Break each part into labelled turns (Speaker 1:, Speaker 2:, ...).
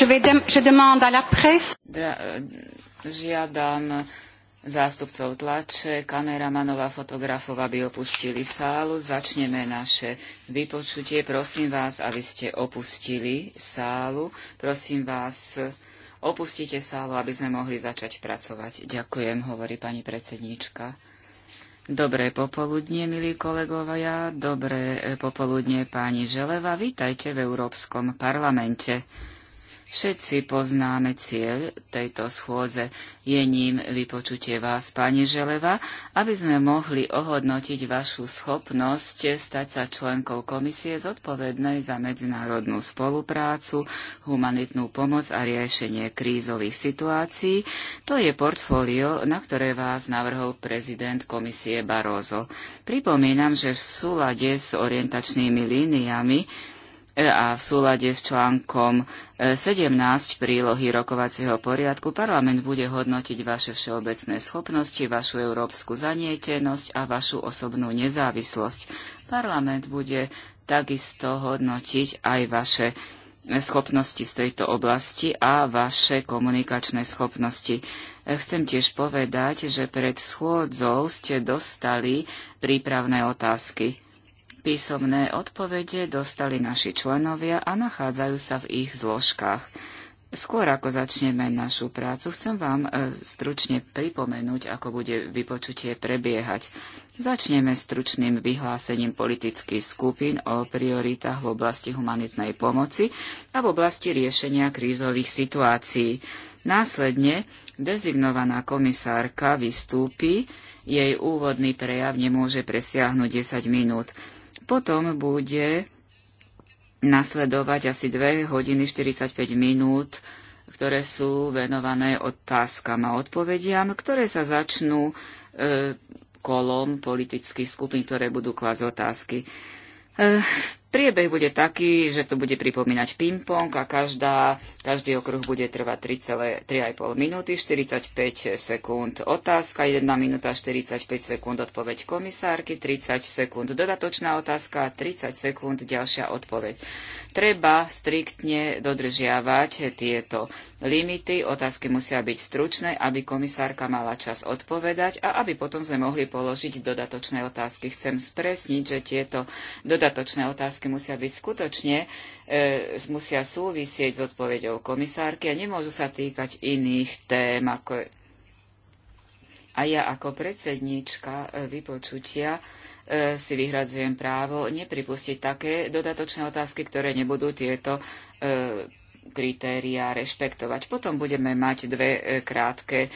Speaker 1: Je, vais de, je demande à la presse.
Speaker 2: Žiadam zástupcov tlače, kameramanov a fotografov, aby opustili sálu. Začneme naše vypočutie. Prosím vás, aby ste opustili sálu. Prosím vás, opustite sálu, aby sme mohli začať pracovať. Ďakujem, hovorí pani predsedníčka. Dobré popoludnie, milí kolegovia. Dobré popoludnie, pani Želeva. Vítajte v Európskom parlamente. Všetci poznáme cieľ tejto schôdze. Je ním vypočutie vás, pani Želeva, aby sme mohli ohodnotiť vašu schopnosť stať sa členkou komisie zodpovednej za medzinárodnú spoluprácu, humanitnú pomoc a riešenie krízových situácií. To je portfólio, na ktoré vás navrhol prezident komisie Barozo. Pripomínam, že v súlade s orientačnými líniami a v súlade s článkom 17 e, prílohy rokovacieho poriadku parlament bude hodnotiť vaše všeobecné schopnosti, vašu európsku zanietenosť a vašu osobnú nezávislosť. Parlament bude takisto hodnotiť aj vaše schopnosti z tejto oblasti a vaše komunikačné schopnosti. E, chcem tiež povedať, že pred schôdzou ste dostali prípravné otázky. Písomné odpovede dostali naši členovia a nachádzajú sa v ich zložkách. Skôr ako začneme našu prácu, chcem vám e, stručne pripomenúť, ako bude vypočutie prebiehať. Začneme stručným vyhlásením politických skupín o prioritách v oblasti humanitnej pomoci a v oblasti riešenia krízových situácií. Následne dezignovaná komisárka vystúpi, jej úvodný prejav nemôže presiahnuť 10 minút. Potom bude nasledovať asi 2 hodiny 45 minút, ktoré sú venované otázkam a odpovediam, ktoré sa začnú e, kolom politických skupín, ktoré budú klásť otázky. E, Priebeh bude taký, že to bude pripomínať ping-pong a každá, každý okruh bude trvať 3,5 minúty, 45 sekúnd otázka, 1 minúta 45 sekúnd odpoveď komisárky, 30 sekúnd dodatočná otázka 30 sekúnd ďalšia odpoveď. Treba striktne dodržiavať tieto limity. Otázky musia byť stručné, aby komisárka mala čas odpovedať a aby potom sme mohli položiť dodatočné otázky. Chcem spresniť, že tieto dodatočné otázky musia byť skutočne e, musia súvisieť s odpoveďou komisárky a nemôžu sa týkať iných tém, ako a ja ako predsedníčka e, vypočutia E, si vyhradzujem právo nepripustiť také dodatočné otázky, ktoré nebudú tieto e, kritériá rešpektovať. Potom budeme mať dve e, krátke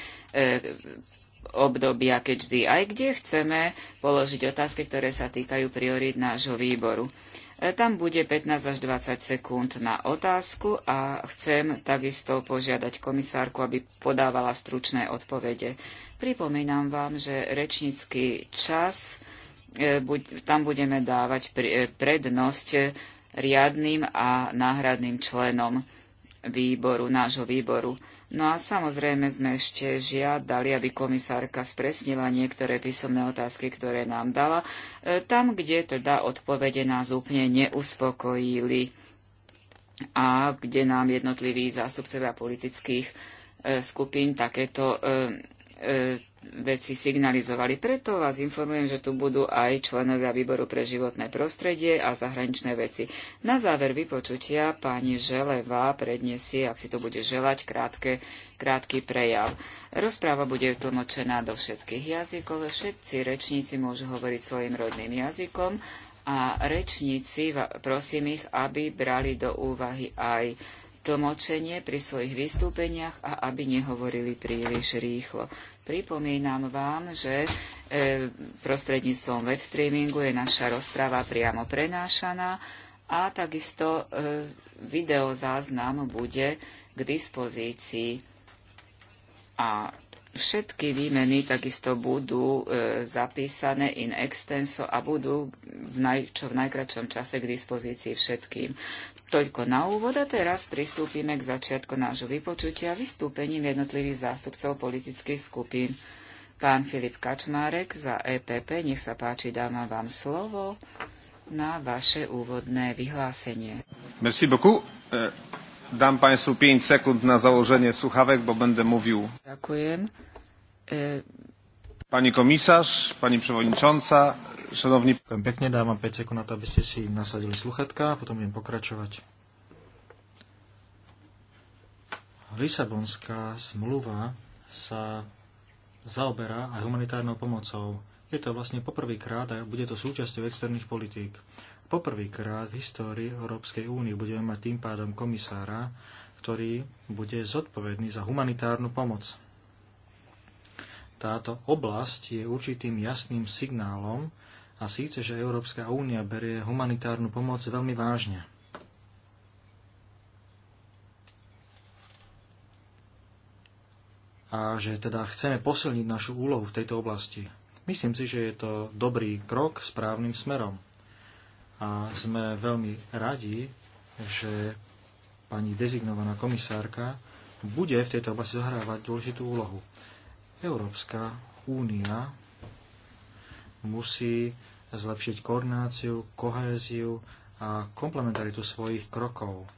Speaker 2: obdobia, keď vždy aj kde chceme položiť otázky, ktoré sa týkajú priorít nášho výboru. Tam bude 15 až 20 sekúnd na otázku a chcem takisto požiadať komisárku, aby podávala stručné odpovede. Pripomínam vám, že rečnícky čas E, tam budeme dávať e, prednosť riadným a náhradným členom výboru, nášho výboru. No a samozrejme sme ešte žiadali, aby komisárka spresnila niektoré písomné otázky, ktoré nám dala, e, tam, kde teda odpovede nás úplne neuspokojili a kde nám jednotliví zástupcovia politických skupín takéto veci signalizovali. Preto vás informujem, že tu budú aj členovia výboru pre životné prostredie a zahraničné veci. Na záver vypočutia pani Želeva predniesie, ak si to bude želať, krátke, krátky prejav. Rozpráva bude tlmočená do všetkých jazykov. Všetci rečníci môžu hovoriť svojim rodným jazykom a rečníci, prosím ich, aby brali do úvahy aj tlmočenie pri svojich vystúpeniach a aby nehovorili príliš rýchlo. Pripomínam vám, že e, prostredníctvom web streamingu je naša rozpráva priamo prenášaná a takisto e, videozáznam bude k dispozícii a Všetky výmeny takisto budú e, zapísané in extenso a budú v naj, čo v najkračom čase k dispozícii všetkým. Toľko na úvod a teraz pristúpime k začiatku nášho vypočutia vystúpením jednotlivých zástupcov politických skupín. Pán Filip Kačmárek za EPP, nech sa páči, dávam vám slovo na vaše úvodné vyhlásenie.
Speaker 3: Merci beaucoup. E, Dám Państwu 5 sekund na założenie słuchawek, bo będę mówił.
Speaker 2: Ďakujem.
Speaker 3: Pani komisarz, pani przewodnicząca,
Speaker 4: szanowni... pięknie, pekne, wam 5 sekund na to, aby ste si nasadili sluchatka a potom będziemy pokračovať. Lisabonská zmluva sa zaoberá aj humanitárnou pomocou. Je to vlastne poprvýkrát a bude to súčasťou externých politík poprvýkrát v histórii Európskej únie budeme mať tým pádom komisára, ktorý bude zodpovedný za humanitárnu pomoc. Táto oblasť je určitým jasným signálom, a síce, že Európska únia berie humanitárnu pomoc veľmi vážne. A že teda chceme posilniť našu úlohu v tejto oblasti. Myslím si, že je to dobrý krok správnym smerom a sme veľmi radi, že pani dezignovaná komisárka bude v tejto oblasti zohrávať dôležitú úlohu. Európska únia musí zlepšiť koordináciu, kohéziu a komplementaritu svojich krokov.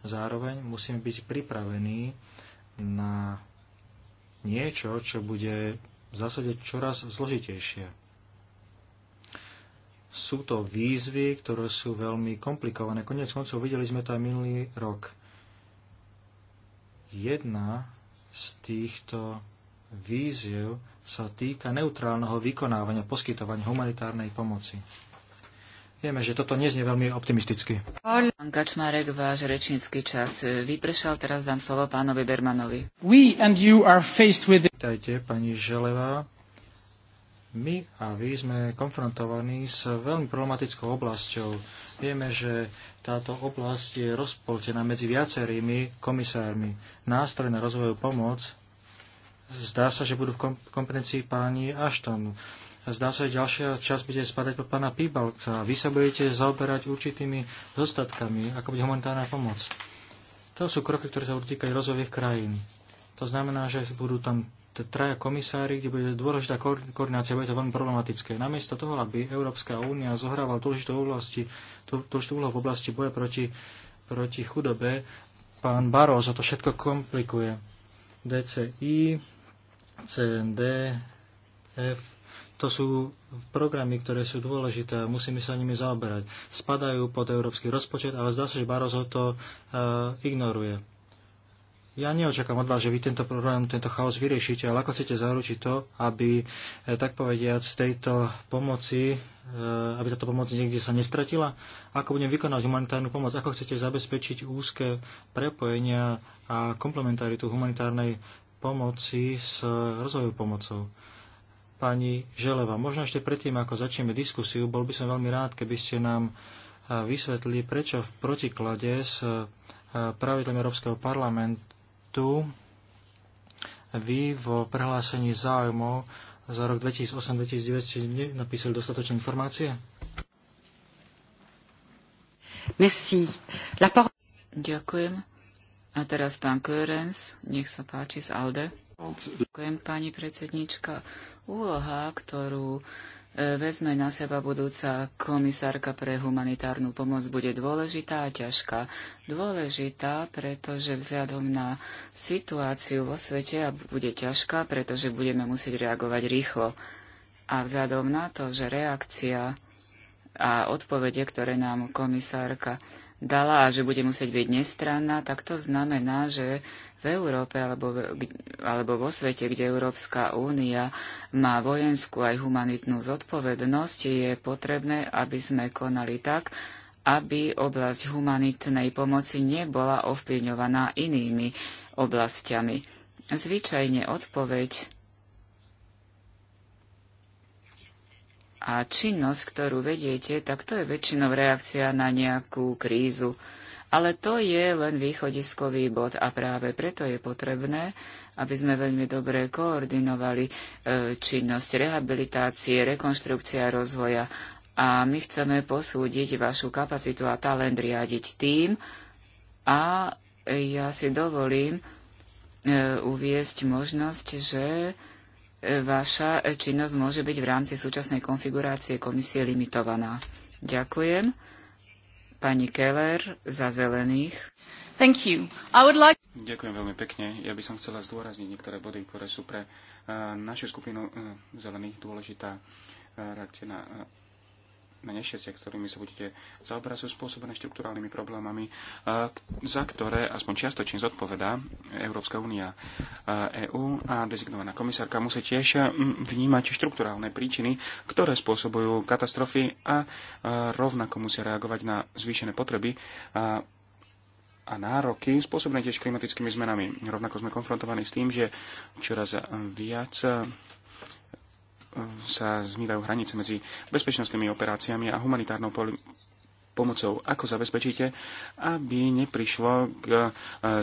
Speaker 4: Zároveň musíme byť pripravení na niečo, čo bude v zásade čoraz zložitejšie sú to výzvy, ktoré sú veľmi komplikované. Konec koncov videli sme to aj minulý rok. Jedna z týchto výziev sa týka neutrálneho vykonávania, poskytovania humanitárnej pomoci. Vieme, že toto neznie veľmi optimisticky.
Speaker 2: Pán Kačmarek, váš rečnícky čas vypršal, teraz dám slovo pánovi Bermanovi.
Speaker 3: We and you are
Speaker 4: faced with... Vítajte, pani Želeva my a vy sme konfrontovaní s veľmi problematickou oblasťou. Vieme, že táto oblasť je rozpoltená medzi viacerými komisármi. Nástroj na rozvoju pomoc zdá sa, že budú v kompetencii páni Ashton. Zdá sa, že ďalšia časť bude spadať pod pána Píbalca. Vy sa budete zaoberať určitými zostatkami, ako bude humanitárna pomoc. To sú kroky, ktoré sa budú týkať rozvojových krajín. To znamená, že budú tam traja komisári, kde bude dôležitá koordinácia, bude to veľmi problematické. Namiesto toho, aby Európska únia zohrávala dôležitú, oblasti, dôležitú úlohu v oblasti boja proti, proti chudobe, pán Barroso to všetko komplikuje. DCI, CND, F, to sú programy, ktoré sú dôležité a musíme sa nimi zaoberať. Spadajú pod európsky rozpočet, ale zdá sa, že Barroso to uh, ignoruje ja neočakám od vás, že vy tento problém, tento chaos vyriešite, ale ako chcete zaručiť to, aby, eh, tak povediať, z tejto pomoci, eh, aby táto pomoc niekde sa nestratila? Ako budem vykonať humanitárnu pomoc? Ako chcete zabezpečiť úzke prepojenia a komplementaritu humanitárnej pomoci s rozvojovou pomocou? Pani Želeva, možno ešte predtým, ako začneme diskusiu, bol by som veľmi rád, keby ste nám eh, vysvetlili, prečo v protiklade s pravidlom Európskeho parlamentu tu vy v prehlásení záujmov za rok 2008-2009 napísali dostatočné informácie? Merci. La
Speaker 2: por- Ďakujem. A teraz pán Körens, nech sa páči z ALDE. Ďakujem, pani predsednička. Úloha, ktorú vezme na seba budúca komisárka pre humanitárnu pomoc, bude dôležitá a ťažká. Dôležitá, pretože vzhľadom na situáciu vo svete a bude ťažká, pretože budeme musieť reagovať rýchlo. A vzhľadom na to, že reakcia a odpovede, ktoré nám komisárka dala a že bude musieť byť nestranná, tak to znamená, že v Európe alebo, alebo vo svete, kde Európska únia má vojenskú aj humanitnú zodpovednosť, je potrebné, aby sme konali tak, aby oblasť humanitnej pomoci nebola ovplyvňovaná inými oblastiami. Zvyčajne odpoveď a činnosť, ktorú vediete, tak to je väčšinou reakcia na nejakú krízu ale to je len východiskový bod a práve preto je potrebné, aby sme veľmi dobre koordinovali e, činnosť rehabilitácie, rekonštrukcia rozvoja a my chceme posúdiť vašu kapacitu a talent riadiť tým a ja si dovolím e, uviesť možnosť, že e, vaša činnosť môže byť v rámci súčasnej konfigurácie komisie limitovaná. Ďakujem. Pani Keller za zelených. Thank you.
Speaker 5: I would like...
Speaker 3: Ďakujem veľmi pekne. Ja by som chcela zdôrazniť niektoré body, ktoré sú pre uh, našu skupinu uh, zelených dôležitá uh, reakcia na uh, na nešťastie, ktorými sa budete zaoberať, sú spôsobené štruktúrálnymi problémami, e, za ktoré aspoň čiastočne zodpovedá Európska únia EÚ e a dezignovaná komisárka musí tiež vnímať štruktúrálne príčiny, ktoré spôsobujú katastrofy a e, rovnako musia reagovať na zvýšené potreby a nároky spôsobené tiež klimatickými zmenami. Rovnako sme konfrontovaní s tým, že čoraz viac sa zmývajú hranice medzi bezpečnostnými operáciami a humanitárnou pomocou. Ako zabezpečíte, aby neprišlo k e,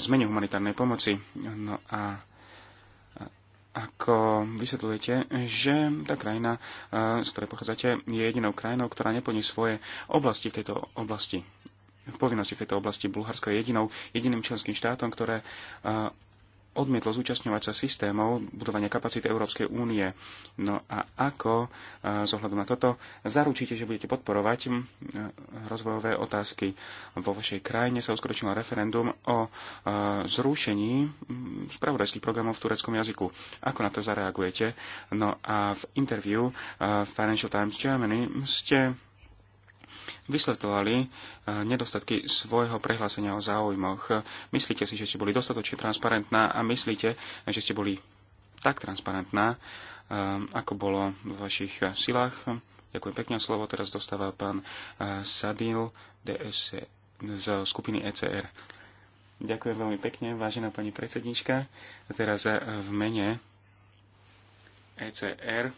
Speaker 3: zmene humanitárnej pomoci? No a ako vysvetľujete, že tá krajina, e, z ktorej pochádzate, je jedinou krajinou, ktorá neplní svoje oblasti v tejto oblasti povinnosti v tejto oblasti. Bulharsko je jedinou, jediným členským štátom, ktoré e, odmietlo zúčastňovať sa systémov budovania kapacity Európskej únie. No a ako e, z ohľadu na toto zaručíte, že budete podporovať e, rozvojové otázky? Vo vašej krajine sa uskutočnilo referendum o e, zrušení spravodajských programov v tureckom jazyku. Ako na to zareagujete? No a v interviu v Financial Times Germany ste vysvetovali eh, nedostatky svojho prehlásenia o záujmoch. Myslíte si, že ste boli dostatočne transparentná a myslíte, že ste boli tak transparentná, eh, ako bolo v vašich eh, silách. Ďakujem pekne. Slovo teraz dostáva pán Sadil DS e, z skupiny ECR. Ďakujem veľmi pekne, vážená pani predsednička. teraz v mene ECR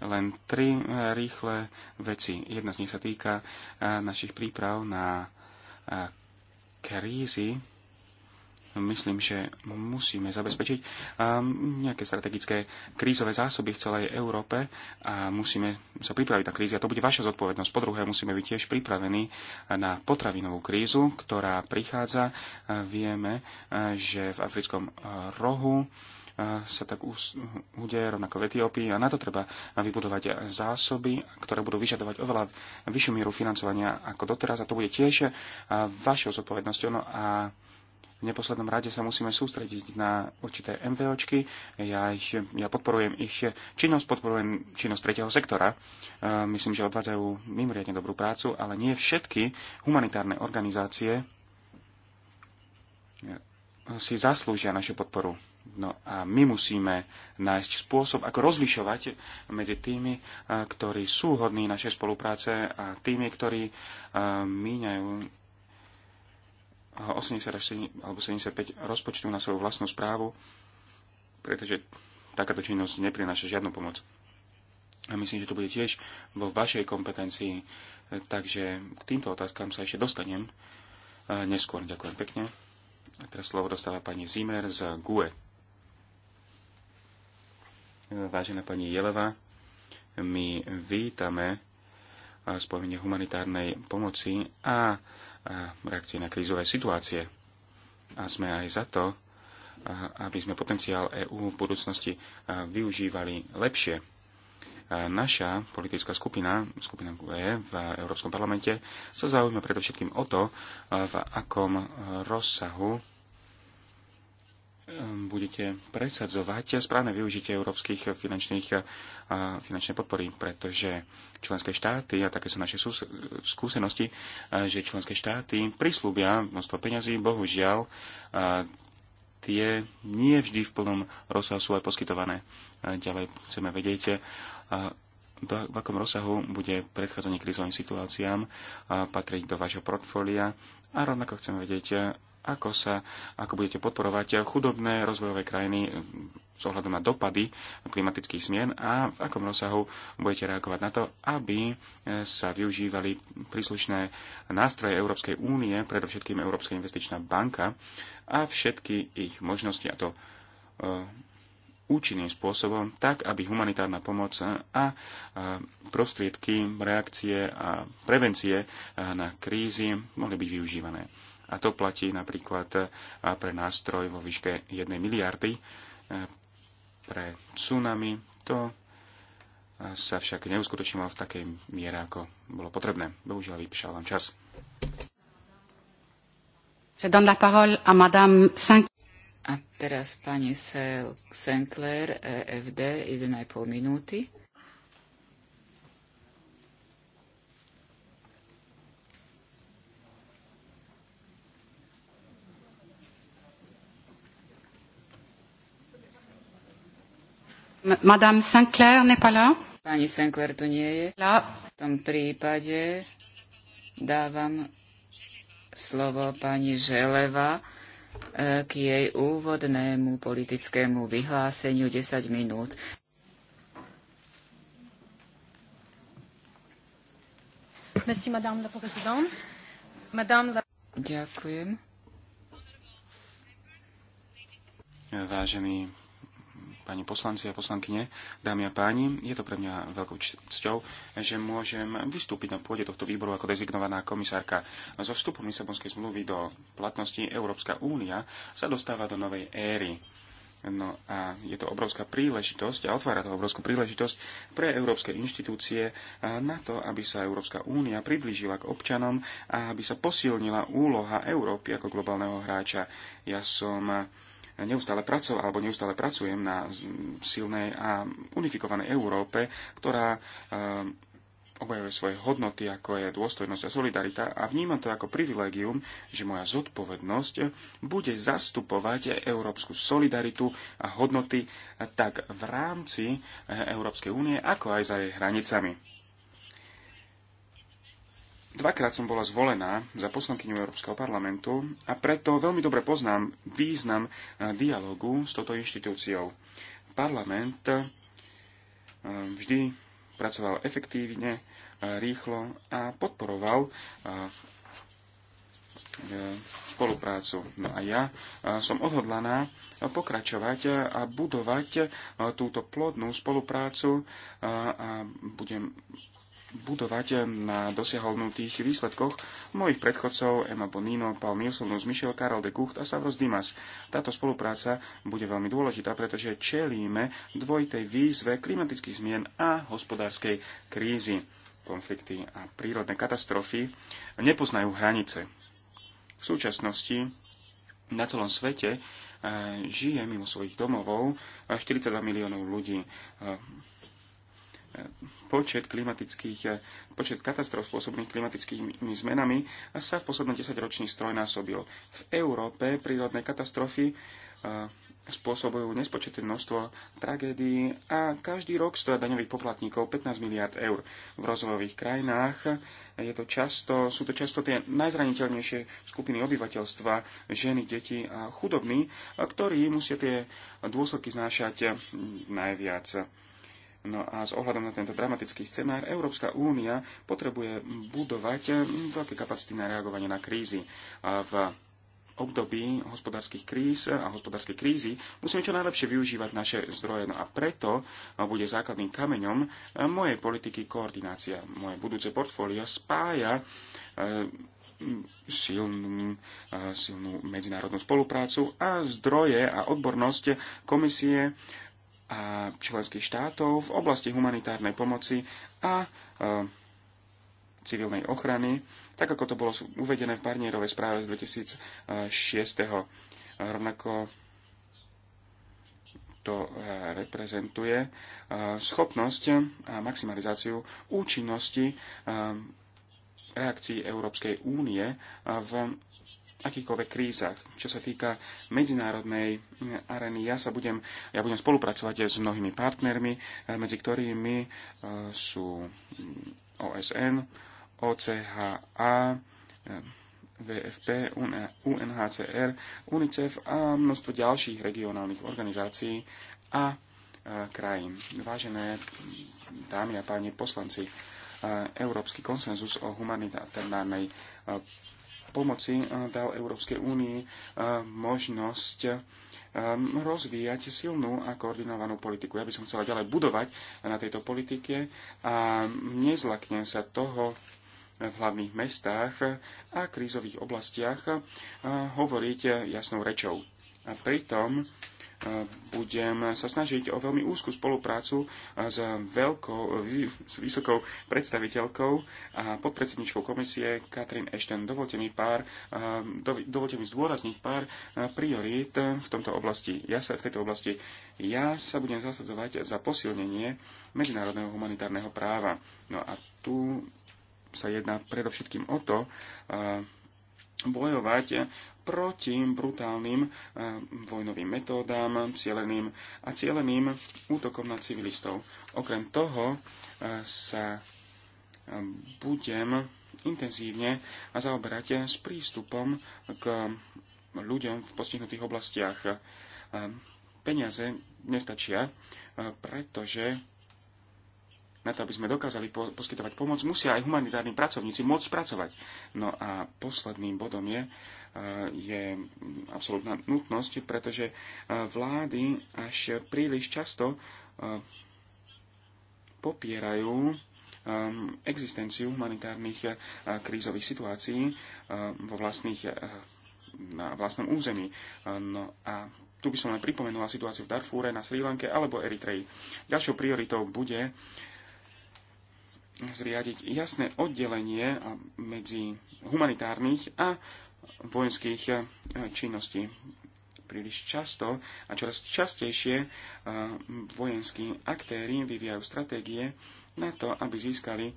Speaker 3: len tri e, rýchle veci. Jedna z nich sa týka e, našich príprav na e, krízy. Myslím, že musíme zabezpečiť nejaké strategické krízové zásoby v celej Európe a musíme sa pripraviť na krízy. A to bude vaša zodpovednosť. Po druhé, musíme byť tiež pripravení na potravinovú krízu, ktorá prichádza. Vieme, že v africkom rohu sa tak udeje, rovnako v Etiópii. A na to treba vybudovať zásoby, ktoré budú vyžadovať oveľa vyššiu mieru financovania ako doteraz. A to bude tiež vašou zodpovednosťou. No a v neposlednom rade sa musíme sústrediť na určité MVOčky. Ja, ich, ja podporujem ich činnosť, podporujem činnosť tretieho sektora. Myslím, že odvádzajú mimoriadne dobrú prácu, ale nie všetky humanitárne organizácie si zaslúžia našu podporu. No a my musíme nájsť spôsob, ako rozlišovať medzi tými, eh, ktorí sú hodní našej spolupráce a tými, ktorí eh, míňajú 80 až alebo 75 rozpočtu na svoju vlastnú správu, pretože takáto činnosť neprináša žiadnu pomoc. A myslím, že to bude tiež vo vašej kompetencii, takže k týmto otázkam sa ešte dostanem eh, neskôr. Ďakujem pekne. A teraz slovo dostáva pani Zimmer z GUE. Vážená pani Jeleva, my vítame spojenie humanitárnej pomoci a reakcie na krízové situácie. A sme aj za to, aby sme potenciál EÚ v budúcnosti využívali lepšie. Naša politická skupina, skupina GUE v Európskom parlamente, sa zaujíma predovšetkým o to, v akom rozsahu budete presadzovať správne využitie európskych finančných, finančnej podpory, pretože členské štáty, a také sú naše skúsenosti, že členské štáty prislúbia množstvo peňazí, bohužiaľ tie nie vždy v plnom rozsahu sú aj poskytované. Ďalej chceme vedieť, do, v akom rozsahu bude predchádzanie krizovým situáciám patriť do vášho portfólia a rovnako chcem vedieť, ako, sa, ako budete podporovať chudobné rozvojové krajiny eh, s ohľadom na dopady klimatických zmien a v akom rozsahu budete reagovať na to, aby eh, sa využívali príslušné nástroje Európskej únie, predovšetkým Európska investičná banka a všetky ich možnosti a to eh, účinným spôsobom, tak aby humanitárna pomoc a prostriedky reakcie a prevencie na krízy mohli byť využívané a to platí napríklad e, pre nástroj vo výške 1 miliardy. E, pre tsunami to e, sa však neuskutočnilo v takej miere, ako bolo potrebné. Bohužiaľ, vypíšal vám čas.
Speaker 2: A teraz pani Sinclair, EFD, 1,5 minúty.
Speaker 1: Madame Sinclair n'est pas là?
Speaker 2: Pani Sinclair tu nie je. La. V tom prípade dávam slovo pani Želeva eh, k jej úvodnému politickému vyhláseniu 10 minút.
Speaker 5: Merci, madame la présidente.
Speaker 2: Madame la... Ďakujem.
Speaker 3: Vážený páni poslanci a poslankyne, dámy a páni. Je to pre mňa veľkou cťou, že môžem vystúpiť na pôde tohto výboru ako dezignovaná komisárka. So vstupom Lisabonskej zmluvy do platnosti Európska únia sa dostáva do novej éry. No a je to obrovská príležitosť a otvára to obrovskú príležitosť pre európske inštitúcie na to, aby sa Európska únia priblížila k občanom a aby sa posilnila úloha Európy ako globálneho hráča. Ja som neustále pracoval, alebo neustále pracujem na silnej a unifikovanej Európe, ktorá e, obajuje svoje hodnoty, ako je dôstojnosť a solidarita a vnímam to ako privilegium, že moja zodpovednosť bude zastupovať európsku solidaritu a hodnoty e, tak v rámci e, Európskej únie, ako aj za jej hranicami. Dvakrát som bola zvolená za poslankyňu Európskeho parlamentu a preto veľmi dobre poznám význam eh, dialogu s touto inštitúciou. Parlament eh, vždy pracoval efektívne, eh, rýchlo a podporoval spoluprácu. No a ja som odhodlaná pokračovať a budovať túto plodnú spoluprácu a budem budovať na dosiahnutých výsledkoch mojich predchodcov Emma Bonino, Paul Nielsen, Michel, Karel de Gucht a Savros Dimas. Táto spolupráca bude veľmi dôležitá, pretože čelíme dvojitej výzve klimatických zmien a hospodárskej krízy. Konflikty a prírodné katastrofy nepoznajú hranice. V súčasnosti na celom svete eh, žije mimo svojich domovov eh, 42 miliónov ľudí eh, počet, klimatických, eh, počet katastrof spôsobných klimatickými zmenami sa v posledných 10 stroj strojnásobil. V Európe prírodné katastrofy eh, spôsobujú nespočetné množstvo tragédií a každý rok stoja daňových poplatníkov 15 miliard eur. V rozvojových krajinách eh, je to často, sú to často tie najzraniteľnejšie skupiny obyvateľstva, ženy, deti a chudobní, ktorí musia tie dôsledky znášať najviac No a s ohľadom na tento dramatický scenár Európska únia potrebuje budovať veľké kapacity na reagovanie na krízy. A v období hospodárskych kríz a hospodárskej krízy musíme čo najlepšie využívať naše zdroje. No a preto bude základným kameňom mojej politiky koordinácia. Moje budúce portfólio spája eh, silnú, eh, silnú medzinárodnú spoluprácu a zdroje a odbornosť komisie a členských štátov v oblasti humanitárnej pomoci a e, civilnej ochrany, tak ako to bolo uvedené v Barnierovej správe z 2006. Rovnako to e, reprezentuje e, schopnosť a maximalizáciu účinnosti e, reakcií Európskej únie v akýchkoľvek krízach. Čo sa týka medzinárodnej mm, areny, ja sa budem, ja budem spolupracovať s mnohými partnermi, eh, medzi ktorými eh, sú mm, OSN, OCHA, eh, VFP, UNHCR, UNICEF a množstvo ďalších regionálnych organizácií a krajín. Vážené dámy a páni poslanci, Európsky konsenzus o humanitárnej pomoci e, dal Európskej únii e, možnosť e, rozvíjať silnú a koordinovanú politiku. Ja by som chcela ďalej budovať na tejto politike a nezlaknem sa toho v hlavných mestách a krízových oblastiach hovoriť jasnou rečou. A pritom budem sa snažiť o veľmi úzkú spoluprácu eh, s, veľkou, eh, s vysokou predstaviteľkou a podpredsedničkou komisie Katrin Ešten. Dovolte mi, pár, eh, dovolte mi zdôrazniť pár priorít v tomto oblasti. Ja sa v tejto oblasti ja sa budem zasadzovať za posilnenie medzinárodného humanitárneho práva. No a tu sa jedná predovšetkým o to, bojovať proti brutálnym eh, vojnovým metódám, cieleným a cieleným útokom na civilistov. Okrem toho eh, sa eh, budem intenzívne zaoberať s prístupom k ľuďom v postihnutých oblastiach. Peniaze nestačia, pretože na to, aby sme dokázali poskytovať pomoc, musia aj humanitárni pracovníci môcť pracovať. No a posledným bodom je, Eh, je absolútna nutnosť, pretože eh, vlády až príliš často eh, popierajú existenciu humanitárnych krízových situácií vo vlastných, na vlastnom území. No a tu by som len pripomenula situáciu v Darfúre, na Sri Lanke alebo Eritreji. Ďalšou prioritou bude zriadiť jasné oddelenie medzi humanitárnych a vojenských eh, činností. Príliš často a čoraz častejšie eh, vojenskí aktéry vyvíjajú stratégie na to, aby získali, eh,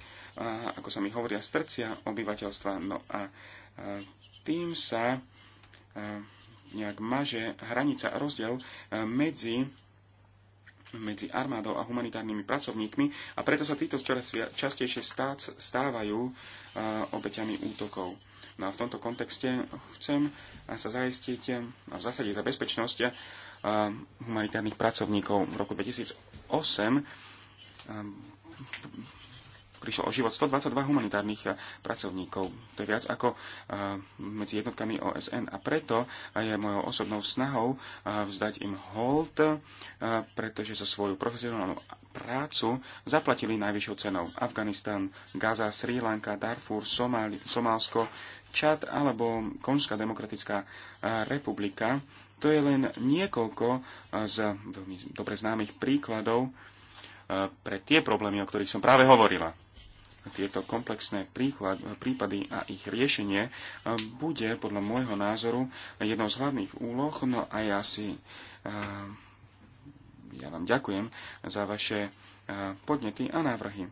Speaker 3: ako sa mi hovoria, srdcia obyvateľstva. No a tým sa nejak maže hranica a rozdiel medzi medzi armádou a humanitárnymi pracovníkmi a preto sa títo čoraz častejšie stávajú obeťami útokov. No a v tomto kontexte chcem sa zaistiť a v zásade za bezpečnosť humanitárnych pracovníkov. V roku 2008 prišlo o život 122 humanitárnych pracovníkov. To je viac ako medzi jednotkami OSN a preto je mojou osobnou snahou vzdať im hold, pretože so svoju profesionálnu prácu zaplatili najvyššou cenou Afganistan, Gaza, Sri Lanka, Darfur, Somálsko, Čad alebo Konská demokratická e, republika. To je len niekoľko e, z veľmi dobre známych príkladov e, pre tie problémy, o ktorých som práve hovorila tieto komplexné príklad, prípady a ich riešenie bude podľa môjho názoru jednou z hlavných úloh. No a ja si ja vám ďakujem za vaše podnety a návrhy.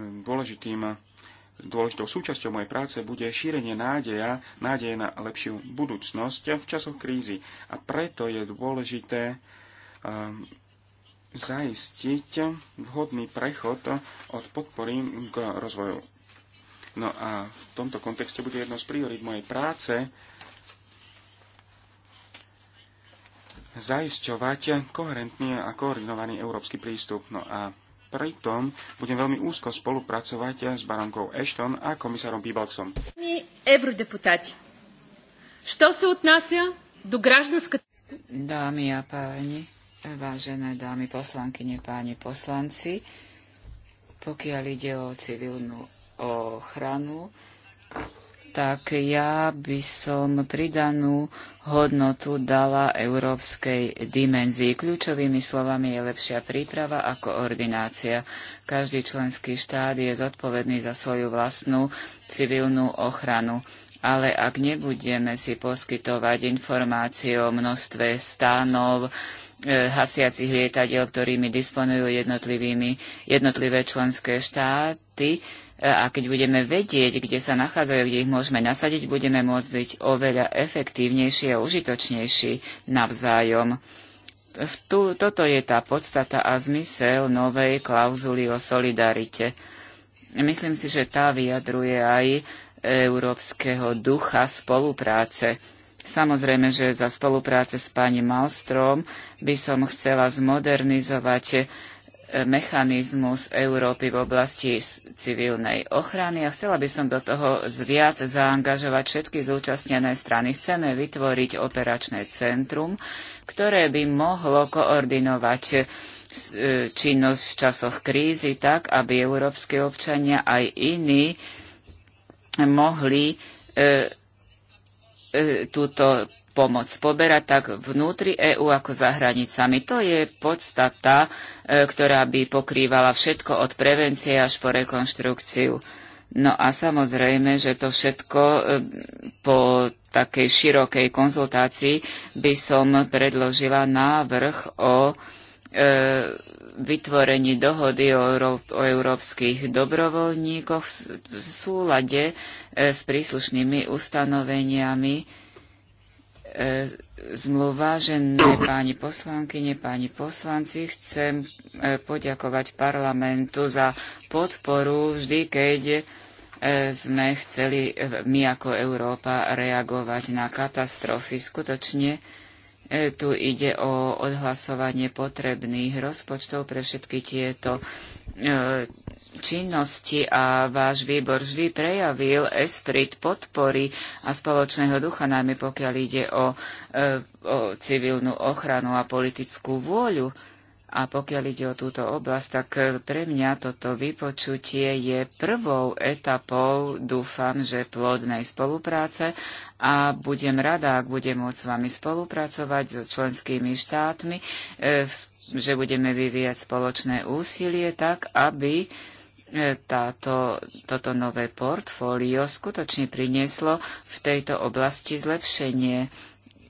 Speaker 3: dôležitým, dôležitou súčasťou mojej práce bude šírenie nádeja, nádeje na lepšiu budúcnosť v časoch krízy. A preto je dôležité um, zaistiť vhodný prechod od podpory k rozvoju. No a v tomto kontexte bude jedno z priorít mojej práce zaisťovať koherentný a koordinovaný európsky prístup. No a pritom budem veľmi úzko spolupracovať s baronkou Ashton a komisárom Pibalksom.
Speaker 2: Dámy a páni, vážené dámy poslankyne, páni poslanci, pokiaľ ide o civilnú ochranu, tak ja by som pridanú hodnotu dala európskej dimenzii. Kľúčovými slovami je lepšia príprava a koordinácia. Každý členský štát je zodpovedný za svoju vlastnú civilnú ochranu. Ale ak nebudeme si poskytovať informácie o množstve stánov, e, hasiacich lietadiel, ktorými disponujú jednotlivé členské štáty, a keď budeme vedieť, kde sa nachádzajú, kde ich môžeme nasadiť, budeme môcť byť oveľa efektívnejší a užitočnejší navzájom. V tu, toto je tá podstata a zmysel novej klauzuly o solidarite. Myslím si, že tá vyjadruje aj európskeho ducha spolupráce. Samozrejme, že za spolupráce s pani Malstrom by som chcela zmodernizovať mechanizmus Európy v oblasti civilnej ochrany a chcela by som do toho viac zaangažovať všetky zúčastnené strany. Chceme vytvoriť operačné centrum, ktoré by mohlo koordinovať e, činnosť v časoch krízy tak, aby európske občania aj iní mohli e, e, túto pomoc pobera tak vnútri EÚ ako za hranicami. To je podstata, e, ktorá by pokrývala všetko od prevencie až po rekonštrukciu. No a samozrejme, že to všetko e, po takej širokej konzultácii by som predložila návrh o e, vytvorení dohody o, o európskych dobrovoľníkoch v súlade e, s príslušnými ustanoveniami E, zmluva, žené páni poslankyne, páni poslanci, chcem e, poďakovať parlamentu za podporu vždy, keď e, sme chceli my ako Európa reagovať na katastrofy. Skutočne tu ide o odhlasovanie potrebných rozpočtov pre všetky tieto činnosti a váš výbor vždy prejavil esprit podpory a spoločného ducha, najmä pokiaľ ide o, e, o civilnú ochranu a politickú vôľu. A pokiaľ ide o túto oblasť, tak e, pre mňa toto vypočutie je prvou etapou, dúfam, že plodnej spolupráce a budem rada, ak budem môcť s vami spolupracovať so členskými štátmi, e, že budeme vyvíjať spoločné úsilie tak, aby e, táto, toto nové portfólio skutočne prinieslo v tejto oblasti zlepšenie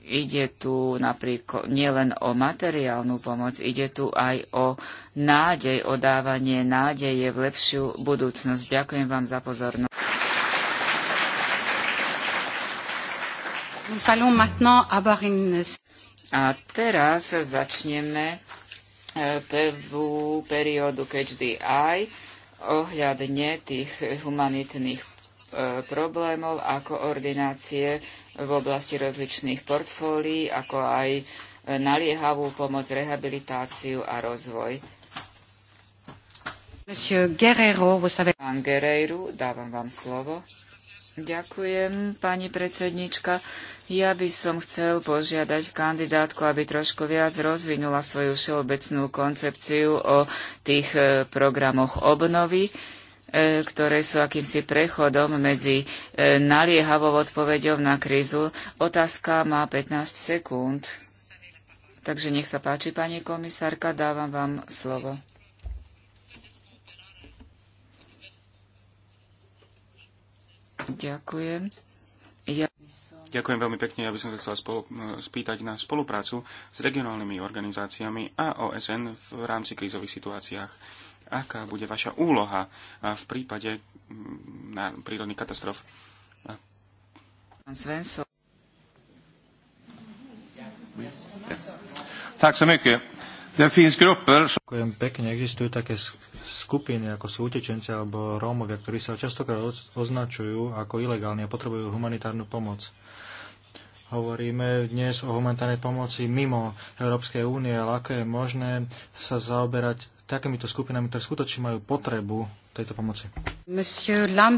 Speaker 2: Ide tu napríklad nielen o materiálnu pomoc, ide tu aj o nádej, o dávanie nádeje v lepšiu budúcnosť. Ďakujem vám za pozornosť. A teraz začneme e, prvú periódu Catch ohľadne tých humanitných e, problémov a koordinácie v oblasti rozličných portfólií, ako aj naliehavú pomoc, rehabilitáciu a rozvoj. Guerrero, Pán Guerreiro, dávam vám slovo. Ďakujem, pani predsednička. Ja by som chcel požiadať kandidátku, aby trošku viac rozvinula svoju všeobecnú koncepciu o tých eh, programoch obnovy E, ktoré sú akýmsi prechodom medzi e, naliehavou odpoveďou na krízu. Otázka má 15 sekúnd. Takže nech sa páči, pani komisárka, dávam vám slovo. Ďakujem. Ja
Speaker 3: Ďakujem veľmi pekne. Ja by som sa chcela spolu, spýtať na spoluprácu s regionálnymi organizáciami a OSN v rámci krízových situáciách aká bude vaša úloha v prípade prírodných katastrof.
Speaker 4: Ďakujem pekne. Existujú také skupiny, ako sú utečenci alebo Rómovia, ktorí sa častokrát označujú ako ilegálni a potrebujú humanitárnu pomoc. Hovoríme dnes o humanitárnej pomoci mimo Európskej únie, ale ako je možné sa zaoberať takýmito skupinami, ktoré skutočne majú potrebu tejto pomoci.
Speaker 1: Monsieur ähm,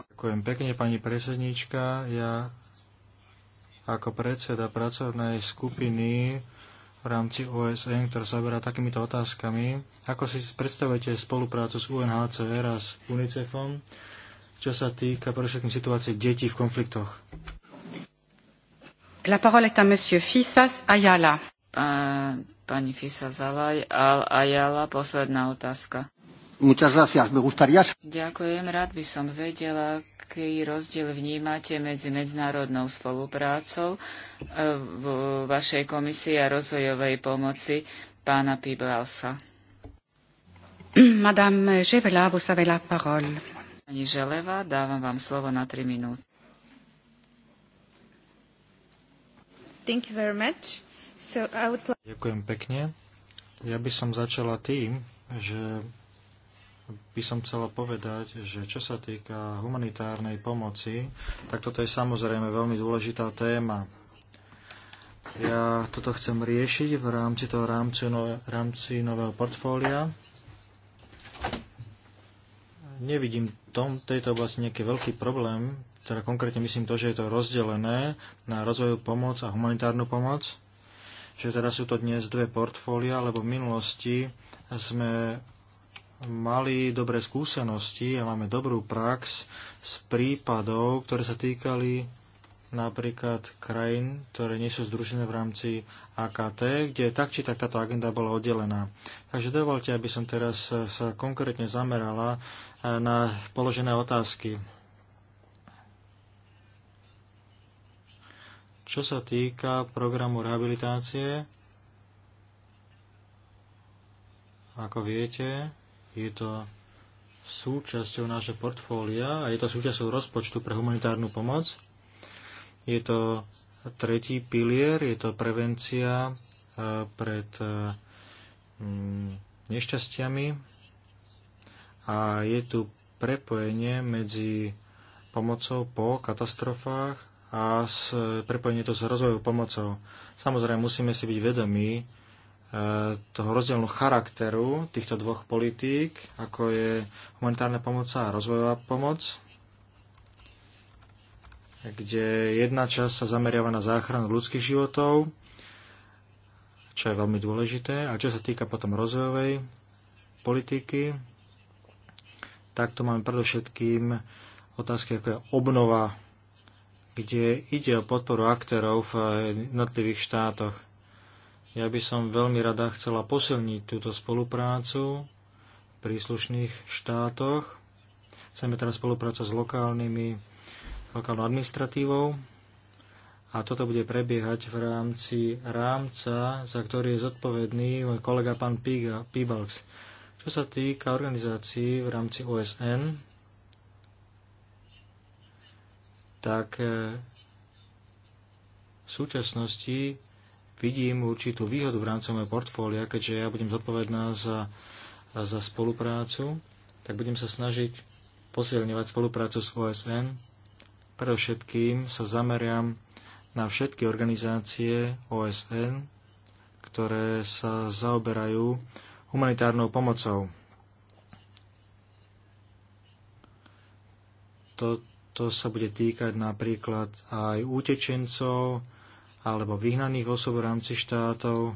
Speaker 4: Ďakujem pekne, pani predsednička. Ja ako predseda pracovnej skupiny v rámci OSN, ktorá zaberá takýmito otázkami. Ako si predstavujete spoluprácu s UNHCR a s UNICEFom, čo sa týka pre situácie detí v konfliktoch?
Speaker 2: La parole est à monsieur Fisas Ayala. pani Fisas Ayala, posledná otázka.
Speaker 4: Muchas gracias. Me gustaría...
Speaker 2: Ďakujem, rád by som vedela, aký rozdiel vnímate medzi medzinárodnou spoluprácou e, v vašej komisii a rozvojovej pomoci pána Piblalsa.
Speaker 1: Madame vous avez la parole.
Speaker 2: Pani Želeva, dávam vám slovo na 3 minúty.
Speaker 5: Thank you very much. So I would like...
Speaker 2: Ďakujem pekne.
Speaker 4: Ja by som začala tým, že by som chcela povedať, že čo sa týka humanitárnej pomoci, tak toto je samozrejme veľmi dôležitá téma. Ja toto chcem riešiť v rámci toho rámci, no, rámci nového portfólia. Nevidím v tejto oblasti nejaký veľký problém, teda konkrétne myslím to, že je to rozdelené na rozvojovú pomoc a humanitárnu pomoc, že teda sú to dnes dve portfólia, lebo v minulosti sme mali dobré skúsenosti a máme dobrú prax z prípadov, ktoré sa týkali napríklad krajín, ktoré nie sú združené v rámci AKT, kde tak či tak táto agenda bola oddelená. Takže dovolte, aby som teraz sa konkrétne zamerala eh, na položené otázky. Čo sa týka programu rehabilitácie, ako viete, je to súčasťou naše portfólia a je to súčasťou rozpočtu pre humanitárnu pomoc. Je to tretí pilier, je to prevencia e, pred e, nešťastiami a je tu prepojenie medzi pomocou po katastrofách a s, prepojenie to s rozvojovou pomocou. Samozrejme, musíme si byť vedomí e, toho rozdielnu charakteru týchto dvoch politík, ako je humanitárna pomoc a rozvojová pomoc, kde jedna časť sa zameriava na záchranu ľudských životov, čo je veľmi dôležité, a čo sa týka potom rozvojovej politiky, tak tu máme predovšetkým otázky, ako je obnova kde ide o podporu aktérov v jednotlivých štátoch. Ja by som veľmi rada chcela posilniť túto spoluprácu v príslušných štátoch. Chceme teraz spolupracovať s lokálnymi, lokálnou administratívou a toto bude prebiehať v rámci rámca, za ktorý je zodpovedný môj kolega pán Píbalx. Čo sa týka organizácií v rámci OSN, tak e, v súčasnosti vidím určitú výhodu v rámci môjho portfólia, keďže ja budem zodpovedná za, za spoluprácu, tak budem sa snažiť posilňovať spoluprácu s OSN. Predovšetkým sa zameriam na všetky organizácie OSN, ktoré sa zaoberajú humanitárnou pomocou. To, to sa bude týkať napríklad aj útečencov alebo vyhnaných osob v rámci štátov.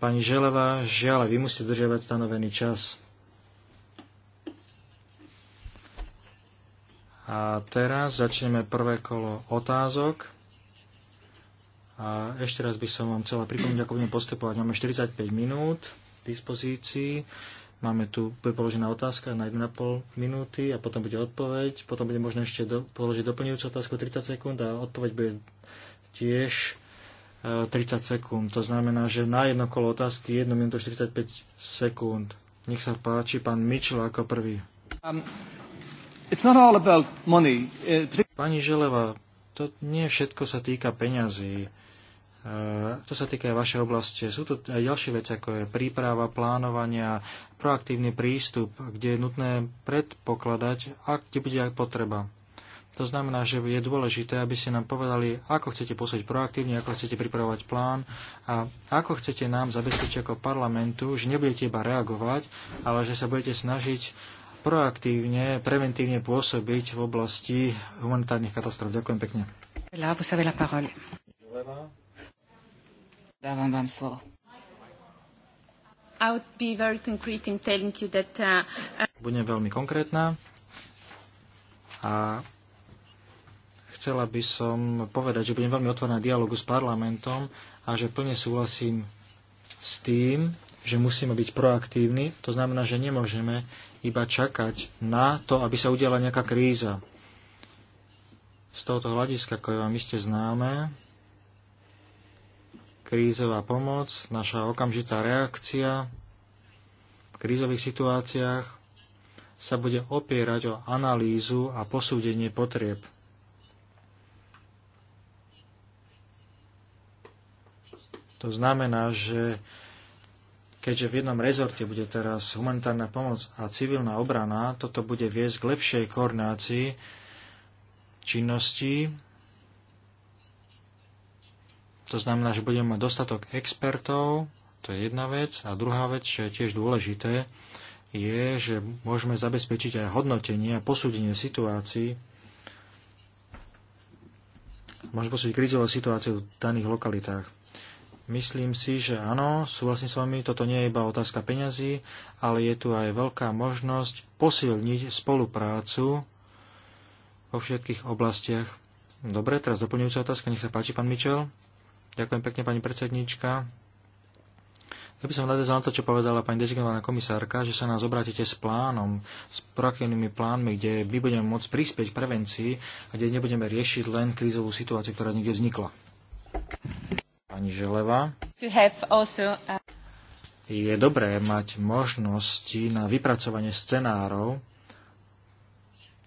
Speaker 4: Pani Želeva, žiaľ, vy musíte držiavať stanovený čas. A teraz začneme prvé kolo otázok. A ešte raz by som vám chcela pripomínať, ako budeme postupovať. Máme 45 minút v dispozícii. Máme tu, bude položená otázka na 1,5 minúty a potom bude odpoveď. Potom bude možné ešte do, položiť doplňujúcu otázku 30 sekúnd a odpoveď bude tiež 30 e, sekúnd. To znamená, že na jedno kolo otázky 1 minútu 45 sekúnd. Nech sa páči, pán Mitchell ako prvý.
Speaker 5: Um, it's not all about
Speaker 4: money. Uh, Pani Želeva, to nie všetko sa týka peňazí. Čo e, sa týka vašej oblasti. Sú tu aj ďalšie veci, ako je príprava, plánovania, proaktívny prístup, kde je nutné predpokladať, ak kde bude aj potreba. To znamená, že je dôležité, aby ste nám povedali, ako chcete pôsobiť proaktívne, ako chcete pripravovať plán a ako chcete nám zabezpečiť ako parlamentu, že nebudete iba reagovať, ale že sa budete snažiť proaktívne, preventívne pôsobiť v oblasti humanitárnych katastrof. Ďakujem pekne.
Speaker 1: vous la parole. Dávam vám slovo.
Speaker 5: Uh, uh,
Speaker 4: budem veľmi konkrétna a chcela by som povedať, že budem veľmi otvorená dialogu s parlamentom a že plne súhlasím s tým, že musíme byť proaktívni. To znamená, že nemôžeme iba čakať na to, aby sa udiala nejaká kríza. Z tohoto hľadiska, ako je vám iste známe, krízová pomoc, naša okamžitá reakcia v krízových situáciách sa bude opierať o analýzu a posúdenie potrieb. To znamená, že keďže v jednom rezorte bude teraz humanitárna pomoc a civilná obrana, toto bude viesť k lepšej koordinácii činností to znamená, že budeme mať dostatok expertov, to je jedna vec. A druhá vec, čo je tiež dôležité, je, že môžeme zabezpečiť aj hodnotenie a posúdenie situácií. Môžeme posúdiť krizovú situáciu v daných lokalitách. Myslím si, že áno, súhlasím s vami, toto nie je iba otázka peňazí, ale je tu aj veľká možnosť posilniť spoluprácu vo všetkých oblastiach. Dobre, teraz doplňujúca otázka, nech sa páči, pán Mičel. Ďakujem pekne, pani predsednička. Ja by som nadezal na to, čo povedala pani dezignovaná komisárka, že sa nás obrátite s plánom, s proaktívnymi plánmi, kde my budeme môcť prispieť k prevencii a kde nebudeme riešiť len krízovú situáciu, ktorá niekde vznikla. Pani Želeva.
Speaker 5: Also... Uh,
Speaker 4: Je dobré mať možnosti na vypracovanie scenárov.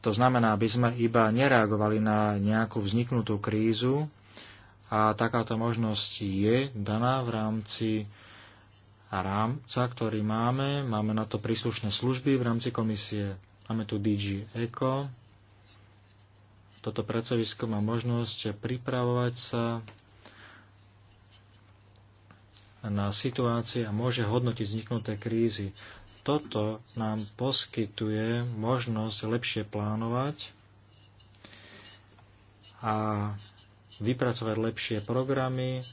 Speaker 4: To znamená, aby sme iba nereagovali na nejakú vzniknutú krízu, a takáto možnosť je daná v rámci rámca, ktorý máme. Máme na to príslušné služby v rámci komisie. Máme tu DG Eco. Toto pracovisko má možnosť pripravovať sa na situácie a môže hodnotiť vzniknuté krízy. Toto nám poskytuje možnosť lepšie plánovať a vypracovať lepšie programy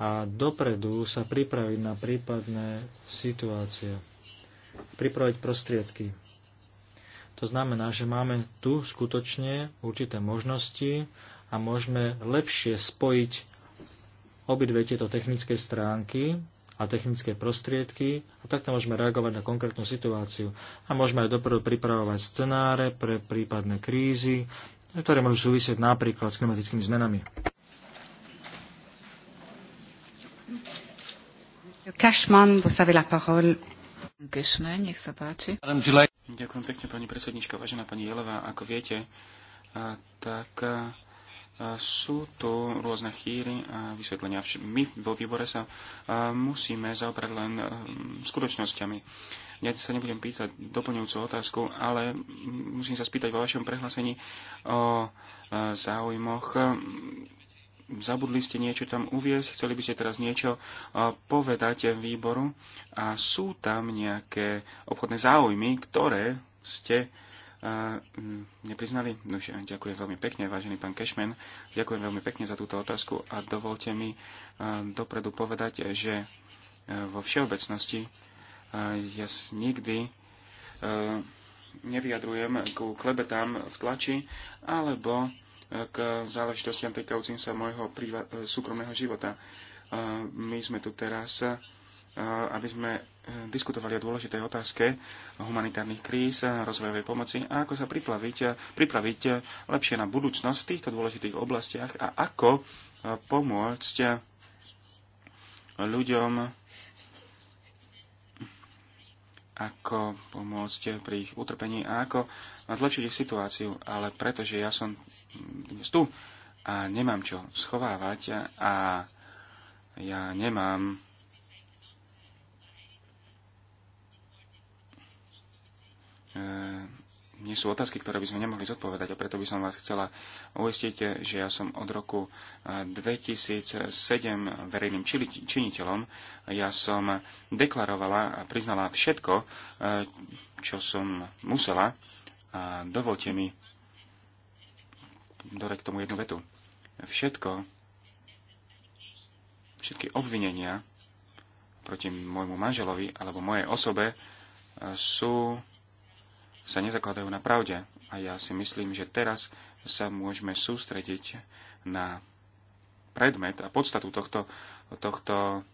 Speaker 4: a dopredu sa pripraviť na prípadné situácie. Pripraviť prostriedky. To znamená, že máme tu skutočne určité možnosti a môžeme lepšie spojiť obidve tieto technické stránky a technické prostriedky a takto môžeme reagovať na konkrétnu situáciu. A môžeme aj dopredu pripravovať scenáre pre prípadné krízy, ktoré môžu súvisieť napríklad s klimatickými zmenami.
Speaker 1: Cashman, la Cashman,
Speaker 2: nech sa páči.
Speaker 3: Ďakujem pekne, pani predsednička, vážená pani Jelová. Ako viete, a, tak a, a, sú tu rôzne chýry a vysvetlenia. My vo výbore sa a, musíme zaoprať len a, skutočnosťami ja sa nebudem pýtať doplňujúcu otázku, ale musím sa spýtať vo vašom prehlásení o e, záujmoch. Zabudli ste niečo tam uviezť, chceli by ste teraz niečo e, povedať výboru a sú tam nejaké obchodné záujmy, ktoré ste e, nepriznali. Nož, ďakujem veľmi pekne, vážený pán Kešmen. Ďakujem veľmi pekne za túto otázku a dovolte mi dopredu povedať, že vo všeobecnosti ja nikdy e, nevyjadrujem ku klebetám v tlači alebo e, k záležitostiam týkajúcim sa môjho e, súkromného života. My sme tu teraz, aby sme diskutovali o dôležitej otázke humanitárnych kríz, rozvojovej pomoci a ako sa pripraviť, pripraviť lepšie na budúcnosť v týchto dôležitých oblastiach a ako pomôcť ľuďom ako pomôcť pri ich utrpení a ako zlepšiť ich situáciu. Ale pretože ja som dnes tu a nemám čo schovávať a ja nemám nie sú otázky, ktoré by sme nemohli zodpovedať a preto by som vás chcela uistiť, že ja som od roku 2007 eh, verejným činiteľom. Ja som deklarovala a priznala všetko, eh, čo som musela. A dovolte mi dodať k tomu jednu vetu. Všetko, všetky obvinenia proti môjmu manželovi alebo mojej osobe eh, sú sa nezakladajú na pravde. A ja si myslím, že teraz sa môžeme sústrediť na predmet a podstatu tohto, tohto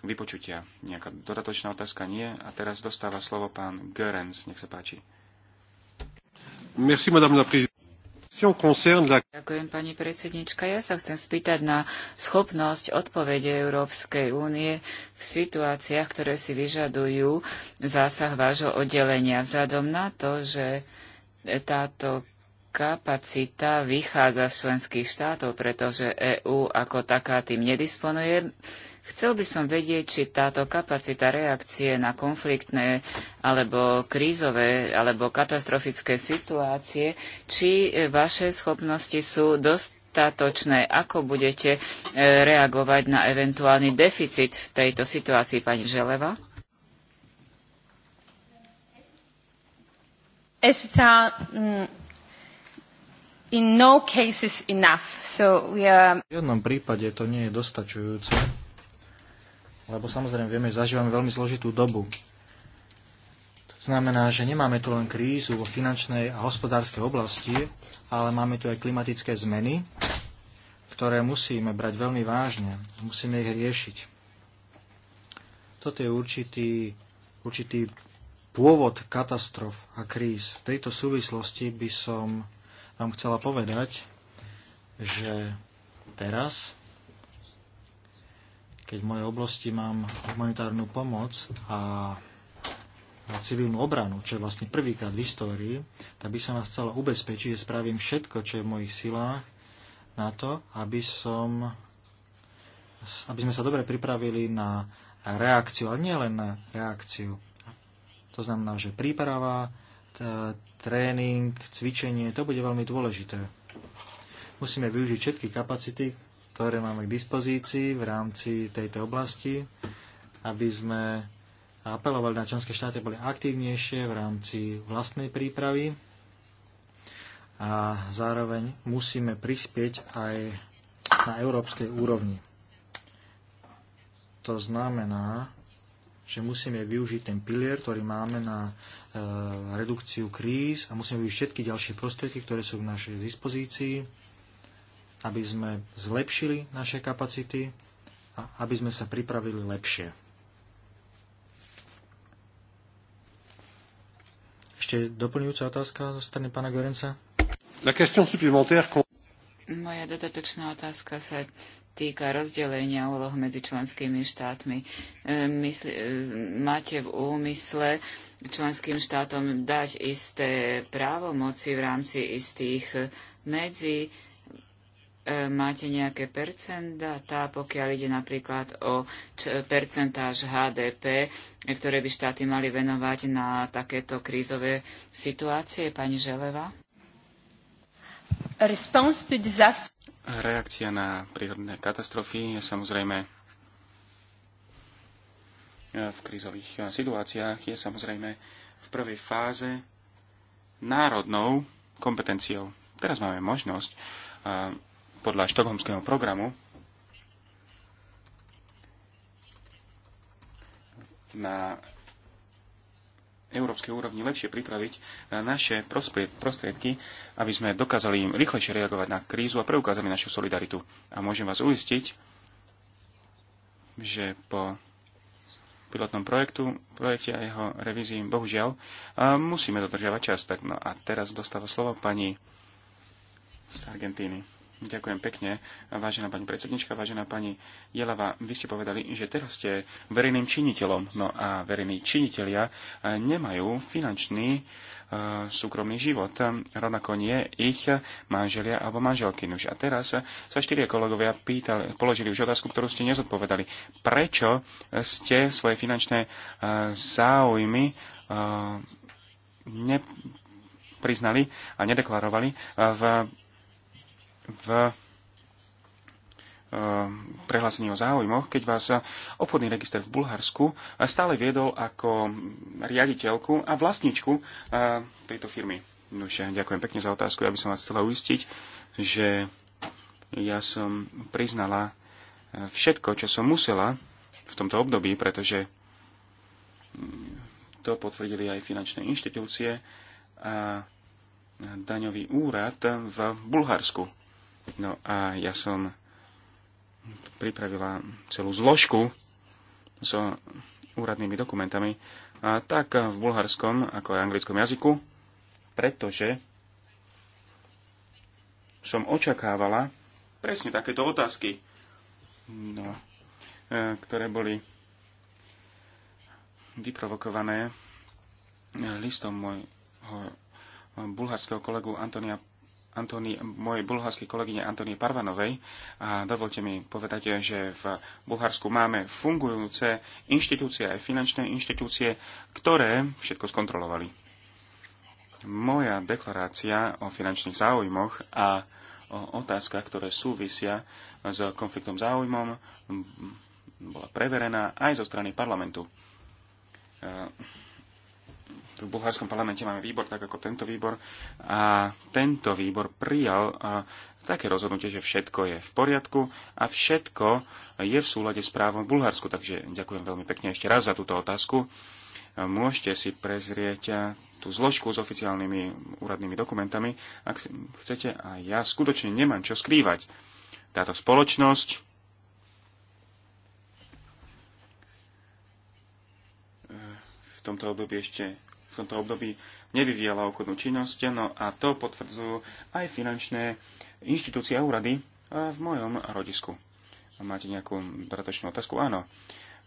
Speaker 3: vypočutia. Nejaká dodatočná otázka nie. A teraz dostáva slovo pán Görens. Nech sa páči. Merci, madame la Ďakujem,
Speaker 2: pani predsednička. Ja sa chcem spýtať na schopnosť odpovede Európskej únie v situáciách, ktoré si vyžadujú zásah vášho oddelenia. Vzhľadom na to, že táto kapacita vychádza z členských štátov, pretože EÚ ako taká tým nedisponuje. Chcel by som vedieť, či táto kapacita reakcie na konfliktné alebo krízové alebo katastrofické situácie, či e, vaše schopnosti sú dostatočné, ako budete e, reagovať na eventuálny deficit v tejto situácii, pani Želeva?
Speaker 5: Mm, no v žiadnom
Speaker 4: prípade to nie je dostačujúce lebo samozrejme vieme, že zažívame veľmi zložitú dobu. To znamená, že nemáme tu len krízu vo finančnej a hospodárskej oblasti, ale máme tu aj klimatické zmeny, ktoré musíme brať veľmi vážne. Musíme ich riešiť. Toto je určitý, určitý pôvod katastrof a kríz. V tejto súvislosti by som vám chcela povedať, že teraz keď v mojej oblasti mám humanitárnu pomoc a civilnú obranu, čo je vlastne prvýkrát v histórii, tak by som vás chcela ubezpečiť, že spravím všetko, čo je v mojich silách na to, aby, som, aby sme sa dobre pripravili na reakciu, ale nie len na reakciu. To znamená, že príprava, tréning, cvičenie, to bude veľmi dôležité. Musíme využiť všetky kapacity, ktoré máme k dispozícii v rámci tejto oblasti, aby sme apelovali na členské štáty, boli aktívnejšie v rámci vlastnej prípravy a zároveň musíme prispieť aj na európskej úrovni. To znamená, že musíme využiť ten pilier, ktorý máme na e, redukciu kríz a musíme využiť všetky ďalšie prostriedky, ktoré sú v našej dispozícii aby sme zlepšili naše kapacity a aby sme sa pripravili lepšie. Ešte doplňujúca otázka zo strany pána Gorenca.
Speaker 2: Moja dodatočná otázka sa týka rozdelenia úloh medzi členskými štátmi. E, Mysli, e, máte v úmysle členským štátom dať isté právomoci v rámci istých medzi E, máte nejaké percentá, pokiaľ ide napríklad o percentáž HDP, e, ktoré by štáty mali venovať na takéto krízové situácie, pani Želeva?
Speaker 3: Reakcia na prírodné katastrofy je samozrejme e, v krízových situáciách je samozrejme v prvej fáze národnou kompetenciou. Teraz máme možnosť podľa štokholmského programu na európskej úrovni lepšie pripraviť eh, naše prostriedky, aby sme dokázali im rýchlejšie reagovať na krízu a preukázali našu solidaritu. A môžem vás uistiť, že po pilotnom projektu, projekte a jeho revízii, bohužiaľ, eh, musíme dodržiavať čas. Tak no a teraz dostáva slovo pani z Argentíny. Ďakujem pekne. Vážená pani predsednička, vážená pani Jelava, vy ste povedali, že teraz ste verejným činiteľom. No a verejní činitelia eh, nemajú finančný eh, súkromný život. Rovnako nie ich manželia alebo manželky. Nuž a teraz sa štyrie kolegovia pýtali, položili už otázku, ktorú ste nezodpovedali. Prečo ste svoje finančné eh, záujmy nepriznali a nedeklarovali v v eh, prehlásení o záujmoch, keď vás eh, obchodný register v Bulharsku eh, stále viedol ako riaditeľku a vlastničku tejto firmy. Nože, ďakujem pekne za otázku. Ja by som vás chcela uistiť, že ja som priznala všetko, čo som musela v tomto období, pretože mm, to potvrdili aj finančné inštitúcie a daňový úrad v Bulharsku. No a ja som pripravila celú zložku s so úradnými dokumentami, a tak v bulharskom ako aj anglickom jazyku, pretože som očakávala presne takéto otázky, no, e, ktoré boli vyprovokované listom môjho bulharského kolegu Antonia Antoni, mojej bulharskej kolegyne Antonie Parvanovej a dovolte mi povedať, že v Bulharsku máme fungujúce inštitúcie, aj finančné inštitúcie, ktoré všetko skontrolovali. Moja deklarácia o finančných záujmoch a o otázkach, ktoré súvisia s konfliktom záujmom, bola preverená aj zo strany parlamentu e, v bulharskom parlamente máme výbor, tak ako tento výbor. A tento výbor prijal také rozhodnutie, že všetko je v poriadku a všetko je v súlade s právom v Bulharsku. Takže ďakujem veľmi pekne ešte raz za túto otázku. Môžete si prezrieť tú zložku s oficiálnymi úradnými dokumentami, ak chcete. A ja skutočne nemám čo skrývať. Táto spoločnosť v tomto období ešte v tomto období nevyvíjala obchodnú činnosť, no a to potvrdzujú aj finančné inštitúcie a úrady e, v mojom rodisku. Máte nejakú dodatočnú otázku? Áno.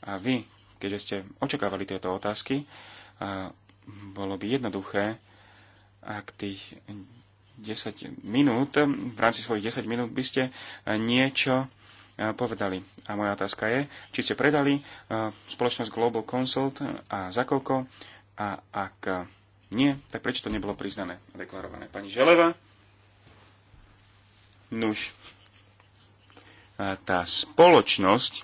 Speaker 3: A vy, keďže ste očakávali tieto otázky, e, bolo by jednoduché, ak tých 10 minút, v rámci svojich 10 minút by ste e, niečo povedali. A moja otázka je, či ste predali spoločnosť Global Consult a za koľko, a ak nie, tak prečo to nebolo priznané a deklarované? Pani Želeva? Nuž. Tá spoločnosť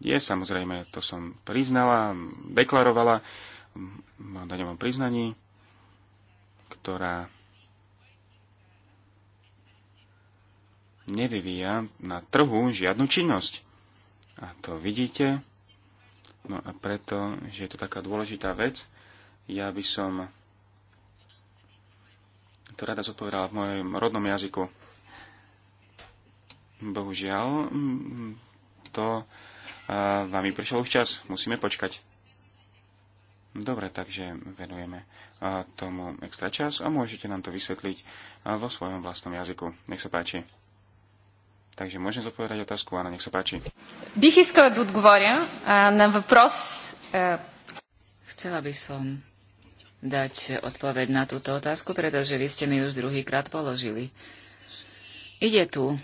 Speaker 3: je samozrejme, to som priznala, deklarovala v daňovom priznaní, ktorá nevyvíja na trhu žiadnu činnosť. A to vidíte, No a preto, že je to taká dôležitá vec, ja by som to rada zodpovedala v mojom rodnom jazyku. Bohužiaľ, to vám vami prišiel už čas, musíme počkať. Dobre, takže venujeme tomu extra čas a môžete nám to vysvetliť vo svojom vlastnom jazyku. Nech sa páči. Takže môžem zodpovedať otázku, áno, nech sa páči.
Speaker 2: Bych iskala да отговоря na въпрос. E, Chcela by som dať odpoveď na túto otázku, pretože vy ste mi už druhýkrát položili. Ide tu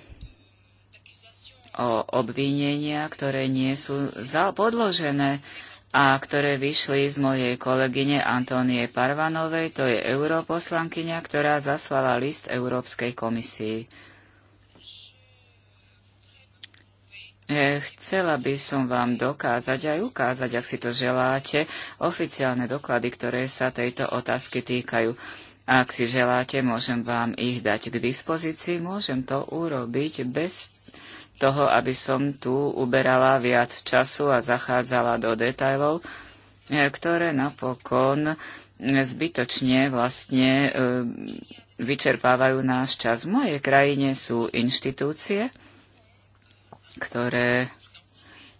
Speaker 2: o obvinenia, ktoré nie sú podložené a ktoré vyšli z mojej kolegyne Antónie Parvanovej, to je europoslankyňa, ktorá zaslala list Európskej komisii. E, chcela by som vám dokázať aj ukázať, ak si to želáte, oficiálne doklady, ktoré sa tejto otázky týkajú. Ak si želáte, môžem vám ich dať k dispozícii. Môžem to urobiť bez toho, aby som tu uberala viac času a zachádzala do detajlov, e, ktoré napokon zbytočne vlastne e, vyčerpávajú náš čas. V mojej krajine sú inštitúcie, ktoré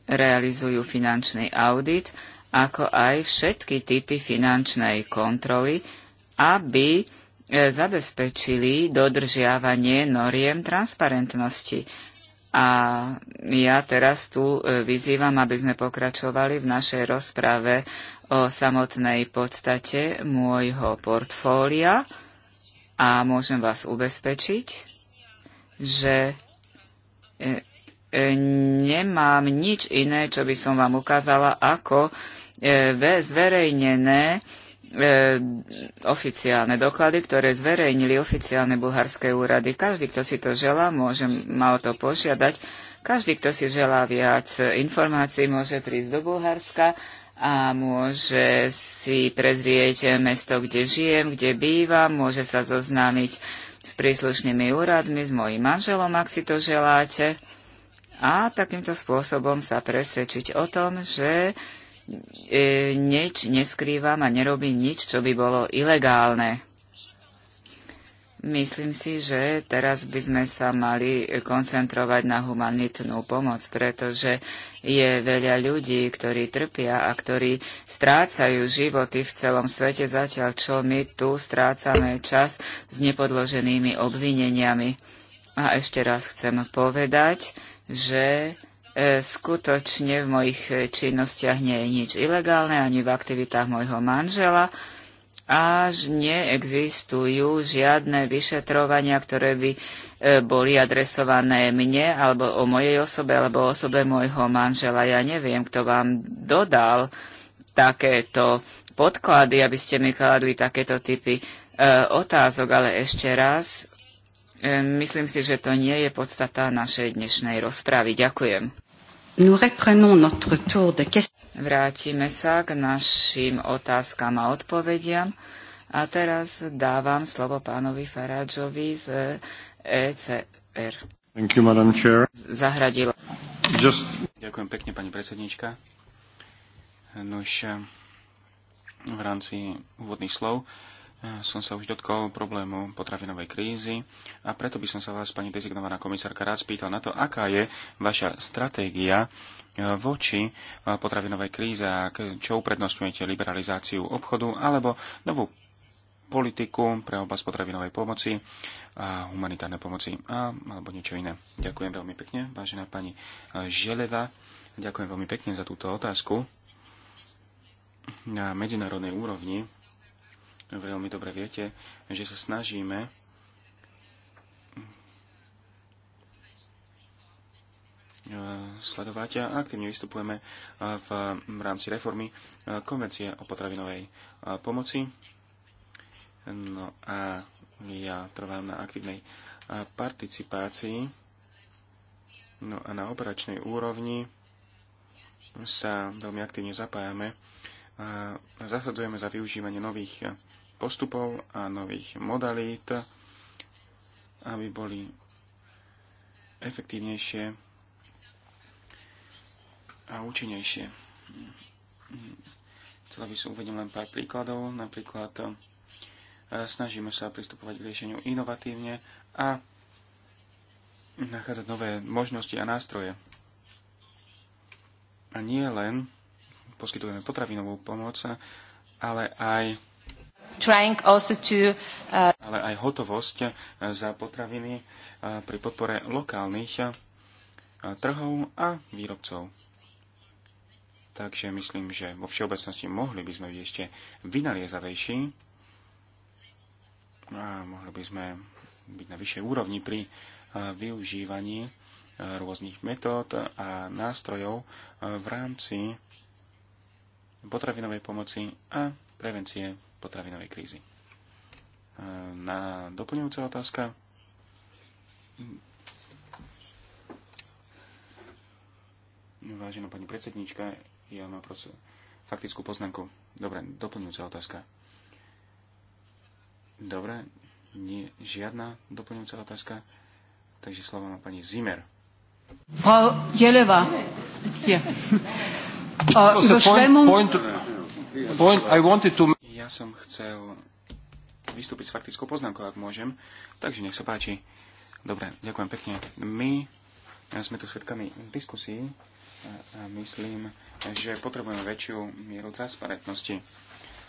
Speaker 2: realizujú finančný audit, ako aj všetky typy finančnej kontroly, aby e, zabezpečili dodržiavanie noriem transparentnosti. A ja teraz tu e, vyzývam, aby sme pokračovali v našej rozprave o samotnej podstate môjho portfólia a môžem vás ubezpečiť, že e, nemám nič iné, čo by som vám ukázala, ako e, zverejnené e, oficiálne doklady, ktoré zverejnili oficiálne bulharské úrady. Každý, kto si to želá, môže ma o to požiadať. Každý, kto si želá viac informácií, môže prísť do Bulharska a môže si prezrieť mesto, kde žijem, kde bývam, môže sa zoznámiť s príslušnými úradmi, s mojim manželom, ak si to želáte a takýmto spôsobom sa presvedčiť o tom, že e, nič neskrývam a nerobím nič, čo by bolo ilegálne. Myslím si, že teraz by sme sa mali koncentrovať na humanitnú pomoc, pretože je veľa ľudí, ktorí trpia a ktorí strácajú životy v celom svete, zatiaľ čo my tu strácame čas s nepodloženými obvineniami. A ešte raz chcem povedať, že e, skutočne v mojich činnostiach nie je nič ilegálne, ani v aktivitách môjho manžela, až neexistujú žiadne vyšetrovania, ktoré by e, boli adresované mne, alebo o mojej osobe, alebo o osobe môjho manžela. Ja neviem, kto vám dodal takéto podklady, aby ste mi kladli takéto typy e, otázok, ale ešte raz Myslím si, že to nie je podstata našej dnešnej rozpravy. Ďakujem. Vrátime sa k našim otázkam a odpovediam. A teraz dávam slovo pánovi Faradžovi z ECR. Eh, e Thank you, Madam Chair. Just... Ďakujem pekne, pani predsednička. Nož eh,
Speaker 3: v rámci úvodných slov som sa už dotkol problému potravinovej krízy a preto by som sa vás, pani dezignovaná komisárka, rád spýtal na to, aká je vaša stratégia e, voči e, potravinovej kríze a čo uprednostňujete liberalizáciu obchodu alebo novú politiku pre oblasť potravinovej pomoci a humanitárnej pomoci a, alebo niečo iné. Ďakujem veľmi pekne, vážená pani e, Želeva. Ďakujem veľmi pekne za túto otázku. Na medzinárodnej úrovni veľmi dobre viete, že sa snažíme sledovať a aktívne vystupujeme v rámci reformy eh, konvencie o potravinovej eh, pomoci. No a ja trvám na aktívnej eh, participácii. No a na operačnej úrovni sa veľmi aktívne zapájame a zasadzujeme za využívanie nových postupov a nových modalít, aby boli efektívnejšie a účinnejšie. Chcela by som uvedil len pár príkladov. Napríklad e, snažíme sa pristupovať k riešeniu inovatívne a nachádzať nové možnosti a nástroje. A nie len poskytujeme potravinovú pomoc, ale aj trying also to uh, ale aj hotovosť eh, za potraviny eh, pri podpore lokálnych eh, trhov a výrobcov. Takže myslím, že vo všeobecnosti mohli by sme byť ešte vynaliezavejší a mohli by sme byť na vyššej úrovni pri využívaní rôznych metód a nástrojov v rámci potravinovej pomoci a prevencie potravinovej krízy. E, na doplňujúca otázka. Vážená pani predsednička, ja mám proste faktickú poznámku. Dobre, doplňujúca otázka. Dobre, nie, žiadna doplňujúca otázka. Takže slovo má pani Zimmer.
Speaker 1: Frau Jeleva. Hier. Uh, point, point,
Speaker 5: point I wanted to
Speaker 3: ja som chcel vystúpiť s faktickou poznámkou, ak môžem. Takže nech sa páči. Dobre, ďakujem pekne. My sme tu svetkami diskusí a myslím, že potrebujeme väčšiu mieru transparentnosti.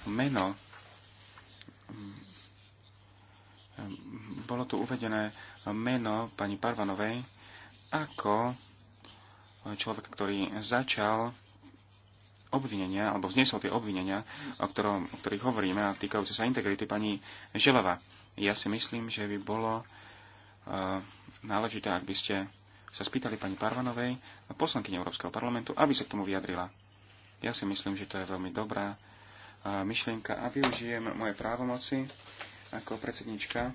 Speaker 3: Meno mm, bolo tu uvedené meno pani Parvanovej ako človek, ktorý začal obvinenia, alebo vznesol tie obvinenia, o, ktorom, o ktorých hovoríme a týkajúce sa integrity pani Želeva. Ja si myslím, že by bolo e, náležité, ak by ste sa spýtali pani Parvanovej, poslankyne Európskeho parlamentu, aby sa k tomu vyjadrila. Ja si myslím, že to je veľmi dobrá e, myšlienka a využijem moje právomoci ako predsednička,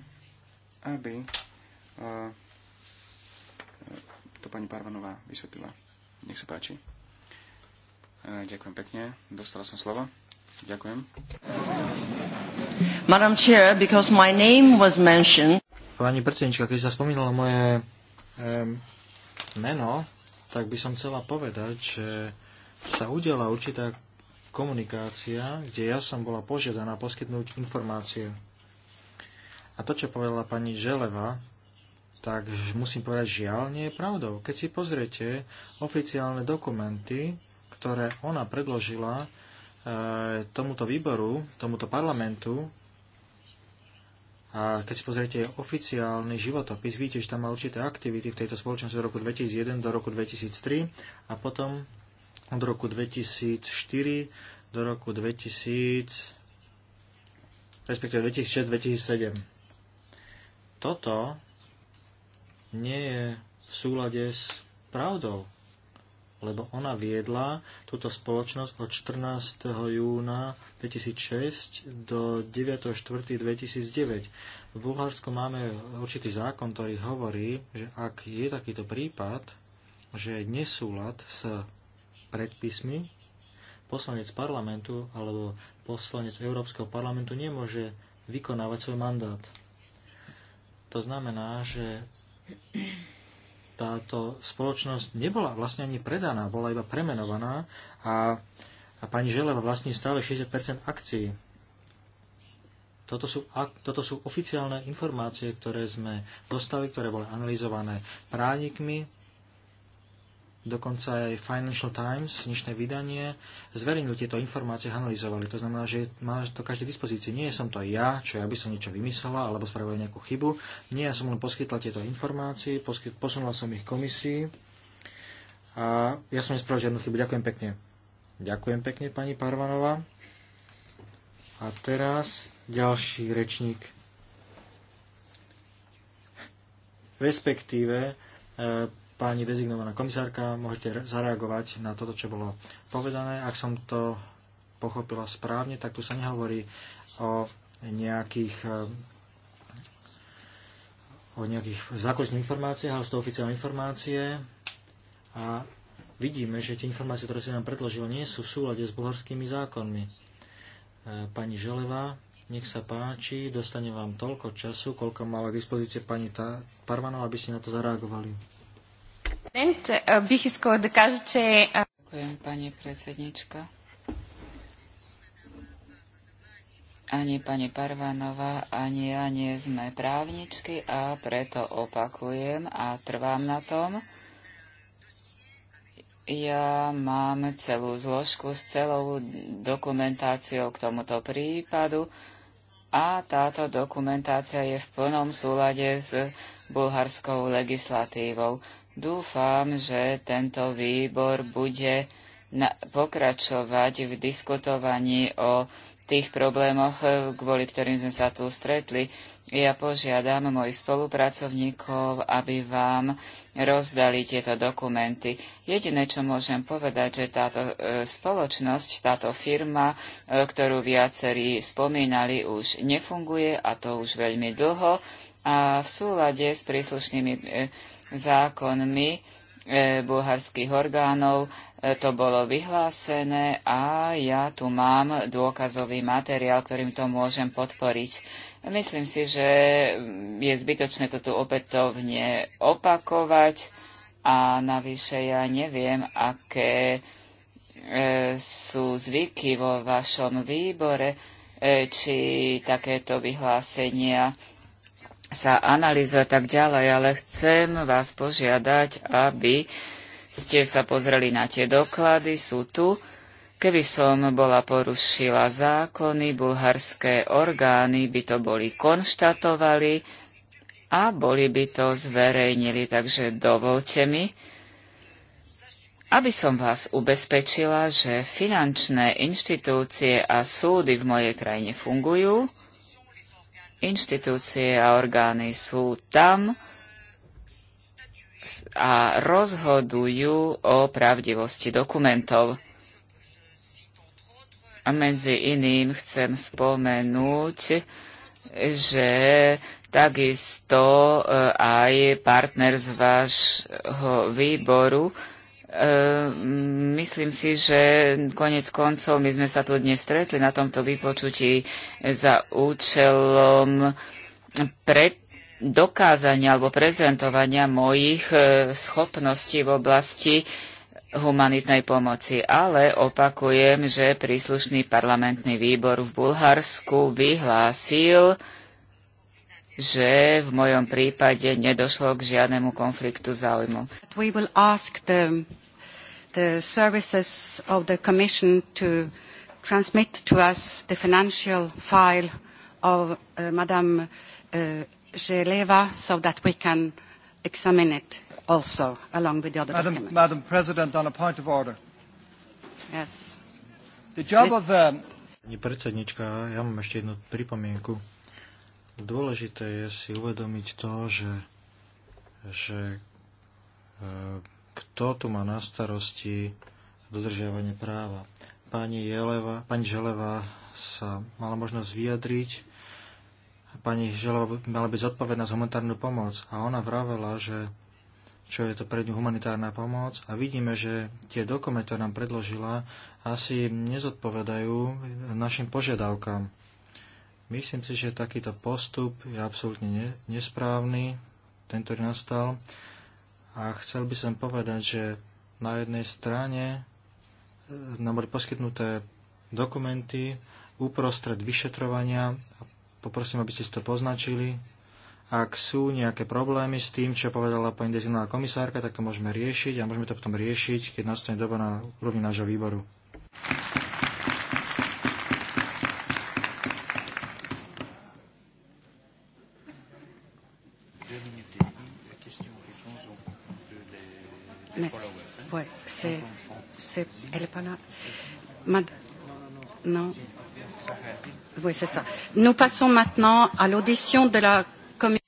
Speaker 3: aby e, e to pani Parvanová vysvetlila. Nech sa páči. E, ďakujem pekne. Dostala som slovo. Ďakujem.
Speaker 5: Madam Chair, because my name was
Speaker 4: mentioned... Pani predsednička, keď sa spomínala moje um, meno, tak by som chcela povedať, že sa udiela určitá komunikácia, kde ja som bola požiadaná poskytnúť informácie. A to, čo povedala pani Želeva, tak musím povedať, žiaľ, nie je pravdou. Keď si pozriete oficiálne dokumenty ktoré ona predložila e, tomuto výboru, tomuto parlamentu, a keď si pozriete oficiálny životopis, vidíte, že tam má určité aktivity v tejto spoločnosti od roku 2001 do roku 2003 a potom od roku 2004 do roku 2000, respektíve 2006-2007. Toto nie je v súlade s pravdou lebo ona viedla túto spoločnosť od 14. júna 2006 do 9.4.2009. V Bulharsku máme určitý zákon, ktorý hovorí, že ak je takýto prípad, že je nesúlad s predpismi, poslanec parlamentu alebo poslanec Európskeho parlamentu nemôže vykonávať svoj mandát. To znamená, že táto spoločnosť nebola vlastne ani predaná, bola iba premenovaná a, a pani Želeva vlastní stále 60 akcií. Toto sú, toto sú oficiálne informácie, ktoré sme dostali, ktoré boli analyzované právnikmi dokonca aj Financial Times, dnešné vydanie, zverejnil tieto informácie, analyzovali. To znamená, že má to každý dispozícii. Nie som to ja, čo ja by som niečo vymyslela alebo spravila nejakú chybu. Nie, ja som len poskytla tieto informácie, poskyt, posunula som ich komisii a ja som nespravil žiadnu chybu. Ďakujem pekne. Ďakujem pekne, pani Parvanová. A teraz ďalší rečník. Respektíve e, Páni dezignovaná komisárka, môžete zareagovať na toto, čo bolo povedané. Ak som to pochopila správne, tak tu sa nehovorí o nejakých eh, o nejakých zákulisných informáciách, ale sú to oficiálne informácie a vidíme, že tie informácie, ktoré si nám predložilo, nie sú v súlade s bulharskými zákonmi. Eh, pani Želeva, nech sa páči, dostane vám toľko času, koľko mala k dispozície pani Parvanov, aby ste na to zareagovali.
Speaker 5: Eh, eh,
Speaker 2: Ďakujem, pani predsednička. Ani pani Parvanová, ani ja nie sme právničky a preto opakujem a trvám na tom. Ja mám celú zložku s celou dokumentáciou k tomuto prípadu a táto dokumentácia je v plnom súlade s bulharskou legislatívou. Dúfam, že tento výbor bude pokračovať v diskutovaní o tých problémoch, kvôli ktorým sme sa tu stretli. Ja požiadam mojich spolupracovníkov, aby vám rozdali tieto dokumenty. Jediné, čo môžem povedať, že táto e, spoločnosť, táto firma, e, ktorú viacerí spomínali, už nefunguje a to už veľmi dlho. A v súlade s príslušnými e, zákonmi e, bulharských orgánov. E, to bolo vyhlásené a ja tu mám dôkazový materiál, ktorým to môžem podporiť. Myslím si, že je zbytočné to tu opätovne opakovať a navyše ja neviem, aké e, sú zvyky vo vašom výbore, či takéto vyhlásenia sa analýzuje tak ďalej, ale chcem vás požiadať, aby ste sa pozreli na tie doklady, sú tu. Keby som bola porušila zákony, bulharské orgány by to boli konštatovali a boli by to zverejnili. Takže dovolte mi, aby som vás ubezpečila, že finančné inštitúcie a súdy v mojej krajine fungujú Inštitúcie a orgány sú tam a rozhodujú o pravdivosti dokumentov. A medzi iným chcem spomenúť, že takisto e, aj partner z vášho výboru Ehm, myslím si, že konec koncov my sme sa tu dnes stretli na tomto vypočutí za účelom pred dokázania alebo prezentovania mojich e, schopností v oblasti humanitnej pomoci. Ale opakujem, že príslušný parlamentný výbor v Bulharsku vyhlásil, že v mojom prípade nedošlo k žiadnemu konfliktu záujmu
Speaker 1: the services of the Commission to transmit to us the financial file of uh, Madame uh, so that we can examine it also along with the other documents.
Speaker 4: Madam President, on a point of order. Yes. The job of... the- um, Pani predsednička, ja mám ešte jednu pripomienku. Dôležité je si uvedomiť to, že, že e, kto tu má na starosti dodržiavanie práva. Pani, Jeleva, pani Želeva sa mala možnosť vyjadriť. Pani Želeva mala byť zodpovedná za humanitárnu pomoc a ona vravela, že čo je to pre ňu humanitárna pomoc a vidíme, že tie dokumenty, ktoré nám predložila, asi nezodpovedajú našim požiadavkám. Myslím si, že takýto postup je absolútne nesprávny, ten, ktorý nastal. A chcel by som povedať, že na jednej strane e, nám boli poskytnuté dokumenty uprostred vyšetrovania. Poprosím, aby ste si to poznačili. Ak sú nejaké problémy s tým, čo povedala pani dezignovaná komisárka, tak to môžeme riešiť a môžeme to potom riešiť, keď nastane doba na úrovni nášho výboru.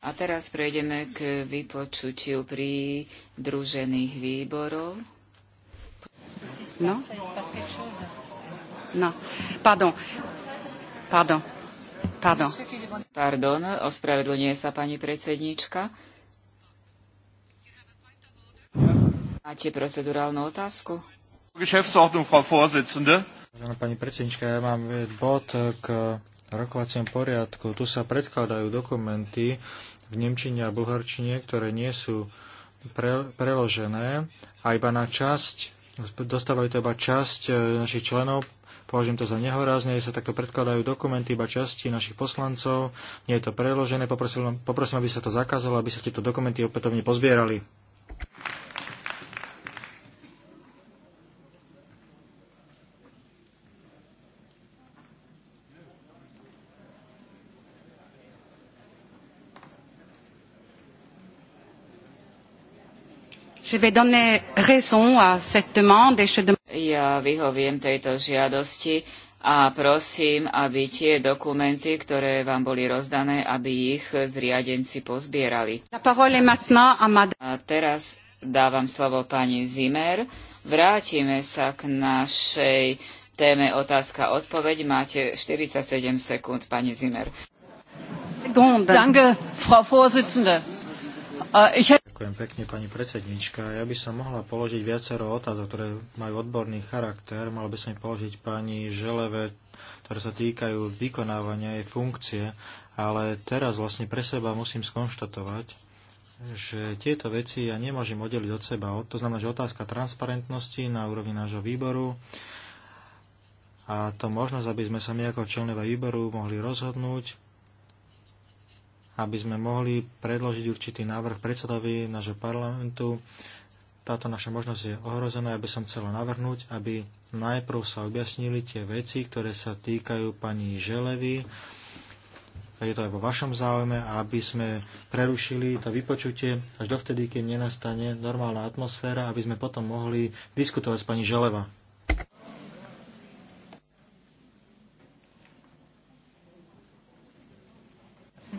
Speaker 2: A teraz prejdeme k vypočutiu pri družených výborov. Non? Non. Pardon. Pardon. Pardon. Pardon, ospravedlňuje sa pani predsednička. Máte procedurálnu otázku? Geschäftsordnung, Frau Vorsitzende.
Speaker 4: Pani predsednička, ja mám bod k rokovaciem poriadku. Tu sa predkladajú dokumenty v Nemčine a Bulharčine, ktoré nie sú pre, preložené a iba na časť, dostávajú to iba časť e, našich členov, považujem to za nehorázne, sa takto predkladajú dokumenty iba časti našich poslancov, nie je to preložené, poprosím, poprosím aby sa to zakázalo, aby sa tieto dokumenty opätovne pozbierali.
Speaker 2: Ja vyhoviem tejto žiadosti a prosím, aby tie dokumenty, ktoré vám boli rozdané, aby ich zriadenci pozbierali. A teraz dávam slovo pani Zimmer. Vrátime sa k našej téme otázka odpoveď. Máte 47 sekúnd, pani Zimmer.
Speaker 1: Danke, Frau Vorsitzende. Äh, ich
Speaker 4: Ďakujem pekne, pani predsednička. Ja by som mohla položiť viacero otázok, ktoré majú odborný charakter. Mala by som ich položiť pani Želeve, ktoré sa týkajú vykonávania jej funkcie, ale teraz vlastne pre seba musím skonštatovať, že tieto veci ja nemôžem oddeliť od seba. To znamená, že otázka transparentnosti na úrovni nášho výboru a to možnosť, aby sme sa my ako členové výboru mohli rozhodnúť, aby sme mohli predložiť určitý návrh predsedovi nášho parlamentu. Táto naša možnosť je ohrozená, aby som chcela navrhnúť, aby najprv sa objasnili tie veci, ktoré sa týkajú pani Želevy, je to aj vo vašom záujme, aby sme prerušili to vypočutie až dovtedy, keď nenastane normálna atmosféra, aby sme potom mohli diskutovať s pani Želeva.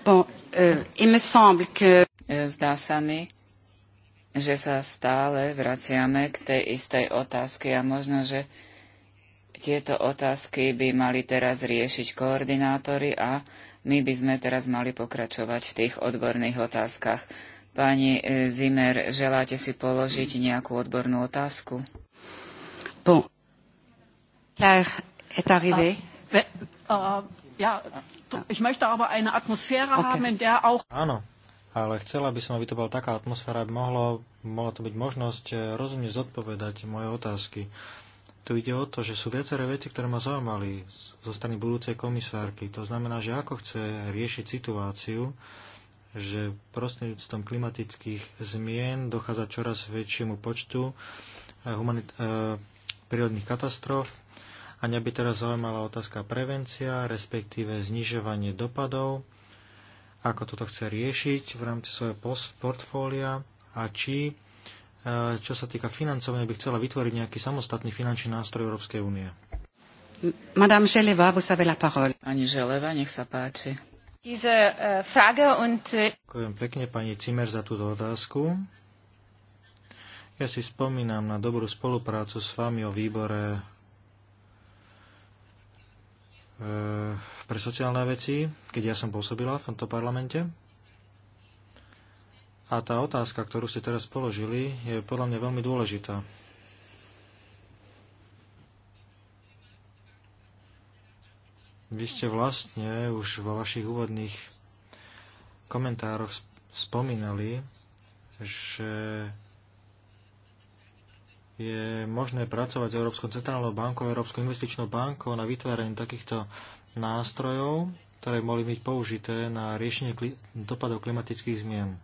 Speaker 2: Euh, Zdá sa mi, že sa stále vraciame k tej istej otázke a možno, že tieto otázky by mali teraz riešiť koordinátory a my by sme teraz mali pokračovať v tých odborných otázkach. Pani eh, Zimmer, želáte si položiť nejakú odbornú otázku? Bon. Claire est arrivée. Ah,
Speaker 1: mais, uh, ja, ich möchte aber eine Atmosphäre okay. haben, in der auch... Áno,
Speaker 4: ale chcela by som, aby to bola taká atmosféra, aby mohlo, mohla to byť možnosť e, rozumne zodpovedať moje otázky. Tu ide o to, že sú viaceré veci, ktoré ma zaujímali zo strany budúcej komisárky. To znamená, že ako chce riešiť situáciu, že prostredníctvom klimatických zmien dochádza čoraz väčšiemu počtu e, humanit- e, prírodných katastrof, a mňa by teraz zaujímala otázka prevencia, respektíve znižovanie dopadov, ako toto chce riešiť v rámci svojho portfólia a či, e, čo sa týka financovania, by chcela vytvoriť nejaký samostatný finančný nástroj Európskej únie.
Speaker 1: Madame Želeva,
Speaker 4: vous avez la parole. Pani Želeva, nech sa páči.
Speaker 5: E, e,
Speaker 4: Ďakujem pekne pani Cimer za túto otázku. Ja si spomínam na dobrú spoluprácu s vami o výbore E, pre sociálne veci, keď ja som pôsobila v tomto parlamente. A tá otázka, ktorú ste teraz položili, je podľa mňa veľmi dôležitá. Vy ste vlastne už vo vašich úvodných komentároch spomínali, že je možné pracovať s Európskou centrálnou bankou, Európskou investičnou bankou na vytváranie takýchto nástrojov, ktoré mohli byť použité na riešenie dopadov klimatických zmien.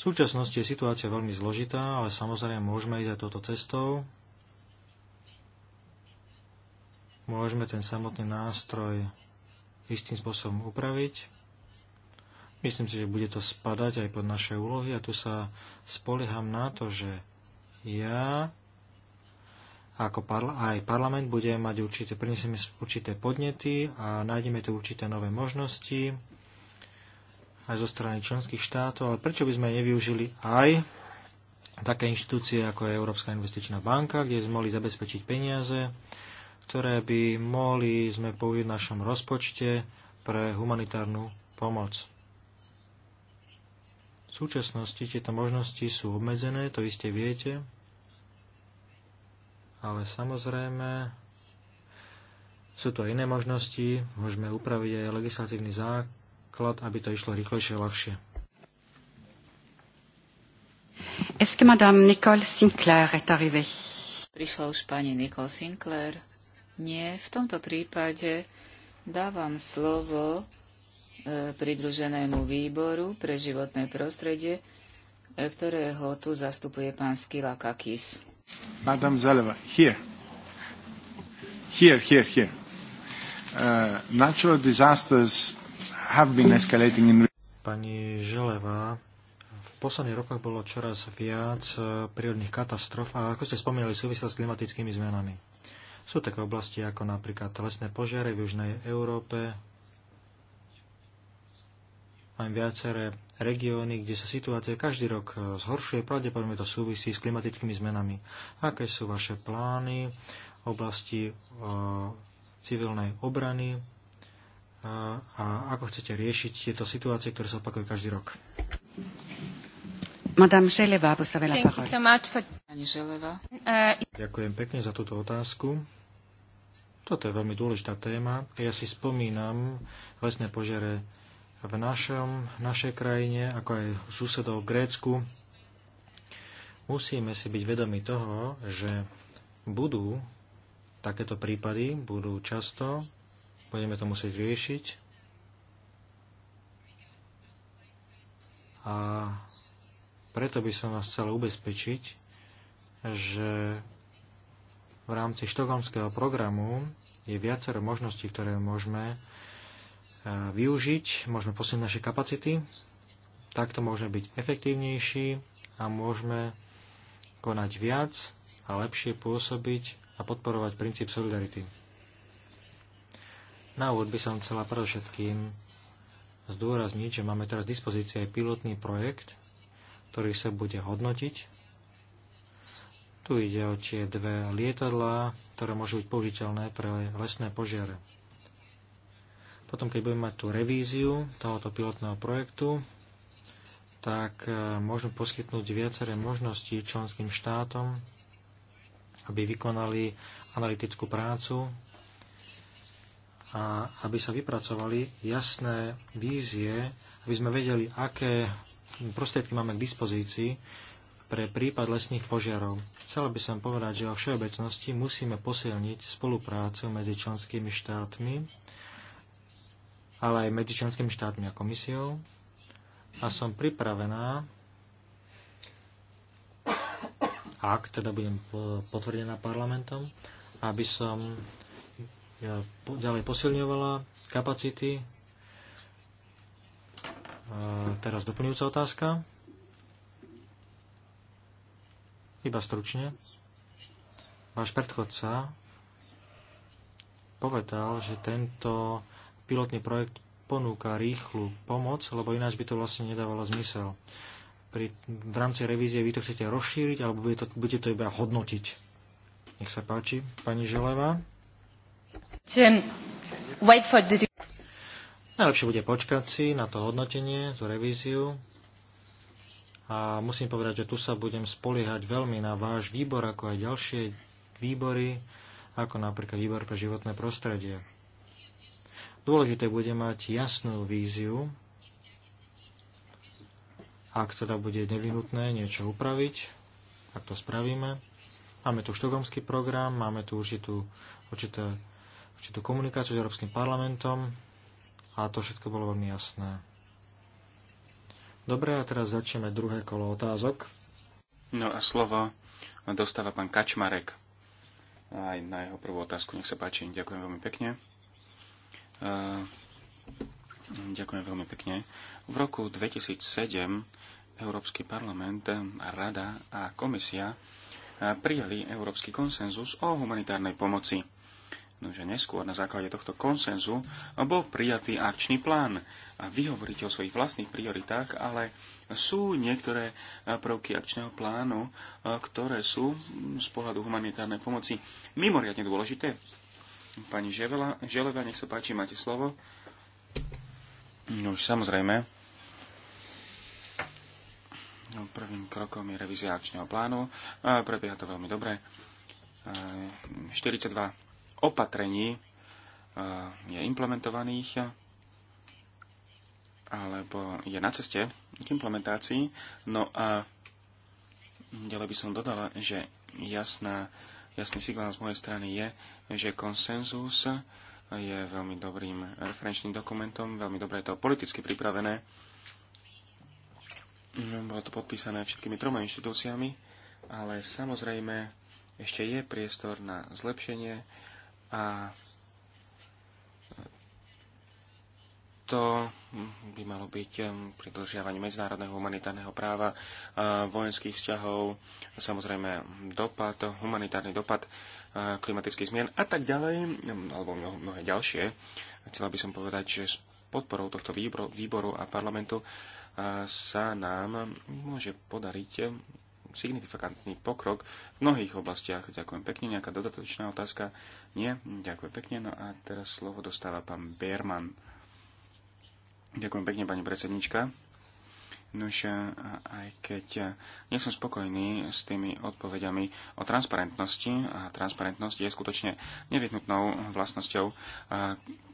Speaker 4: V súčasnosti je situácia veľmi zložitá, ale samozrejme môžeme ísť aj touto cestou. Môžeme ten samotný nástroj istým spôsobom upraviť. Myslím si, že bude to spadať aj pod naše úlohy a tu sa spolieham na to, že ja ako parla- aj parlament bude mať určité, prinesieme určité podnety a nájdeme tu určité nové možnosti aj zo strany členských štátov, ale prečo by sme nevyužili aj také inštitúcie ako je Európska investičná banka, kde sme mohli zabezpečiť peniaze, ktoré by mohli sme použiť v našom rozpočte pre humanitárnu pomoc. V súčasnosti tieto možnosti sú obmedzené, to iste viete, ale samozrejme sú to iné možnosti, môžeme upraviť aj legislatívny základ, aby to išlo
Speaker 1: rýchlejšie a ľahšie. Est-ce que Madame Nicole Sinclair est arrivée?
Speaker 2: Prišla už pani Nicole Sinclair. Nie, v tomto prípade dávam slovo e, pridruženému výboru pre životné prostredie, e, ktorého tu zastupuje pán Skila Kakis. Madame Zaleva, here. Here, here, here. Uh, natural disasters have been escalating in...
Speaker 4: Pani Želeva, v posledných rokoch bolo čoraz viac uh, prírodných katastrof a ako ste spomínali, súvisel s klimatickými zmenami. Sú také oblasti ako napríklad lesné požiare v Južnej Európe, Mám viaceré regióny, kde sa situácia každý rok e, zhoršuje, pravdepodobne to súvisí s klimatickými zmenami. Aké sú vaše plány v oblasti e, civilnej obrany e, a ako chcete riešiť tieto situácie, ktoré sa opakujú každý rok?
Speaker 1: Madame Želeva,
Speaker 5: uh,
Speaker 4: Ďakujem pekne za túto otázku. Toto je veľmi dôležitá téma. Ja si spomínam lesné požiare v našom, našej krajine, ako aj susedov v Grécku, musíme si byť vedomi toho, že budú takéto prípady, budú často, budeme to musieť riešiť. A preto by som vás chcel ubezpečiť, že v rámci štokholmského programu je viacero možností, ktoré môžeme využiť, môžeme posilniť naše kapacity, takto môžeme byť efektívnejší a môžeme konať viac a lepšie pôsobiť a podporovať princíp solidarity. Na úvod by som chcela predovšetkým zdôrazniť, že máme teraz v dispozícii aj pilotný projekt, ktorý sa bude hodnotiť. Tu ide o tie dve lietadlá, ktoré môžu byť použiteľné pre lesné požiare. Potom, keď budeme mať tú revíziu tohoto pilotného projektu, tak e, môžeme poskytnúť viaceré možnosti členským štátom, aby vykonali analytickú prácu a aby sa vypracovali jasné vízie, aby sme vedeli, aké prostriedky máme k dispozícii pre prípad lesných požiarov. Chcel by som povedať, že vo všeobecnosti musíme posilniť spoluprácu medzi členskými štátmi ale aj medzi členskými štátmi a komisiou. A som pripravená, ak teda budem potvrdená parlamentom, aby som ďalej posilňovala kapacity. Teraz doplňujúca otázka. Iba stručne. Váš predchodca povedal, že tento pilotný projekt ponúka rýchlu pomoc, lebo ináč by to vlastne nedávalo zmysel. Pri, v rámci revízie vy to chcete rozšíriť, alebo bude to, budete to iba hodnotiť. Nech sa páči, pani Želeva. Najlepšie bude počkať si na to hodnotenie, tú revíziu. A musím povedať, že tu sa budem spoliehať veľmi na váš výbor, ako aj ďalšie výbory, ako napríklad výbor pre životné prostredie Dôležité bude mať jasnú víziu, ak teda bude nevyhnutné niečo upraviť, tak to spravíme. Máme tu štokholmský program, máme tu určitú, určitú, určitú komunikáciu s Európskym parlamentom a to všetko bolo veľmi jasné. Dobre, a teraz začneme druhé kolo otázok.
Speaker 3: No a slovo dostáva pán Kačmarek. Aj na jeho prvú otázku, nech sa páči. Ďakujem veľmi pekne. Eh, ďakujem veľmi pekne. V roku 2007 Európsky parlament, eh, Rada a Komisia eh, prijali Európsky konsenzus o humanitárnej pomoci. Nože neskôr na základe tohto konsenzu bol prijatý akčný plán. A vy hovoríte o svojich vlastných prioritách, ale sú niektoré prvky akčného plánu, ktoré sú z pohľadu humanitárnej pomoci mimoriadne dôležité. Pani Ževela, Želeva, nech sa páči, máte slovo. No už samozrejme. No, prvým krokom je revizia akčného plánu. A prebieha to veľmi dobre. 42 opatrení je implementovaných alebo je na ceste k implementácii. No a ďalej by som dodala, že jasná Jasný signál z mojej strany je, že konsenzus je veľmi dobrým referenčným dokumentom, veľmi dobre je to politicky pripravené. Bolo to podpísané všetkými troma inštitúciami, ale samozrejme ešte je priestor na zlepšenie a to by malo byť pri medzinárodného humanitárneho práva, vojenských vzťahov, samozrejme dopad, humanitárny dopad klimatických zmien a tak ďalej, alebo mnohé ďalšie. Chcela by som povedať, že s podporou tohto výboru a parlamentu sa nám môže podariť signifikantný pokrok v mnohých oblastiach. Ďakujem pekne. Nejaká dodatočná otázka? Nie? Ďakujem pekne. No a teraz slovo dostáva pán Berman. Ďakujem pekne, pani predsednička. Nož, aj keď nie som spokojný s tými odpovediami o transparentnosti, a transparentnosť je skutočne nevyhnutnou vlastnosťou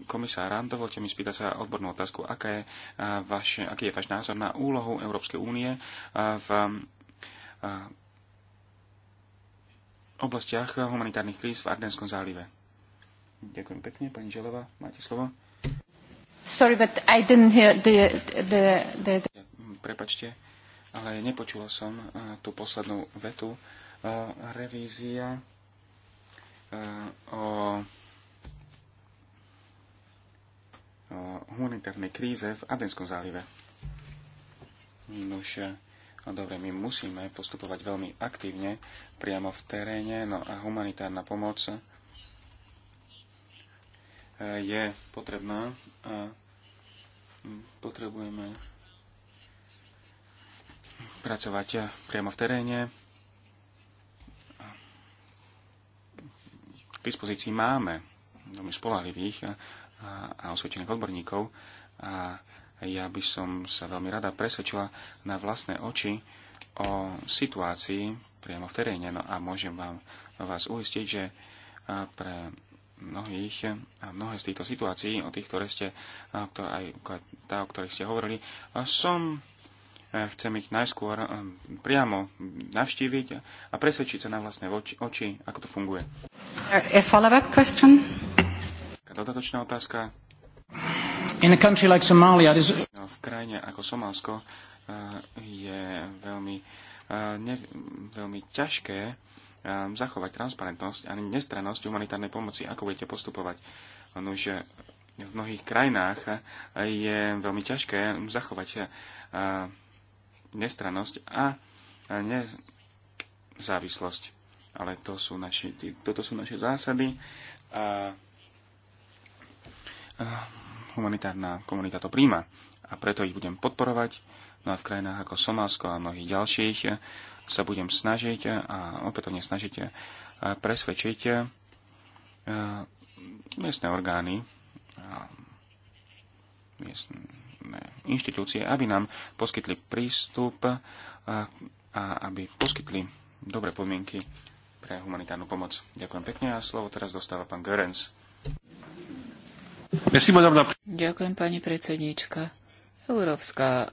Speaker 3: komisára, dovolte mi spýtať sa odbornú otázku, aká je vaš, aký je váš názor na úlohu Európskej únie v oblastiach humanitárnych kríz v Ardenskom zálive. Ďakujem pekne, pani Želeva, máte slovo.
Speaker 5: Sorry, but I didn't hear the, the, the, the...
Speaker 3: Prepačte, ale nepočula som eh, tú poslednú vetu. Eh, revízia eh, o humanitárnej kríze v Adenskom zálive. Nož, no dobre, my musíme postupovať veľmi aktívne priamo v teréne, no a humanitárna pomoc je potrebná a potrebujeme pracovať priamo v teréne. K dispozícii máme veľmi spolahlivých a, a osvietených odborníkov a ja by som sa veľmi rada presvedčila na vlastné oči o situácii priamo v teréne. No a môžem vám, vás uistiť, že pre mnohých eh, a mnohé z týchto situácií, o tých, ktoré ste, aj tá, o ktorých ste hovorili, som eh, chcem ich najskôr eh, priamo navštíviť a presvedčiť sa na vlastné oči, ako to funguje. A Dodatočná otázka. In a country like Somalia, this... No, v krajine ako Somálsko je veľmi, ne, veľmi ťažké Ehm, zachovať transparentnosť a nestrannosť humanitárnej pomoci, ako budete postupovať. že v mnohých krajinách eh, je veľmi ťažké zachovať eh, nestrannosť a eh, nezávislosť. Ale to sú naši, toto sú naše zásady a humanitárna komunita to príjma a preto ich budem podporovať. No a v krajinách ako Somálsko a mnohých ďalších sa budem snažiť a opätovne snažiť presvedčiť miestne orgány, miestne inštitúcie, aby nám poskytli prístup a aby poskytli dobré podmienky pre humanitárnu pomoc. Ďakujem pekne a slovo teraz dostáva pán Görens.
Speaker 2: Ďakujem, pani predsedníčka. Európska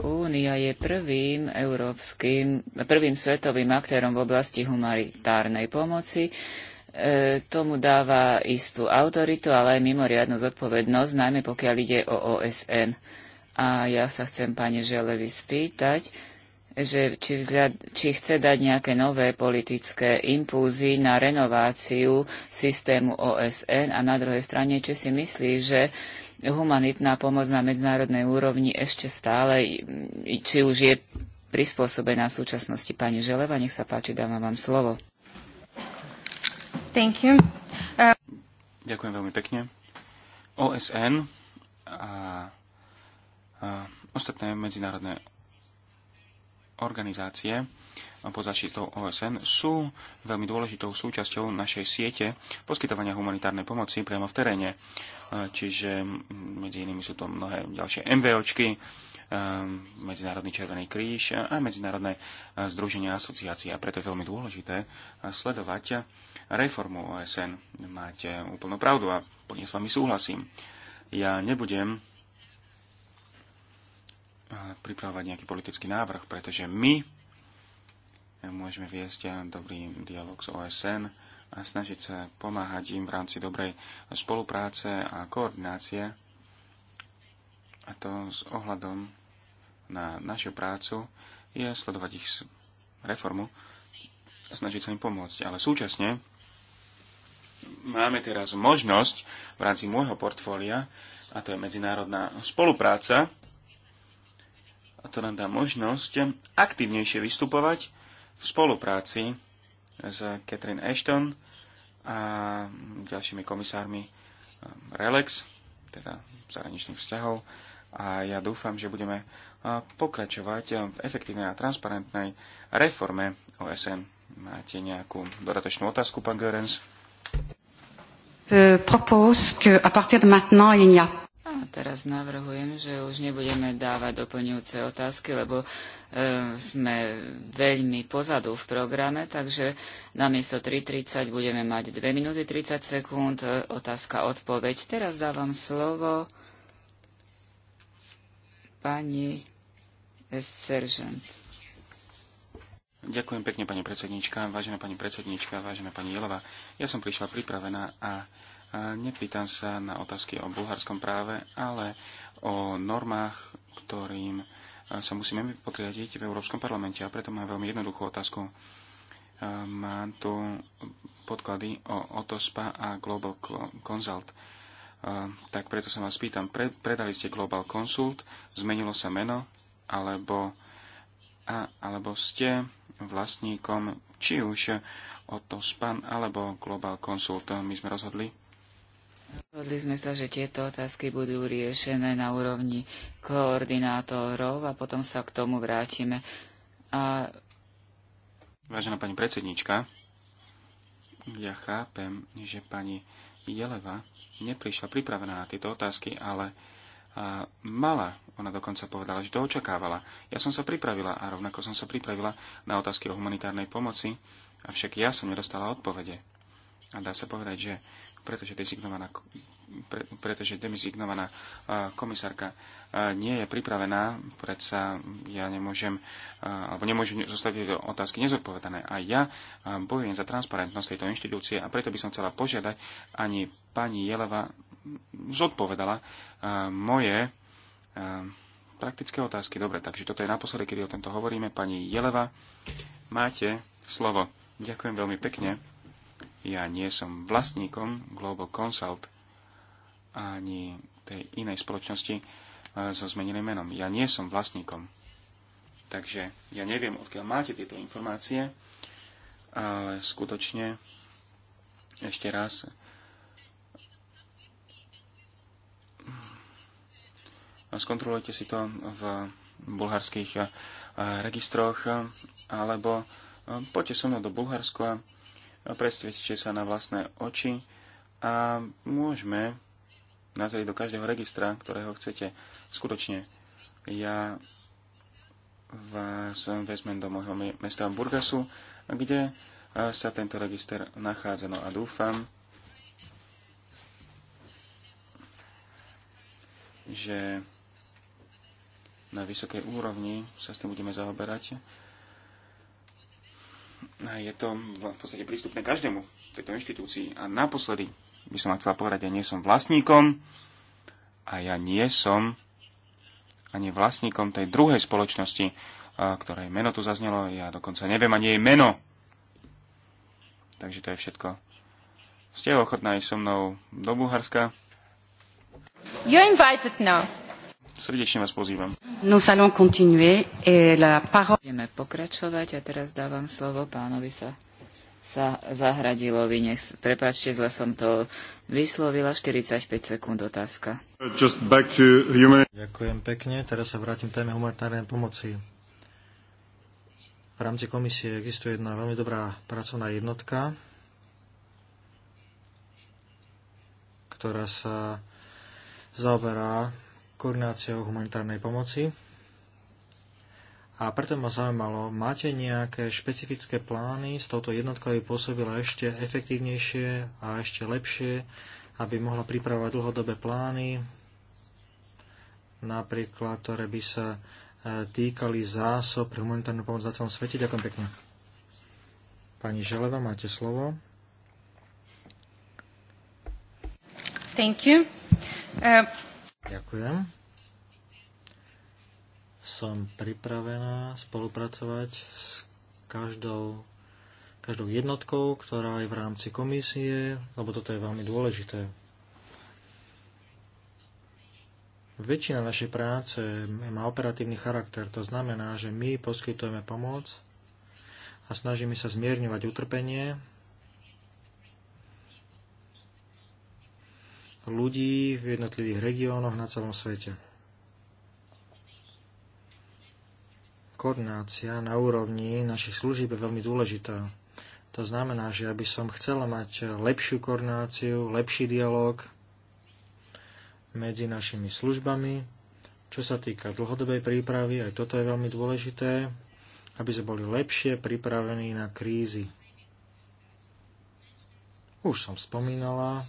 Speaker 2: Únia je prvým európskym, prvým svetovým aktérom v oblasti humanitárnej pomoci. E, tomu dáva istú autoritu, ale aj mimoriadnu zodpovednosť, najmä pokiaľ ide o OSN. A ja sa chcem pani Želevi spýtať, že či, vzľad, či chce dať nejaké nové politické impulzy na renováciu systému OSN a na druhej strane, či si myslí, že humanitná pomoc na medzinárodnej úrovni ešte stále, či už je prispôsobená súčasnosti. Pani Želeva, nech sa páči, dávam vám slovo.
Speaker 5: Thank you. Uh...
Speaker 3: Ďakujem veľmi pekne. OSN a, a ostatné medzinárodné organizácie pod zaštitou OSN sú veľmi dôležitou súčasťou našej siete poskytovania humanitárnej pomoci priamo v teréne. Čiže medzi inými sú to mnohé ďalšie MVOčky, Medzinárodný Červený kríž a Medzinárodné združenia asociácie, A preto je veľmi dôležité sledovať reformu OSN. Máte úplnú pravdu a plne s vami súhlasím. Ja nebudem pripravovať nejaký politický návrh, pretože my môžeme viesť dobrý dialog s OSN a snažiť sa pomáhať im v rámci dobrej spolupráce a koordinácie a to s ohľadom na našu prácu je sledovať ich reformu a snažiť sa im pomôcť. Ale súčasne máme teraz možnosť v rámci môjho portfólia, a to je medzinárodná spolupráca, to nám dá možnosť aktívnejšie vystupovať v spolupráci s Catherine Ashton a ďalšími komisármi um, Relex, teda zahraničných vzťahov. A ja dúfam, že budeme uh, pokračovať um, v efektívnej a transparentnej reforme OSN. Máte nejakú dodatočnú otázku, pán Görens?
Speaker 1: propose qu'à partir de maintenant, il n'y a
Speaker 2: a teraz navrhujem, že už nebudeme dávať doplňujúce otázky, lebo e, sme veľmi pozadu v programe, takže namiesto 3.30 budeme mať 2 minúty 30 sekúnd, e, otázka, odpoveď. Teraz dávam slovo pani Seržant.
Speaker 3: Ďakujem pekne, pani predsednička, vážená pani predsednička, vážená pani Jelová. Ja som prišla pripravená a nepýtam sa na otázky o bulharskom práve, ale o normách, ktorým e, sa musíme podriadiť v Európskom parlamente. A preto mám veľmi jednoduchú otázku. E, mám tu podklady o Otospa a Global Consult. E, tak preto sa vás pýtam, predali ste Global Consult, zmenilo sa meno, alebo, a, alebo ste vlastníkom či už Otospan alebo Global Consult. My sme rozhodli,
Speaker 2: Rozhodli sme sa, že tieto otázky budú riešené na úrovni koordinátorov a potom sa k tomu vrátime. A...
Speaker 3: Vážená pani predsednička,
Speaker 2: ja chápem, že pani Jeleva
Speaker 3: neprišla pripravená na tieto otázky, ale a mala, ona dokonca povedala, že to očakávala. Ja som sa pripravila a rovnako som sa pripravila na otázky o humanitárnej pomoci, avšak ja som nedostala odpovede. A dá sa povedať, že pretože dezignovaná, pre, pretože demizignovaná komisárka nie je pripravená, predsa ja nemôžem, alebo nemôžem zostať tieto otázky nezodpovedané. A ja bojujem za transparentnosť tejto inštitúcie a preto by som chcela požiadať, ani pani Jeleva zodpovedala moje praktické otázky. Dobre, takže toto je naposledy, kedy o tomto hovoríme. Pani Jeleva, máte slovo. Ďakujem veľmi pekne. Ja nie som vlastníkom Global Consult ani tej inej spoločnosti eh, so zmeneným menom. Ja nie som vlastníkom. Takže ja neviem, odkiaľ máte tieto informácie, ale skutočne ešte raz skontrolujte si to v bulharských eh, registroch alebo eh, poďte so mnou do Bulharska presvedčte sa na vlastné oči a môžeme nazrieť do každého registra, ktorého chcete. Skutočne, ja vás vezmem do môjho mesta Burgasu, kde sa tento register nachádza. No a dúfam, že na vysokej úrovni sa s tým budeme zaoberať je to v podstate prístupné každému v tejto inštitúcii. A naposledy by som vám chcela povedať, ja nie som vlastníkom a ja nie som ani vlastníkom tej druhej spoločnosti, ktorej meno tu zaznelo. Ja dokonca neviem ani jej meno. Takže to je všetko. Ste ochotná aj so mnou do Bulharska?
Speaker 5: You're invited now.
Speaker 3: Srdečne vás pozývam.
Speaker 2: Nous allons continuer et la parole... Budeme pokračovať a teraz dávam slovo pánovi sa sa zahradilovi, nech, prepáčte, zle som to vyslovila, 45 sekúnd otázka. Human...
Speaker 4: Ďakujem pekne, teraz sa vrátim téme humanitárnej pomoci. V rámci komisie existuje jedna veľmi dobrá pracovná jednotka, ktorá sa zaoberá koordináciou humanitárnej pomoci. A preto ma zaujímalo, máte nejaké špecifické plány s touto jednotkou, aby pôsobila ešte efektívnejšie a ešte lepšie, aby mohla pripravovať dlhodobé plány, napríklad, ktoré by sa e, týkali zásob pre humanitárnu pomoc na celom svete. Ďakujem pekne. Pani Želeva, máte slovo.
Speaker 5: Thank you. Uh...
Speaker 4: Ďakujem. Som pripravená spolupracovať s každou, každou jednotkou, ktorá je v rámci komisie, lebo toto je veľmi dôležité. Väčšina našej práce má operatívny charakter, to znamená, že my poskytujeme pomoc a snažíme sa zmierňovať utrpenie ľudí v jednotlivých regiónoch na celom svete. Koordinácia na úrovni našich služieb je veľmi dôležitá. To znamená, že aby som chcela mať lepšiu koordináciu, lepší dialog medzi našimi službami, čo sa týka dlhodobej prípravy, aj toto je veľmi dôležité, aby sme boli lepšie pripravení na krízy. Už som spomínala,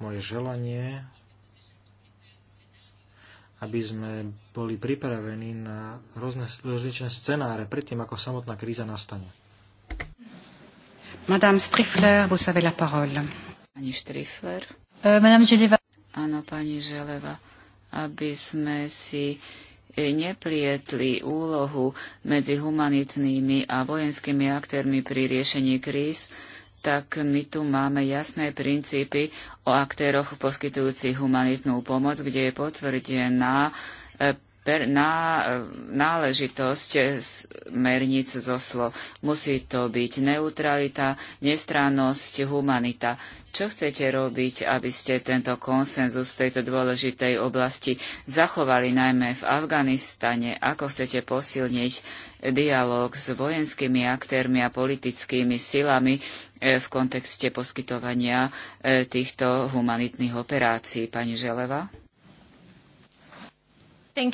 Speaker 4: moje želanie, aby sme boli pripravení na rôzne rozličné scenáre predtým, ako samotná kríza nastane.
Speaker 1: Madame Strifler, vous avez la parole.
Speaker 2: Pani Strifler.
Speaker 1: Uh, Madame Želeva.
Speaker 2: Áno, pani Želeva, aby sme si e, neplietli úlohu medzi humanitnými a vojenskými aktérmi pri riešení kríz, tak my tu máme jasné princípy o aktéroch poskytujúcich humanitnú pomoc, kde je potvrdená e, per, na, e, náležitosť smerníc zo SLO. Musí to byť neutralita, nestrannosť, humanita. Čo chcete robiť, aby ste tento konsenzus v tejto dôležitej oblasti zachovali najmä v Afganistane? Ako chcete posilniť dialog s vojenskými aktérmi a politickými silami E, v kontexte poskytovania e, týchto humanitných operácií. Pani Želeva?
Speaker 5: Uh,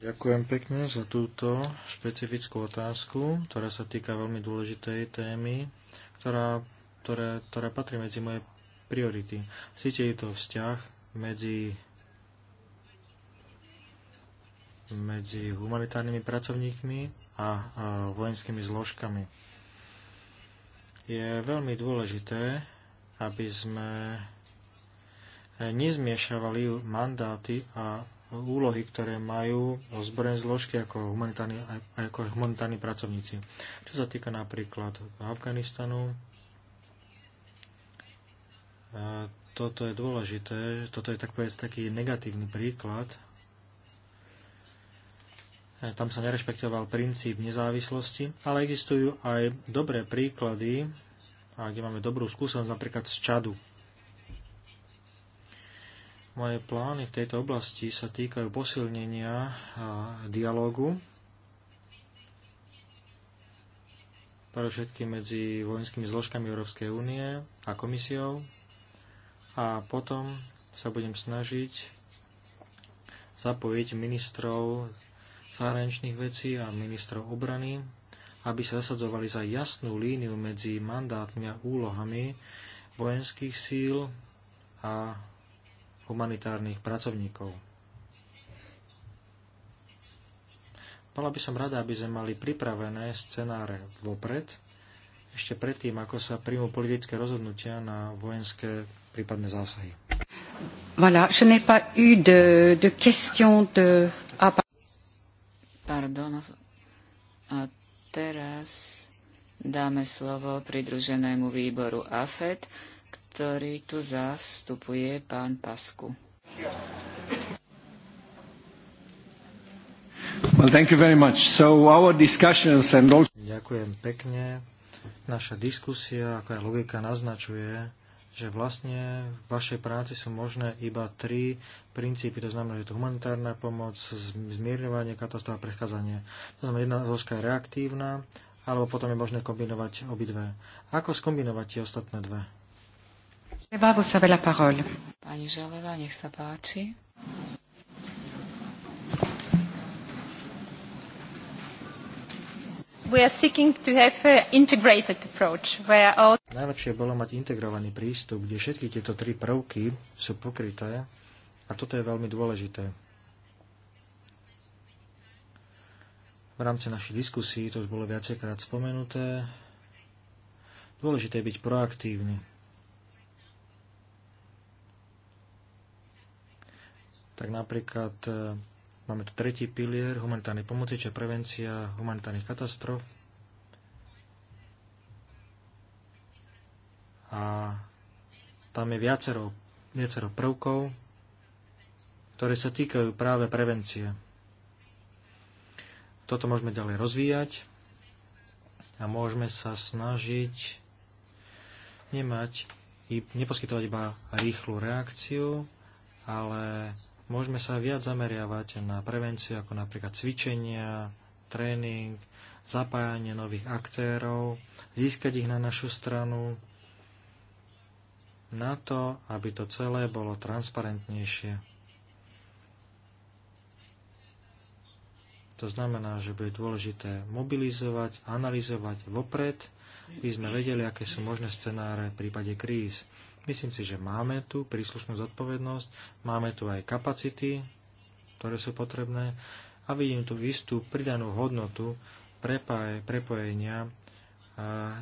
Speaker 4: Ďakujem pekne za túto špecifickú otázku, ktorá sa týka veľmi dôležitej témy, ktorá, ktorá, ktorá patrí medzi moje priority. Sýte je to vzťah medzi medzi humanitárnymi pracovníkmi a, a vojenskými zložkami je veľmi dôležité, aby sme nezmiešavali mandáty a úlohy, ktoré majú ozbrojené zložky ako humanitárni, ako humanitárni pracovníci. Čo sa týka napríklad Afganistanu, e, toto je dôležité, toto je tak povedz taký negatívny príklad E, tam sa nerešpektoval princíp nezávislosti, ale existujú aj dobré príklady, a kde máme dobrú skúsenosť napríklad z Čadu. Moje plány v tejto oblasti sa týkajú posilnenia a e, dialógu, pre všetky medzi vojenskými zložkami Európskej únie a komisiou a potom sa budem snažiť zapojiť ministrov zahraničných vecí a ministrov obrany, aby sa zasadzovali za jasnú líniu medzi mandátmi a úlohami vojenských síl a humanitárnych pracovníkov. Bola by som rada, aby sme mali pripravené scenáre vopred, ešte predtým, ako sa príjmu politické rozhodnutia na vojenské
Speaker 2: prípadné zásahy.
Speaker 1: Voilà, je n'ai pas eu de, de question de...
Speaker 2: Pardon. A teraz dáme slovo pridruženému výboru AFED, ktorý tu zastupuje pán Pasku.
Speaker 5: Well, thank you very much. So our discussions and Ďakujem
Speaker 4: pekne. Naša diskusia, ako aj logika naznačuje, že vlastne v vašej práci sú možné iba tri princípy, to znamená, že to humanitárna pomoc, zmierňovanie katastrof a predchádzanie. To znamená, jedna zložka je reaktívna, alebo potom je možné kombinovať obidve. Ako skombinovať tie ostatné dve?
Speaker 2: Pani Želeva, nech sa páči. We are seeking to
Speaker 5: have integrated approach where all...
Speaker 4: Najlepšie bolo mať integrovaný prístup, kde všetky tieto tri prvky sú pokryté a toto je veľmi dôležité. V rámci našich diskusí to už bolo viacejkrát spomenuté. Dôležité je byť proaktívny. Tak napríklad eh, Máme tu tretí pilier humanitárnej pomoci, čo je prevencia humanitárnych katastrof. A tam je viacero, viacero prvkov, ktoré sa týkajú práve prevencie. Toto môžeme ďalej rozvíjať a môžeme sa snažiť nemať, neposkytovať iba rýchlu reakciu, ale Môžeme sa viac zameriavať na prevenciu, ako napríklad cvičenia, tréning, zapájanie nových aktérov, získať ich na našu stranu, na to, aby to celé bolo transparentnejšie. To znamená, že bude dôležité mobilizovať, analyzovať vopred, aby sme vedeli, aké sú možné scenáre v prípade kríz. Myslím si, že máme tu príslušnú zodpovednosť, máme tu aj kapacity, ktoré sú potrebné a vidím tu istú pridanú hodnotu prepojenia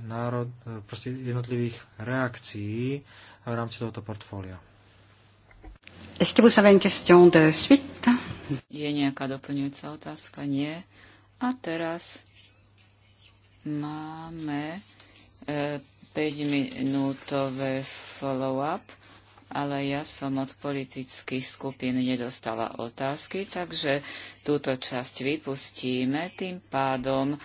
Speaker 4: národ, e, jednotlivých reakcií v rámci tohoto portfólia.
Speaker 2: Je nejaká doplňujúca otázka? Nie. A teraz máme e, 5-minútové follow-up, ale ja som od politických skupín nedostala otázky, takže túto časť vypustíme. Tým pádom e,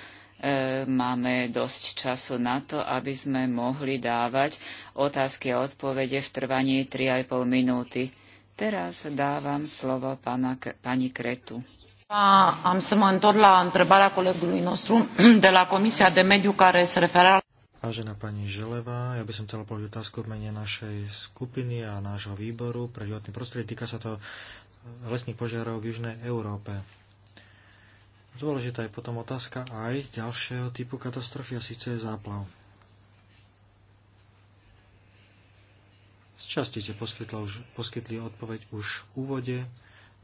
Speaker 2: máme dosť času na to, aby sme mohli dávať otázky a odpovede v trvaní 3,5 minúty. Teraz dávam slovo pana, pani Kretu. Am să mă întorc la întrebarea colegului nostru de la Comisia de Mediu care se referă
Speaker 4: Vážená pani Želeva, ja by som chcela položiť otázku v mene našej skupiny a nášho výboru pre životný prostredie. Týka sa to eh, lesných požiarov v Južnej Európe. Dôležitá je potom otázka aj ďalšieho typu katastrofy, a síce záplav. Z časti ste už, poskytli odpoveď už v úvode,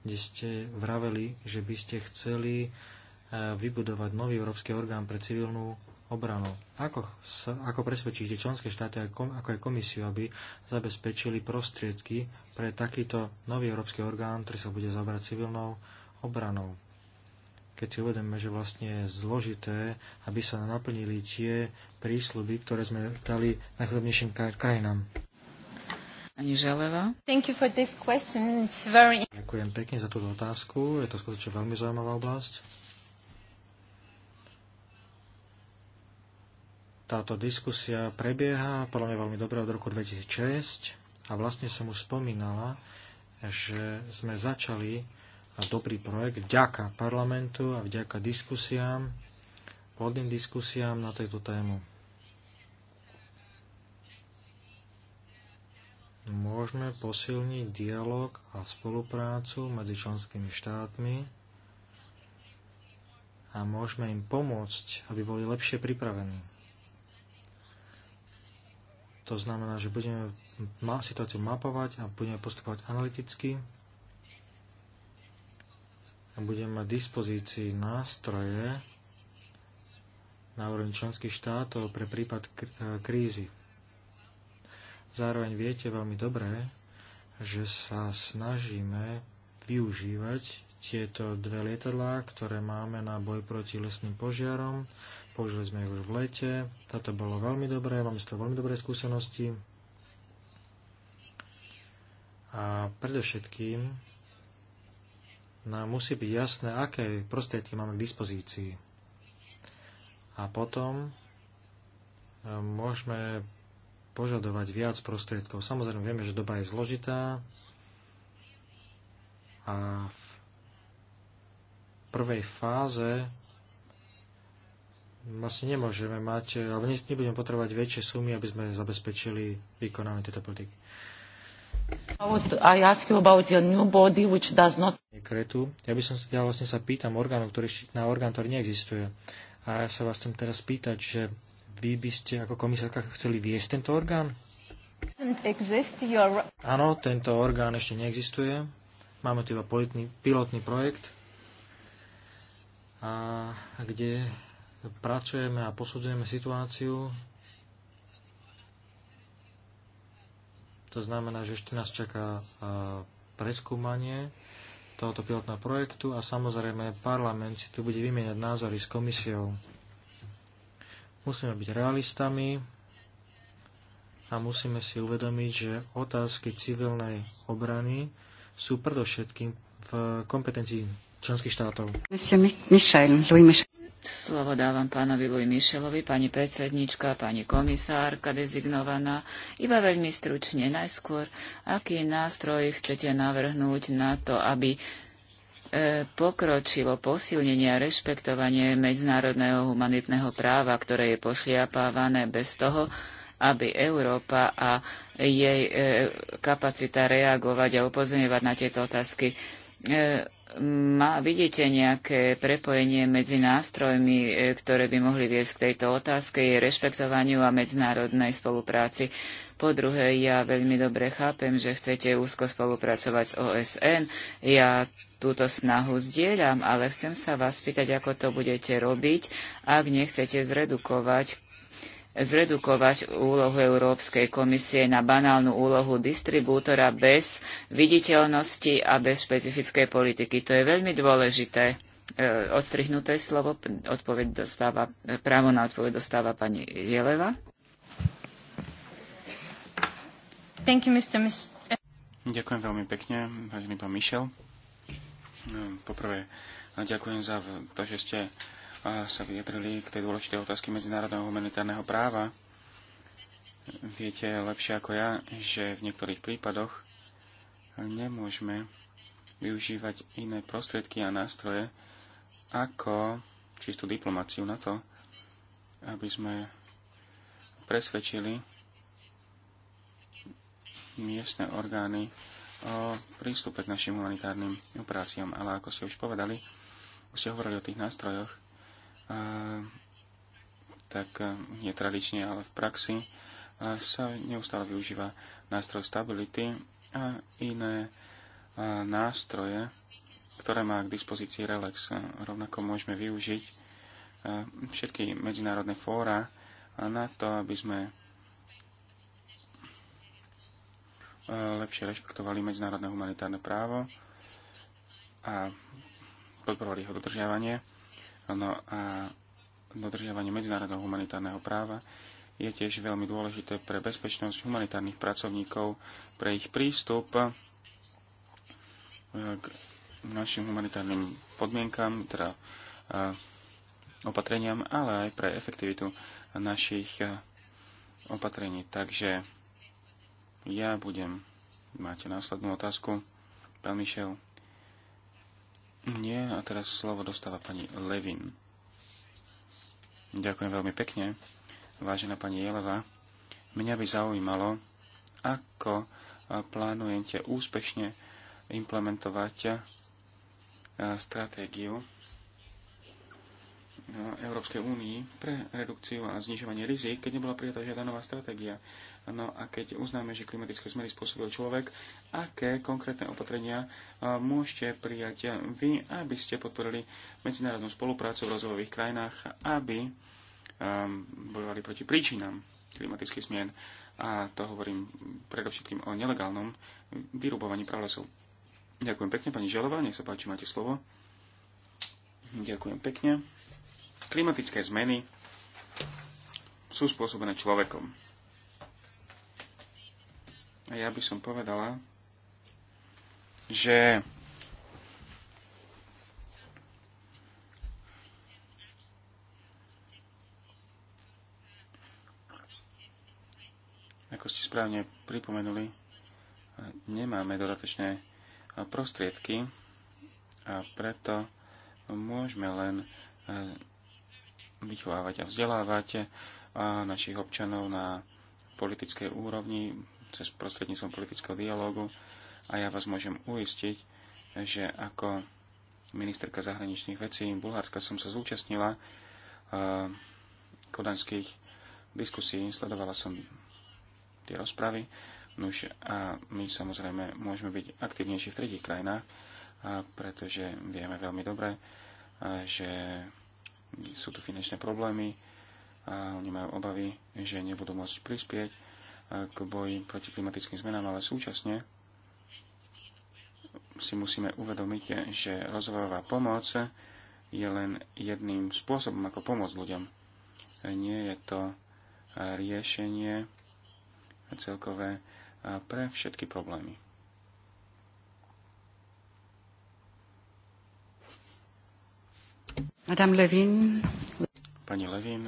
Speaker 4: kde ste vraveli, že by ste chceli eh, vybudovať nový európsky orgán pre civilnú obranou. Ako, sa, ako presvedčíte členské štáty, ako aj komisiu, aby zabezpečili prostriedky pre takýto nový európsky orgán, ktorý sa bude zaoberať civilnou obranou? Keď si uvedeme, že vlastne je zložité, aby sa naplnili tie prísľuby, ktoré sme dali najchudobnejším krajinám. Ani Želeva.
Speaker 5: Thank you for this question. It's very...
Speaker 4: Ďakujem pekne za túto otázku. Je to skutočne veľmi zaujímavá oblasť Táto diskusia prebieha podľa mňa veľmi dobre od roku 2006 a vlastne som už spomínala, že sme začali dobrý projekt vďaka parlamentu a vďaka diskusiám, plodným diskusiám na tejto tému. Môžeme posilniť dialog a spoluprácu medzi členskými štátmi a môžeme im pomôcť, aby boli lepšie pripravení. To znamená, že budeme situáciu mapovať a budeme postupovať analyticky a budeme mať dispozícii nástroje na úrovni členských štátov pre prípad e, krízy. Zároveň viete veľmi dobre, že sa snažíme využívať tieto dve lietadlá, ktoré máme na boj proti lesným požiarom. Použili sme ich už v lete. Táto bolo veľmi dobré, máme z toho veľmi dobré skúsenosti. A predovšetkým nám musí byť jasné, aké prostriedky máme k dispozícii. A potom e, môžeme požadovať viac prostriedkov. Samozrejme, vieme, že doba je zložitá a v prvej fáze vlastne nemôžeme mať, alebo nebudeme potrebovať väčšie sumy, aby sme zabezpečili vykonávanie tejto politiky. Kretu. Ja by som ja vlastne sa pýtam orgánu, ktorý, na orgán, ktorý neexistuje. A ja sa vás chcem teraz pýtať, že vy by ste ako komisárka chceli viesť tento orgán? Áno, tento orgán ešte neexistuje. Máme tu iba politný, pilotný projekt a kde pracujeme a posudzujeme situáciu. To znamená, že ešte nás čaká preskúmanie tohoto pilotného projektu a samozrejme parlament si tu bude vymieňať názory s komisiou. Musíme byť realistami a musíme si uvedomiť, že otázky civilnej obrany sú predovšetkým v kompetencii
Speaker 1: členských štátov.
Speaker 2: Slovo dávam pánovi Louis Michelovi, pani predsednička, pani komisárka dezignovaná. Iba veľmi stručne najskôr, aký nástroj chcete navrhnúť na to, aby e, pokročilo posilnenie a rešpektovanie medzinárodného humanitného práva, ktoré je pošliapávané bez toho, aby Európa a jej e, kapacita reagovať a upozorňovať na tieto otázky e, má, vidíte nejaké prepojenie medzi nástrojmi, e, ktoré by mohli viesť k tejto otázke, je rešpektovaniu a medzinárodnej spolupráci? Po druhé, ja veľmi dobre chápem, že chcete úzko spolupracovať s OSN. Ja túto snahu zdieľam, ale chcem sa vás spýtať, ako to budete robiť, ak nechcete zredukovať zredukovať úlohu Európskej komisie na banálnu úlohu distribútora bez viditeľnosti a bez špecifickej politiky. To je veľmi dôležité. E, odstrihnuté slovo, odpoveď dostáva, právo na odpoveď dostáva pani Jeleva.
Speaker 5: Thank you, Mr.
Speaker 3: Ďakujem veľmi pekne, vážený pán Mišel. E, poprvé, ďakujem za to, že ste sa vyjadrili k tej dôležitej otázky medzinárodného humanitárneho práva. Viete lepšie ako ja, že v niektorých prípadoch nemôžeme využívať iné prostriedky a nástroje ako čistú diplomáciu na to, aby sme presvedčili miestne orgány o prístupe k našim humanitárnym operáciám. Ale ako ste už povedali, už ste hovorili o tých nástrojoch, tak e, netradične, ale v praxi e, sa neustále využíva nástroj stability a iné e, nástroje, ktoré má k dispozícii Relax. Rovnako môžeme využiť všetky medzinárodné fóra na to, aby sme lepšie rešpektovali medzinárodné humanitárne právo a podporovali jeho dodržiavanie No a dodržiavanie medzinárodného humanitárneho práva je tiež veľmi dôležité pre bezpečnosť humanitárnych pracovníkov, pre ich prístup e, k našim humanitárnym podmienkam, teda e, opatreniam, ale aj pre efektivitu našich e, opatrení. Takže ja budem, máte následnú otázku, pán Mišel. Nie, a teraz slovo dostáva pani Levin. Ďakujem veľmi pekne. Vážená pani Jeleva, mňa by zaujímalo, ako plánujete úspešne implementovať stratégiu Eh, Európskej únii pre redukciu a znižovanie rizik, keď nebola prijatá žiadna nová stratégia. No a keď uznáme, že klimatické zmeny spôsobil človek, aké konkrétne opatrenia eh, môžete prijať vy, aby ste podporili medzinárodnú spoluprácu v rozvojových krajinách, aby eh, bojovali proti príčinám klimatických zmien. A to hovorím predovšetkým o nelegálnom vyrubovaní pralesov. Ďakujem pekne, pani Želová, nech sa páči, máte slovo. Ďakujem pekne. Klimatické zmeny sú spôsobené človekom. A ja by som povedala, že ako ste správne pripomenuli, nemáme dodatočné prostriedky a preto môžeme len vychovávať a vzdelávať a našich občanov na politickej úrovni cez prostredníctvom politického dialógu a ja vás môžem uistiť, že ako ministerka zahraničných vecí Bulharska som sa zúčastnila kodanských diskusí, sledovala som tie rozpravy, nuž a my samozrejme môžeme byť aktívnejší v tretich krajinách, pretože vieme veľmi dobre, že sú tu finančné problémy a oni majú obavy, že nebudú môcť prispieť eh, k boji proti klimatickým zmenám, ale súčasne si musíme uvedomiť, že rozvojová pomoc je len jedným spôsobom, ako pomôcť ľuďom. Nie je to eh, riešenie celkové eh, pre všetky problémy.
Speaker 1: Madame Levin.
Speaker 3: Pani Levin,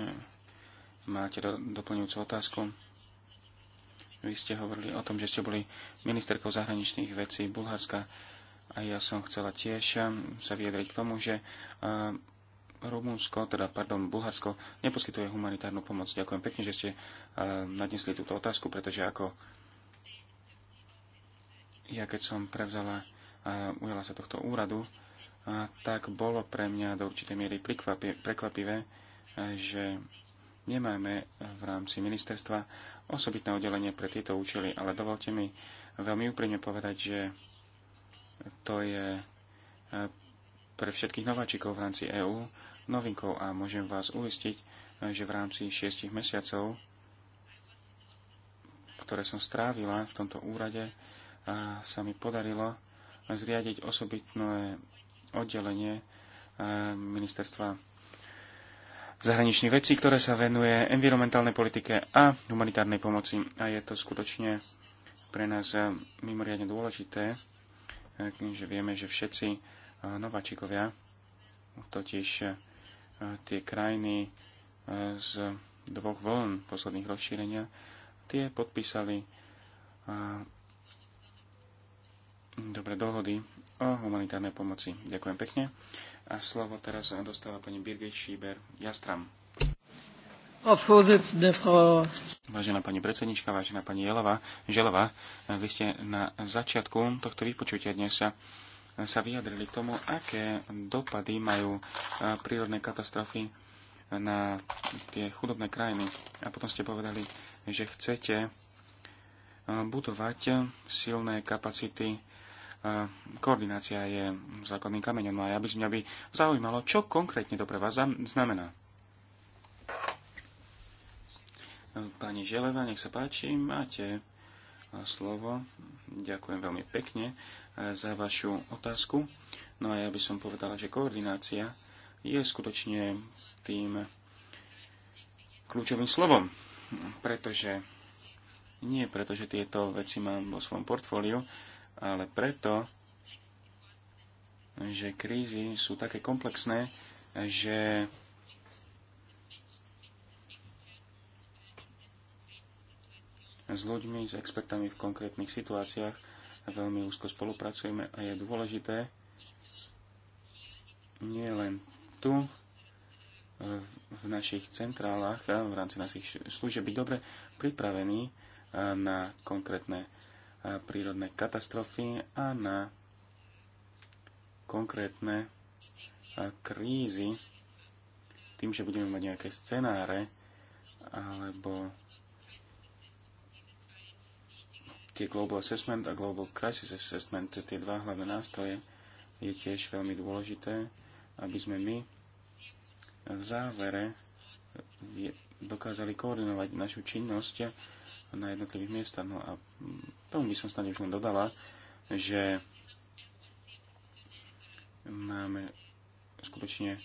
Speaker 3: máte do, doplňujúcu otázku? Vy ste hovorili o tom, že ste boli ministerkou zahraničných vecí Bulharska a ja som chcela tiež um, sa vyjadriť k tomu, že uh, Rumunsko, teda pardon, Bulharsko neposkytuje humanitárnu pomoc. Ďakujem pekne, že ste uh, nadnesli túto otázku, pretože ako ja keď som prevzala, a uh, ujala sa tohto úradu, tak bolo pre mňa do určitej miery prekvapivé, e, že nemáme v rámci ministerstva osobitné oddelenie pre tieto účely, ale dovolte mi veľmi úprimne povedať, že to je e, pre všetkých nováčikov v rámci EÚ novinkou a môžem vás uistiť, že v rámci šiestich mesiacov, ktoré som strávila v tomto úrade, sa mi podarilo zriadiť osobitné oddelenie eh, ministerstva zahraničných vecí, ktoré sa venuje environmentálnej politike a humanitárnej pomoci. A je to skutočne pre nás eh, mimoriadne dôležité, eh, že vieme, že všetci nováčikovia, totiž tie krajiny z dvoch vln posledných rozšírenia, tie podpísali dobré dohody o humanitárnej pomoci. Ďakujem pekne. A slovo teraz dostáva pani Birgit Schieber Jastram. Vážená pani predsednička, vážená pani Jelava, Želava, vy ste na začiatku tohto vypočutia dnes sa, sa vyjadrili k tomu, aké dopady majú e, prírodné katastrofy na tie chudobné krajiny. A potom ste povedali, že chcete e, budovať silné kapacity koordinácia je základným kameňom. No a ja by mňa by zaujímalo, čo konkrétne to pre vás znamená. Pani Želeva, nech sa páči, máte slovo. Ďakujem veľmi pekne e, za vašu otázku. No a ja by som povedala, že koordinácia je skutočne tým kľúčovým slovom, pretože nie pretože tieto veci mám vo svojom portfóliu, ale preto, že krízy sú také komplexné, že s ľuďmi, s expertami v konkrétnych situáciách veľmi úzko spolupracujeme a je dôležité nie len tu, v našich centrálach, v rámci našich služieb byť dobre pripravení eh, na konkrétne prírodné katastrofy a na konkrétne krízy tým, že budeme mať nejaké scenáre alebo tie Global Assessment a Global Crisis Assessment, tie dva hlavné nástroje, je tiež veľmi dôležité, aby sme my v závere dokázali koordinovať našu činnosť na jednotlivých miestach. No a mm, tomu by som snad už len dodala, že máme skutočne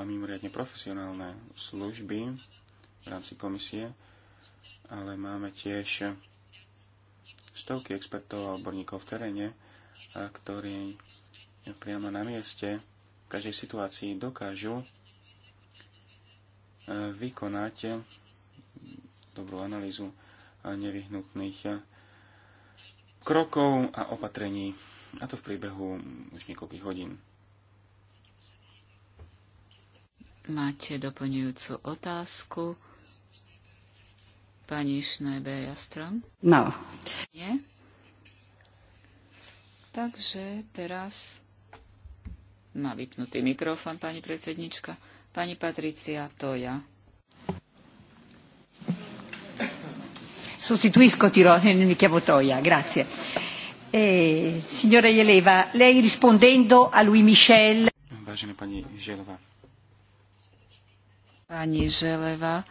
Speaker 3: mimoriadne profesionálne služby v rámci komisie, ale máme tiež stovky expertov a odborníkov v teréne, a ktorí priamo na mieste v každej situácii dokážu e, vykonať dobrú analýzu a nevyhnutných krokov a opatrení, a to v priebehu už niekoľkých hodín.
Speaker 2: Máte doplňujúcu otázku? Pani Šnebe Jastrom? No. Nie? Takže teraz má vypnutý mikrofón pani predsednička. Pani Patricia, to ja.
Speaker 5: sostituisco Tirone, eh, mi chiamo grazie. Eh, signora Jeleva, lei rispondendo a Louis Michel...
Speaker 3: Vážená pani Želeva.
Speaker 2: Pani Želeva,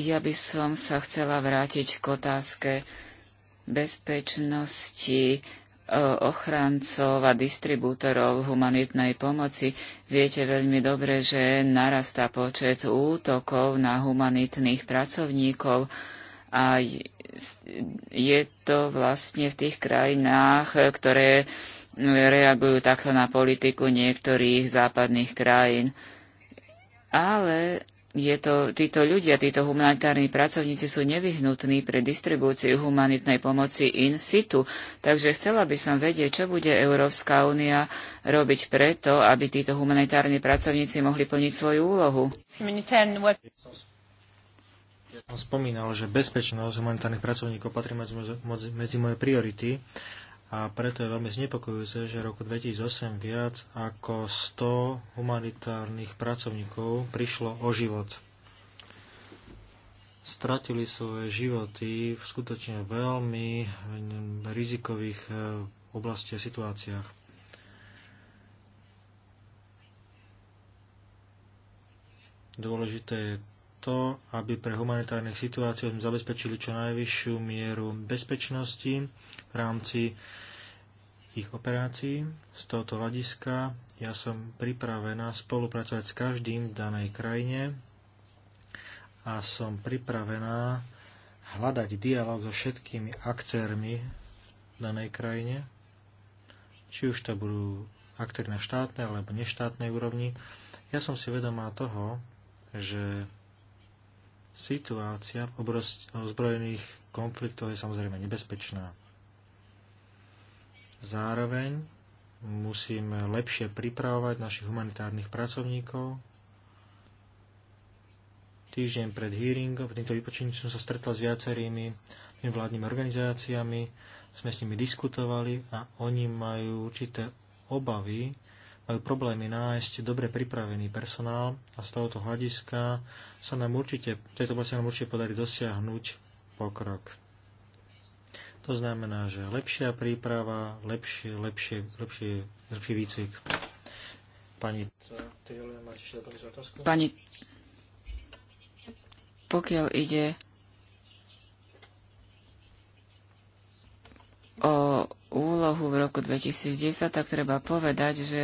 Speaker 2: ja by som sa chcela vrátiť k otázke bezpečnosti ochrancov a distribútorov humanitnej pomoci. Viete veľmi dobre, že narastá počet útokov na humanitných pracovníkov a je to vlastne v tých krajinách, ktoré reagujú takto na politiku niektorých západných krajín. Ale je to, títo ľudia, títo humanitárni pracovníci sú nevyhnutní pre distribúciu humanitnej pomoci in situ. Takže chcela by som vedieť, čo bude Európska únia robiť preto, aby títo humanitárni pracovníci mohli plniť svoju úlohu.
Speaker 4: Ja som spomínal, že bezpečnosť humanitárnych pracovníkov patrí medzi, moje priority a preto je veľmi znepokojujúce, že v roku 2008 viac ako 100 humanitárnych pracovníkov prišlo o život. Stratili svoje životy v skutočne veľmi rizikových e, oblastiach a situáciách. Dôležité je to, aby pre humanitárnych situácií sme zabezpečili čo najvyššiu mieru bezpečnosti, v rámci ich operácií. Z tohoto hľadiska ja som pripravená spolupracovať s každým v danej krajine a som pripravená hľadať dialog so všetkými aktérmi v danej krajine, či už to budú aktéry na štátnej alebo neštátnej úrovni. Ja som si vedomá toho, že situácia v ozbrojených konfliktoch je samozrejme nebezpečná. Zároveň musíme lepšie pripravovať našich humanitárnych pracovníkov. Týždeň pred hearingom, týmto vypočení som sa stretla s viacerými vládnymi organizáciami, sme s nimi diskutovali a oni majú určité obavy, majú problémy nájsť dobre pripravený personál a z tohoto hľadiska sa nám určite, v tejto oblasti nám určite podarí dosiahnuť pokrok. To znamená, že lepšia príprava, lepšie, lepšie, lepšie, lepší výcvik. Pani... Pani...
Speaker 2: Pokiaľ ide o úlohu v roku 2010, tak treba povedať, že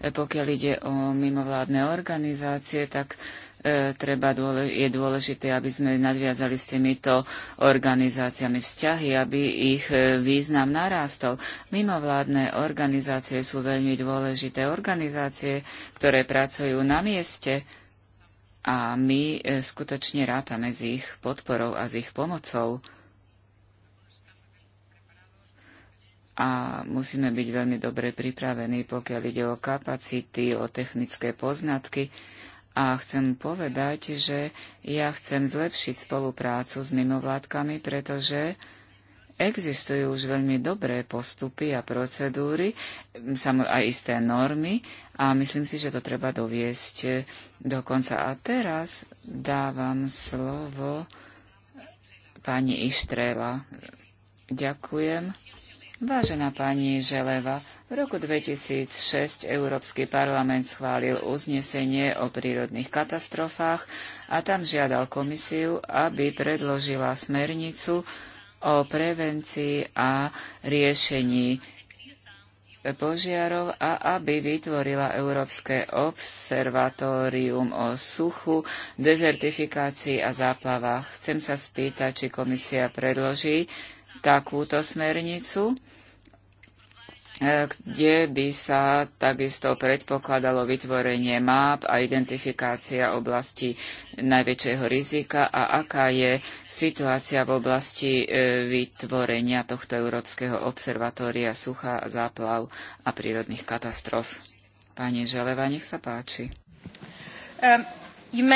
Speaker 2: pokiaľ ide o mimovládne organizácie, tak E, treba, je dôležité, aby sme nadviazali s týmito organizáciami vzťahy, aby ich e, význam narástol. Mimovládne organizácie sú veľmi dôležité organizácie, ktoré pracujú na mieste a my e, skutočne rátame s ich podporou a s ich pomocou. a musíme byť veľmi dobre pripravení, pokiaľ ide o kapacity, o technické poznatky a chcem povedať, že ja chcem zlepšiť spoluprácu s mimovládkami, pretože existujú už veľmi dobré postupy a procedúry, aj isté normy a myslím si, že to treba doviesť do konca. A teraz dávam slovo pani Ištrela. Ďakujem. Vážená pani Želeva, v roku 2006 Európsky parlament schválil uznesenie o prírodných katastrofách a tam žiadal komisiu, aby predložila smernicu o prevencii a riešení požiarov a aby vytvorila Európske observatórium o suchu, dezertifikácii a záplavách. Chcem sa spýtať, či komisia predloží takúto smernicu E, kde by sa takisto predpokladalo vytvorenie map a identifikácia oblasti najväčšieho rizika a aká je situácia v oblasti e, vytvorenia tohto Európskeho observatória sucha, záplav a prírodných katastrof. Pani Želeva, nech sa páči.
Speaker 5: Um, you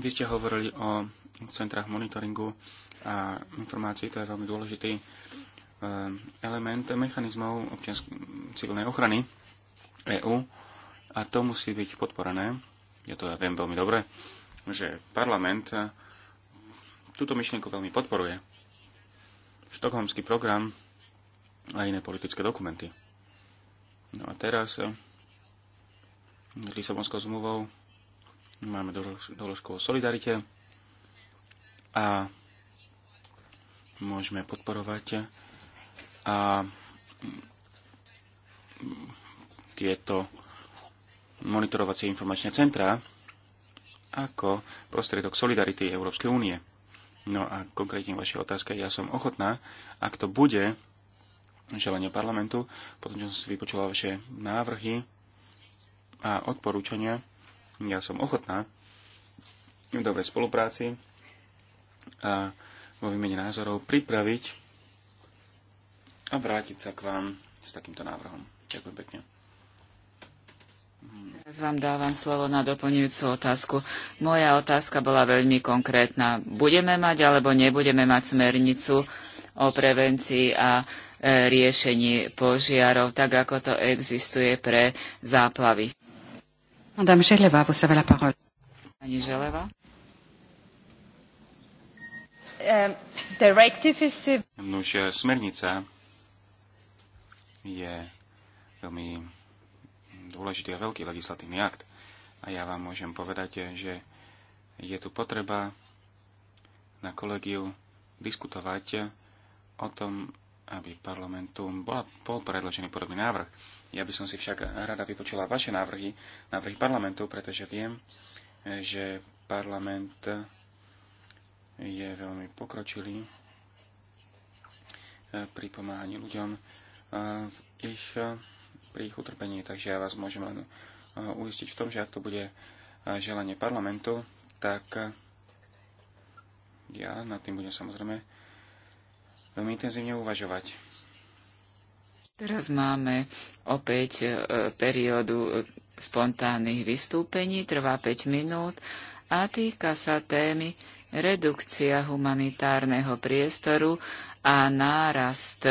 Speaker 3: Vy ste hovorili o centrách monitoringu a informácií, to je veľmi dôležitý Eh, element mechanizmov občiansk- civilnej ochrany EÚ a to musí byť podporené. Ja to ja viem veľmi dobre, že parlament túto myšlienku veľmi podporuje. Štokholmský program a iné politické dokumenty. No a teraz eh, Lisabonskou zmluvou máme doložku o solidarite a môžeme podporovať a mm, tieto monitorovacie informačné centrá ako prostriedok solidarity Európskej únie. No a konkrétne vaša otázka, ja som ochotná, ak to bude želanie parlamentu, potom čo som si vypočula vaše návrhy a odporúčania, ja som ochotná v dobrej spolupráci a vo výmene názorov pripraviť a vrátiť sa k vám s takýmto návrhom. Ďakujem pekne.
Speaker 2: Teraz vám dávam slovo na doplňujúcu otázku. Moja otázka bola veľmi konkrétna. Budeme mať alebo nebudeme mať smernicu o prevencii a e, riešení požiarov, tak ako to existuje pre záplavy?
Speaker 1: Madame Želeva, vous avez la parole.
Speaker 2: Pani Želeva. Um,
Speaker 5: directive is...
Speaker 3: Nož, e, smernica je veľmi dôležitý a veľký legislatívny akt. A ja vám môžem povedať, že je tu potreba na kolegiu diskutovať o tom, aby parlamentu bola predložený podobný návrh. Ja by som si však rada vypočula vaše návrhy, návrhy parlamentu, pretože viem, že parlament je veľmi pokročilý pri pomáhaní ľuďom, v ich, e, pri ich utrpení. Takže ja vás môžem len e, uistiť v tom, že ak to bude e, želanie parlamentu, tak ja nad tým budem samozrejme veľmi intenzívne uvažovať.
Speaker 2: Teraz máme opäť periódu spontánnych vystúpení, trvá 5 minút a týka sa témy redukcia humanitárneho priestoru a nárast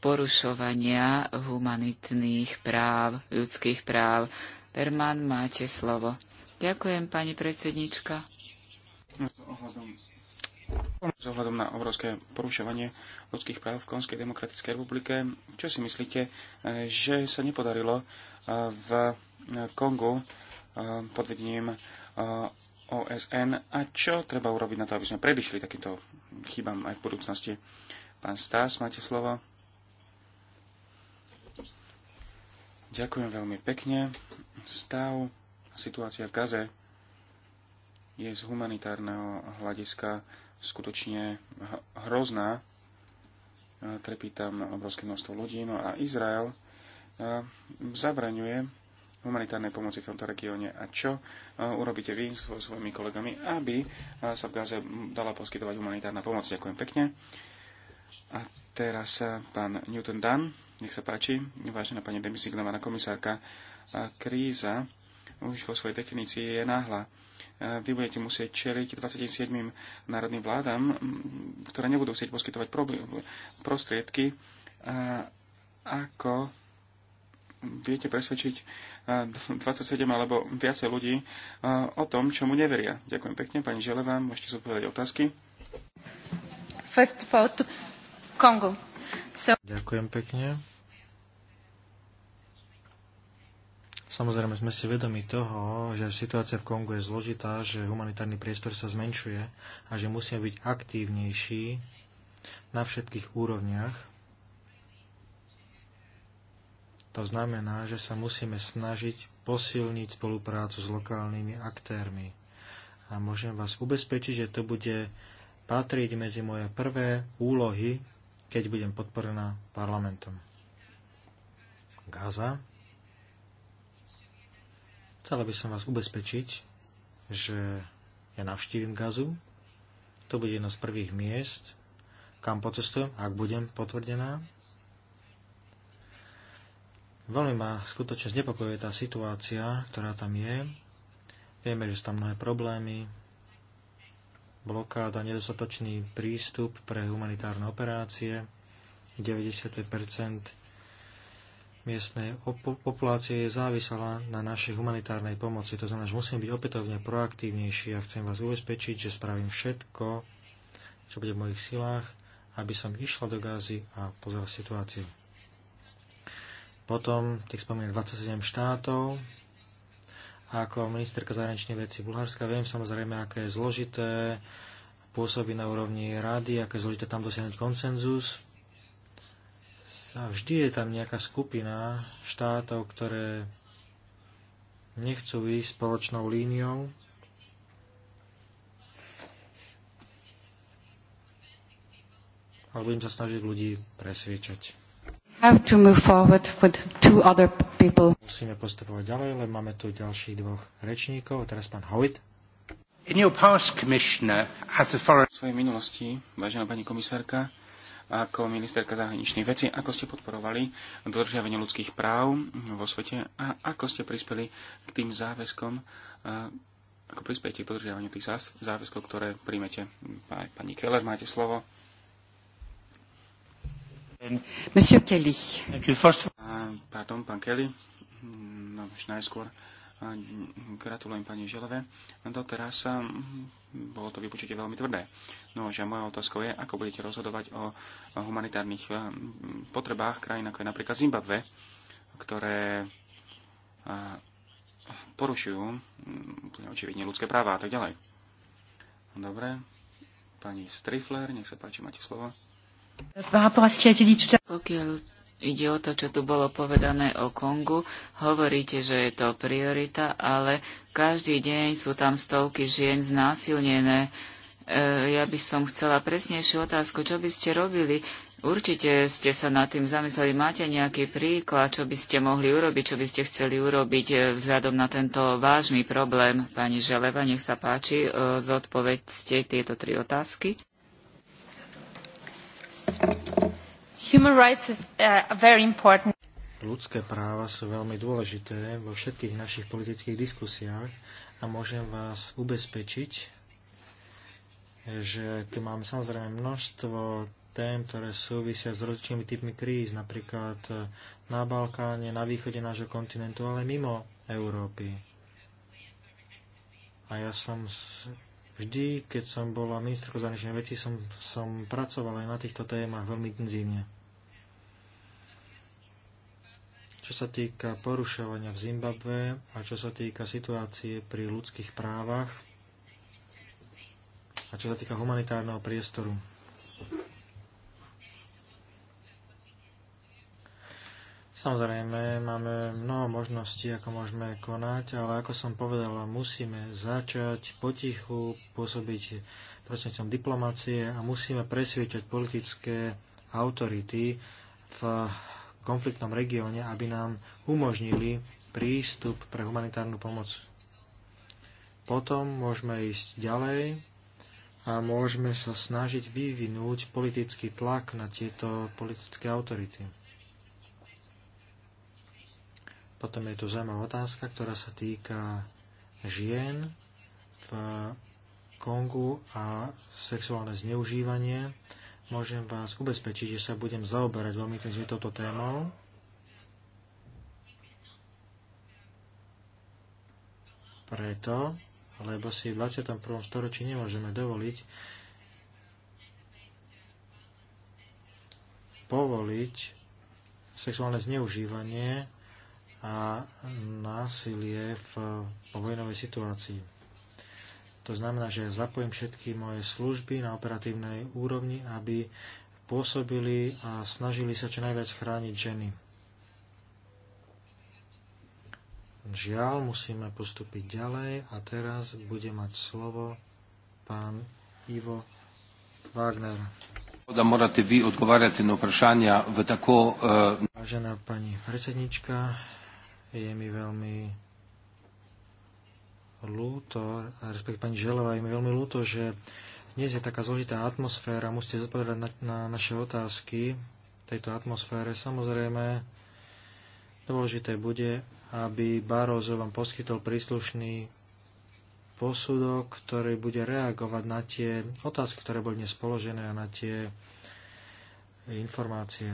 Speaker 2: porušovania humanitných práv, ľudských práv. Perman, máte slovo. Ďakujem, pani predsednička. S
Speaker 3: ohľadom na obrovské porušovanie ľudských práv v Konskej demokratickej republike, čo si myslíte, že sa nepodarilo eh, v Kongu eh, pod vedením eh, OSN a čo treba urobiť na to, aby sme predišli takýmto chybám aj v budúcnosti? Pán Stás, máte slovo. Ďakujem veľmi pekne. Stav situácia v Gaze je z humanitárneho hľadiska skutočne hrozná. Trepí tam obrovské množstvo ľudí. No a Izrael eh, zabraňuje humanitárnej pomoci v tomto regióne a čo eh, urobíte vy so svojimi kolegami, aby eh, sa v Gaze dala poskytovať humanitárna pomoc. Ďakujem pekne. A teraz eh, pán Newton Dunn, nech sa páči, vážená pani demisignovaná komisárka, eh, kríza už vo svojej definícii je náhla. Eh, vy budete musieť čeliť 27 národným vládam, ktoré nebudú chcieť poskytovať prostriedky. A ako viete presvedčiť 27 alebo viacej ľudí o tom, čo mu neveria? Ďakujem pekne, pani Želeva, môžete zodpovedať otázky.
Speaker 5: First of all, to Kongu. So...
Speaker 4: Ďakujem pekne. Samozrejme sme si vedomi toho, že situácia v Kongu je zložitá, že humanitárny priestor sa zmenšuje a že musíme byť aktívnejší na všetkých úrovniach. To znamená, že sa musíme snažiť posilniť spoluprácu s lokálnymi aktérmi. A môžem vás ubezpečiť, že to bude patriť medzi moje prvé úlohy, keď budem podporená parlamentom. Gaza. Chcela by som vás ubezpečiť, že ja navštívim Gazu. To bude jedno z prvých miest, kam pocestujem, ak budem potvrdená. Veľmi ma skutočne znepokojuje tá situácia, ktorá tam je. Vieme, že sú tam mnohé problémy, blokáda, nedostatočný prístup pre humanitárne operácie, 95 miestnej populácie je závislá na našej humanitárnej pomoci. To znamená, že musím byť opätovne proaktívnejší a chcem vás ubezpečiť, že spravím všetko, čo bude v mojich silách, aby som išla do Gázy a pozrela situáciu. Potom tých spomínam 27 štátov, ako ministerka zahraničnej veci Bulharska viem samozrejme, aké je zložité pôsoby na úrovni rady, aké je zložité tam dosiahnuť konsenzus. A vždy je tam nejaká skupina štátov, ktoré nechcú ísť spoločnou líniou. Ale budem sa snažiť ľudí presviečať. Have
Speaker 1: to move forward with two other
Speaker 4: people. Musíme postupovať ďalej, lebo máme tu ďalších dvoch rečníkov. Teraz pán
Speaker 3: Howitt. In your past, Commissioner, as a foreign... V svojej minulosti, vážená pani komisárka, ako ministerka zahraničných vecí, ako ste podporovali dodržiavanie ľudských práv vo svete a ako ste prispeli k tým záväzkom, ako prispiete k dodržiavaniu tých záväzkov, ktoré príjmete. Pani Keller, máte slovo. Monsieur Kelly. First... Ah, pardon, pán Kelly. Mm, no, už najskôr. Gratulujem pani Želeve. Doteraz no, bolo to vypočutie veľmi tvrdé. No a moja otázka je, ako budete rozhodovať o humanitárnych potrebách krajín, ako je napríklad Zimbabve, ktoré porušujú mm, očividne ľudské práva a tak ďalej. Dobre. Pani Strifler, nech sa páči, máte slovo.
Speaker 1: Pokiaľ
Speaker 2: ide o to, čo tu bolo povedané o Kongu, hovoríte, že je to priorita, ale každý deň sú tam stovky žien znásilnené. E, ja by som chcela presnejšiu otázku, čo by ste robili? Určite ste sa nad tým zamysleli. Máte nejaký príklad, čo by ste mohli urobiť, čo by ste chceli urobiť e, vzhľadom na tento vážny problém? Pani Želeva, nech sa páči, e, zodpovedzte tieto tri otázky.
Speaker 5: Uh, Ľudské práva
Speaker 4: sú veľmi dôležité vo všetkých našich politických diskusiách a môžem vás ubezpečiť, že tu máme samozrejme množstvo tém, ktoré súvisia s rozličnými typmi kríz, napríklad eh, na Balkáne, na východe nášho kontinentu, ale mimo Európy. A ja som Vždy, keď som bola ministerkou zahraničnej veci, som, som pracovala aj na týchto témach veľmi intenzívne. Čo sa týka porušovania v Zimbabve a čo sa týka situácie pri ľudských právach a čo sa týka humanitárneho priestoru. Samozrejme, máme mnoho možností, ako môžeme konať, ale ako som povedala, musíme začať potichu pôsobiť prostredníctvom diplomácie a musíme presviečať politické autority v konfliktnom regióne, aby nám umožnili prístup pre humanitárnu pomoc. Potom môžeme ísť ďalej a môžeme sa snažiť vyvinúť politický tlak na tieto politické autority. Potom je tu zaujímavá otázka, ktorá sa týka žien v Kongu a sexuálne zneužívanie. Môžem vás ubezpečiť, že sa budem zaoberať veľmi intenzívne touto témou. Preto, lebo si v 21. storočí nemôžeme dovoliť povoliť sexuálne zneužívanie a násilie v povojnovej situácii. To znamená, že zapojím všetky moje služby na operatívnej úrovni, aby pôsobili a snažili sa čo najviac chrániť ženy. Žiaľ, musíme postúpiť ďalej a teraz bude mať slovo pán Ivo Wagner. Da morate vi odgovarjati na vprašanja v tako... Uh... Vážená pani predsednička, je mi veľmi ľúto, respektíve pani Želová, je mi veľmi ľúto, že dnes je taká zložitá atmosféra, musíte zodpovedať na, na naše otázky v tejto atmosfére. Samozrejme, dôležité bude, aby Barozo vám poskytol príslušný posudok, ktorý bude reagovať na tie otázky, ktoré boli dnes položené a na tie informácie.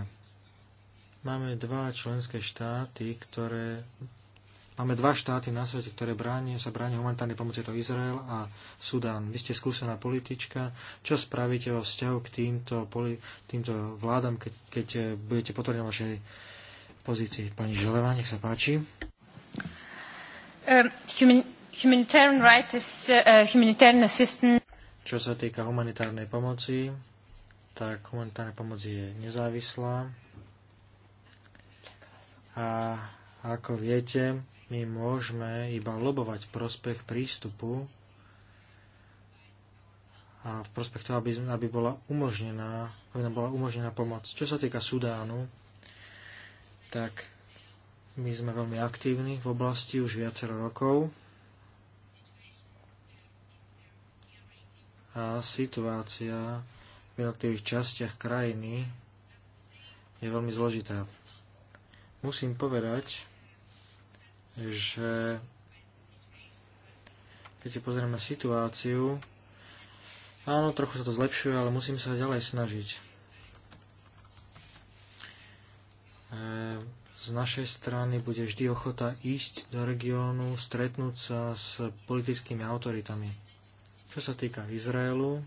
Speaker 4: Máme dva členské štáty, ktoré Máme dva štáty na svete, ktoré bránia, sa bránia humanitárnej pomoci, to Izrael a Sudán. Vy ste skúsená politička. Čo spravíte vo vzťahu k týmto, poli, týmto vládam, keď, keď eh, budete potvrdené vašej pozícii? Pani Želeva, nech sa páči.
Speaker 5: Um, right is, uh, uh
Speaker 4: Čo sa týka humanitárnej pomoci, tak humanitárna pomoc je nezávislá a ako viete, my môžeme iba lobovať prospech prístupu a v prospech toho, aby, aby, bola umožnená, aby nám bola umožnená pomoc. Čo sa týka Sudánu, tak my sme veľmi aktívni v oblasti už viacero rokov. A situácia v jednotlivých častiach krajiny je veľmi zložitá musím povedať, že keď si pozrieme situáciu, áno, trochu sa to zlepšuje, ale musím sa ďalej snažiť. E, z našej strany bude vždy ochota ísť do regiónu, stretnúť sa s politickými autoritami. Čo sa týka Izraelu,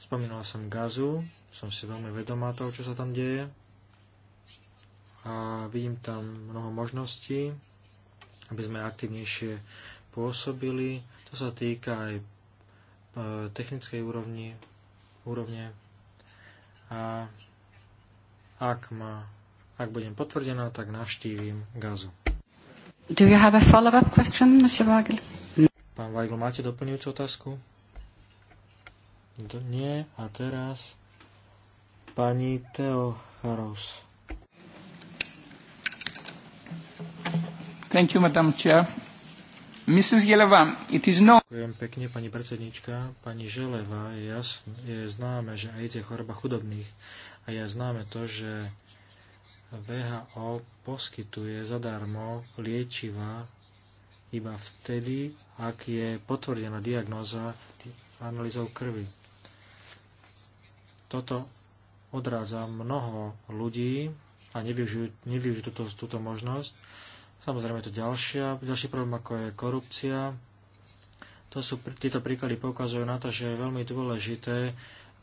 Speaker 4: spomínala som Gazu, som si veľmi vedomá toho, čo sa tam deje a vidím tam mnoho možností, aby sme aktivnejšie pôsobili. To sa týka aj e, technickej úrovni, úrovne. A ak, ma, ak budem potvrdená, tak navštívim Gazu.
Speaker 1: Do you have a follow-up question, Mr. Weigl? No.
Speaker 4: Pán Weigl, máte doplňujúcu otázku? nie. A teraz pani Teo Charos.
Speaker 3: Thank you, Madam Chair. Mrs. Jeleva, it is no...
Speaker 4: Ďakujem pekne, pani predsednička. Pani Želeva, je, jasn, je známe, že AIDS je choroba chudobných a je známe to, že VHO poskytuje zadarmo liečiva iba vtedy, ak je potvrdená diagnóza analýzou krvi. Toto odrádza mnoho ľudí a nevyužijú, nevyužijú túto, túto možnosť. Samozrejme je to ďalšia, ďalší problém, ako je korupcia. To sú, títo príklady poukazujú na to, že je veľmi dôležité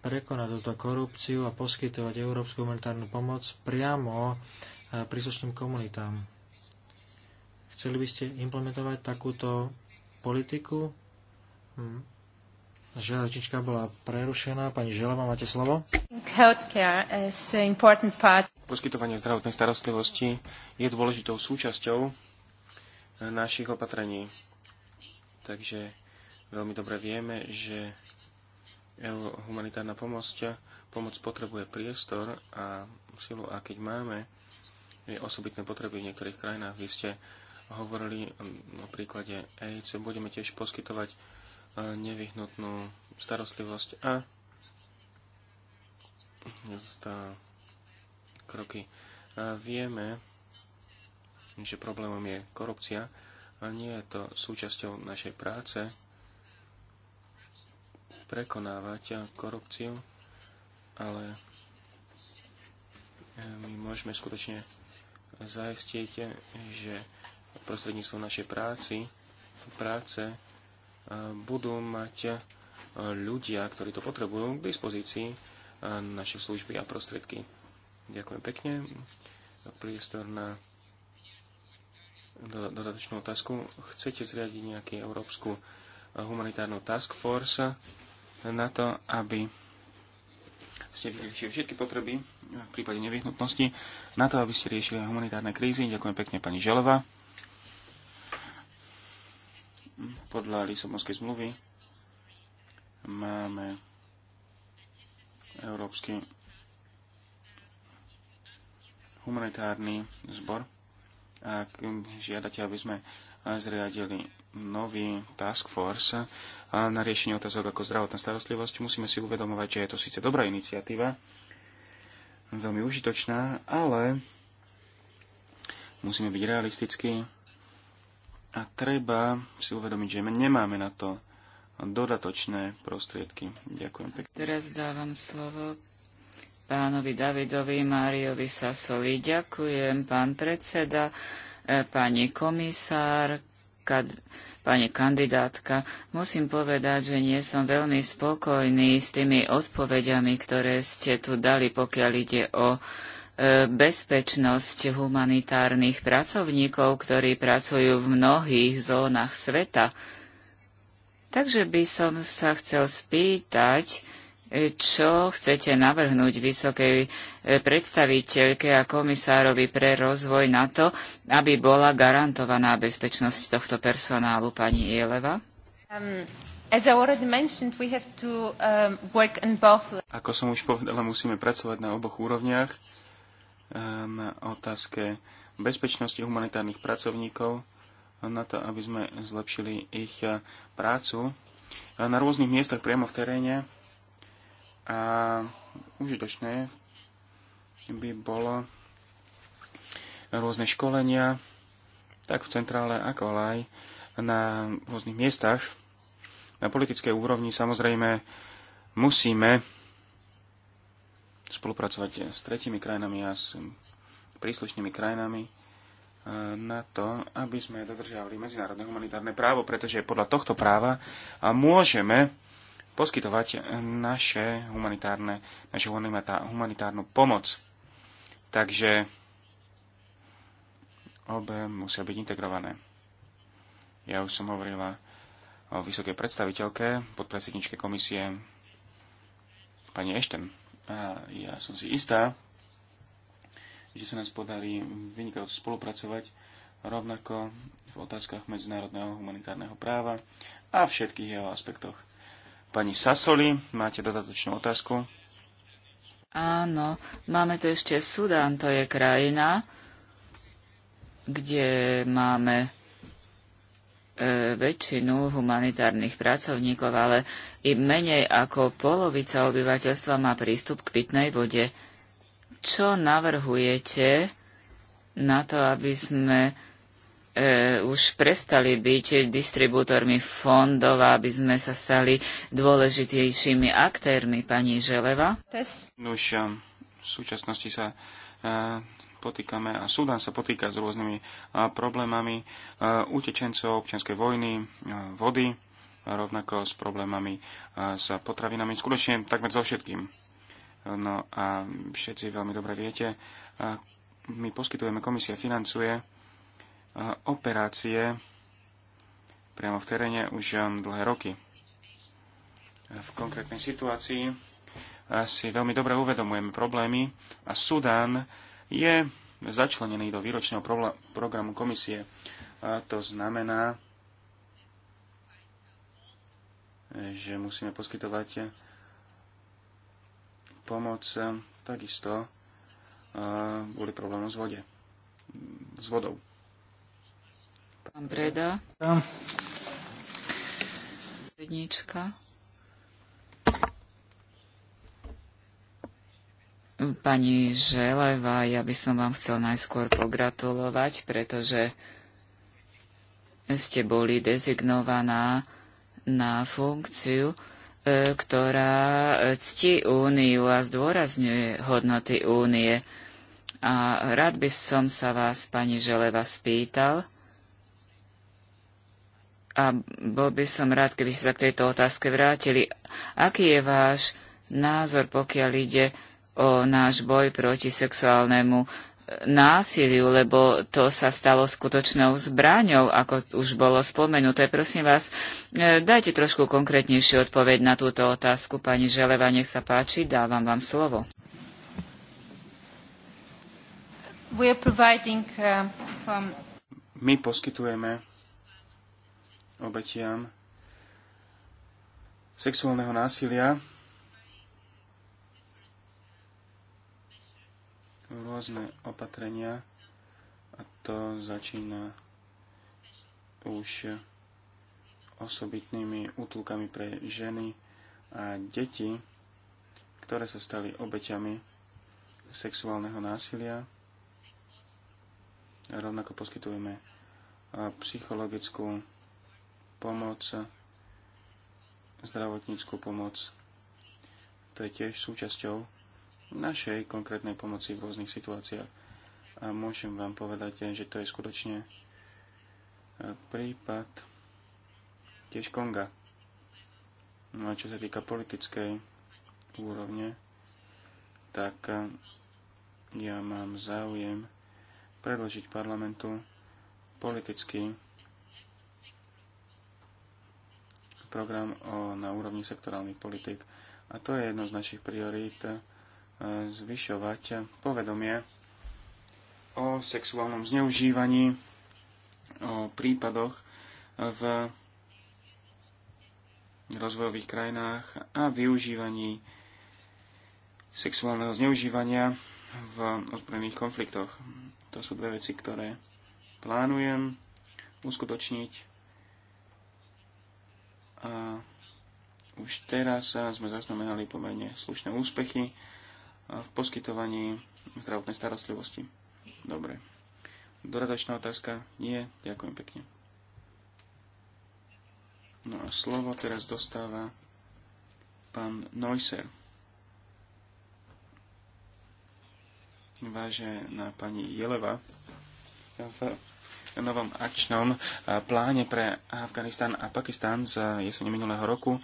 Speaker 4: prekonať túto korupciu a poskytovať európsku humanitárnu pomoc priamo eh, príslušným komunitám. Chceli by ste implementovať takúto politiku? Hm. Žiadačička bola prerušená. Pani Želeva, máte slovo.
Speaker 5: Healthcare is important part
Speaker 3: poskytovanie zdravotnej starostlivosti je dôležitou súčasťou eh, našich opatrení. Takže veľmi dobre vieme, že humanitárna pomoc, pomoc potrebuje priestor a silu. A keď máme eh, osobitné potreby v niektorých krajinách, vy ste hovorili o mm, príklade AIDS, budeme tiež poskytovať eh, nevyhnutnú starostlivosť a kroky. A vieme, že problémom je korupcia a nie je to súčasťou našej práce prekonávať korupciu, ale e, my môžeme skutočne zaistiť, že prostredníctvom našej práci, práce e, budú mať e, ľudia, ktorí to potrebujú, k dispozícii naše služby a prostriedky. Ďakujem pekne. Priestor na dodatočnú otázku. Chcete zriadiť nejakú európsku humanitárnu task force na to, aby ste vyriešili všetky potreby v prípade nevyhnutnosti, na to, aby ste riešili humanitárne krízy. Ďakujem pekne pani Želova. Podľa Lisabonskej zmluvy máme Európsky humanitárny zbor. Ak žiadate, aby sme zriadili nový task force eh, na riešenie otázok ako zdravotná starostlivosť, musíme si uvedomovať, že je to síce dobrá iniciatíva, veľmi užitočná, ale musíme byť realistickí a treba si uvedomiť, že nemáme na to dodatočné prostriedky. Ďakujem pekne. Teraz
Speaker 2: dávam slovo pánovi Davidovi Máriovi Sasovi. Ďakujem, pán predseda, e, pani kad, pani kandidátka. Musím povedať, že nie som veľmi spokojný s tými odpovediami, ktoré ste tu dali, pokiaľ ide o e, bezpečnosť humanitárnych pracovníkov, ktorí pracujú v mnohých zónach sveta. Takže by som sa chcel spýtať, E, čo chcete navrhnúť vysokej e, predstaviteľke a komisárovi pre rozvoj na to, aby bola garantovaná bezpečnosť tohto personálu, pani Jeleva?
Speaker 5: um, um
Speaker 2: Ako som už povedala,
Speaker 3: musíme pracovať na oboch úrovniach, ehm, na otázke bezpečnosti humanitárnych pracovníkov, na to, aby sme zlepšili ich e, prácu na rôznych miestach priamo v teréne, a užitočné by bolo rôzne školenia, tak v centrále ako aj na rôznych miestach. Na politickej úrovni samozrejme musíme spolupracovať s tretimi krajinami a s príslušnými krajinami e, na to, aby sme dodržiavali medzinárodné humanitárne právo, pretože podľa tohto práva môžeme poskytovať naše humanitárne, našu humanitárnu pomoc. Takže obe musia byť integrované. Ja už som hovorila o vysokej predstaviteľke, podpredsedničke komisie, pani Ešten. A ja som si istá, že sa nás podarí vynikajúco spolupracovať rovnako v otázkach medzinárodného humanitárneho práva a všetkých jeho aspektoch. Pani Sasoli, máte dodatočnú otázku?
Speaker 2: Áno, máme tu ešte Sudán, to je krajina, kde máme e, väčšinu humanitárnych pracovníkov, ale i menej ako polovica obyvateľstva má prístup k pitnej vode. Čo navrhujete na to, aby sme E, už prestali byť distribútormi fondov, aby sme sa stali dôležitejšími aktérmi, pani Želeva? už v súčasnosti sa e, potýkame a Sudán sa potýka s
Speaker 3: rôznymi e, problémami utečencov, občianskej vojny, vody, rovnako s problémami s potravinami, skutočne takmer so všetkým. No a všetci veľmi dobre viete, my poskytujeme, komisia financuje operácie priamo v teréne už um, dlhé roky. V konkrétnej situácii uh, si veľmi dobre uvedomujeme problémy a Sudán je začlenený do výročného programu komisie. A to znamená, že musíme poskytovať pomoc um, takisto uh, kvôli problémom s, vode, s
Speaker 2: vodou. Pán Prednička. Pani Želeva, ja by som vám chcel najskôr pogratulovať, pretože ste boli dezignovaná na funkciu, e, ktorá cti Úniu a zdôrazňuje hodnoty Únie. A rád by som sa vás, pani Želeva, spýtal, a bol by som rád, keby ste sa k tejto otázke vrátili. Aký je váš názor, pokiaľ ide o náš boj proti sexuálnemu e, násiliu, lebo to sa stalo skutočnou zbraňou, ako už bolo spomenuté. Prosím vás, e, dajte trošku konkrétnejšiu odpoveď na túto otázku. Pani Želeva, nech sa páči, dávam vám slovo.
Speaker 5: Uh,
Speaker 3: My poskytujeme obetiam sexuálneho násilia rôzne opatrenia a to začína už osobitnými útulkami pre ženy a deti, ktoré sa stali obeťami sexuálneho násilia. Rovnako poskytujeme psychologickú pomoc, zdravotníckú pomoc. To je tiež súčasťou našej konkrétnej pomoci v rôznych situáciách. A môžem vám povedať, že to je skutočne e, prípad tiež Konga. No a čo sa týka politickej úrovne, tak e, ja mám záujem predložiť parlamentu politický program o, na úrovni sektorálnych politik. A to je jedno z našich priorít e, zvyšovať povedomie o sexuálnom zneužívaní, o prípadoch v rozvojových krajinách a využívaní sexuálneho zneužívania v ozbrojených konfliktoch. To sú dve veci, ktoré plánujem uskutočniť a už teraz sme zaznamenali pomerne slušné úspechy v poskytovaní zdravotnej starostlivosti. Dobre. Dodatočná otázka? Nie. Ďakujem pekne. No a slovo teraz dostáva pán Neusser. na pani Jeleva, novom akčnom eh, pláne pre Afganistan a Pakistan z jesene minulého roku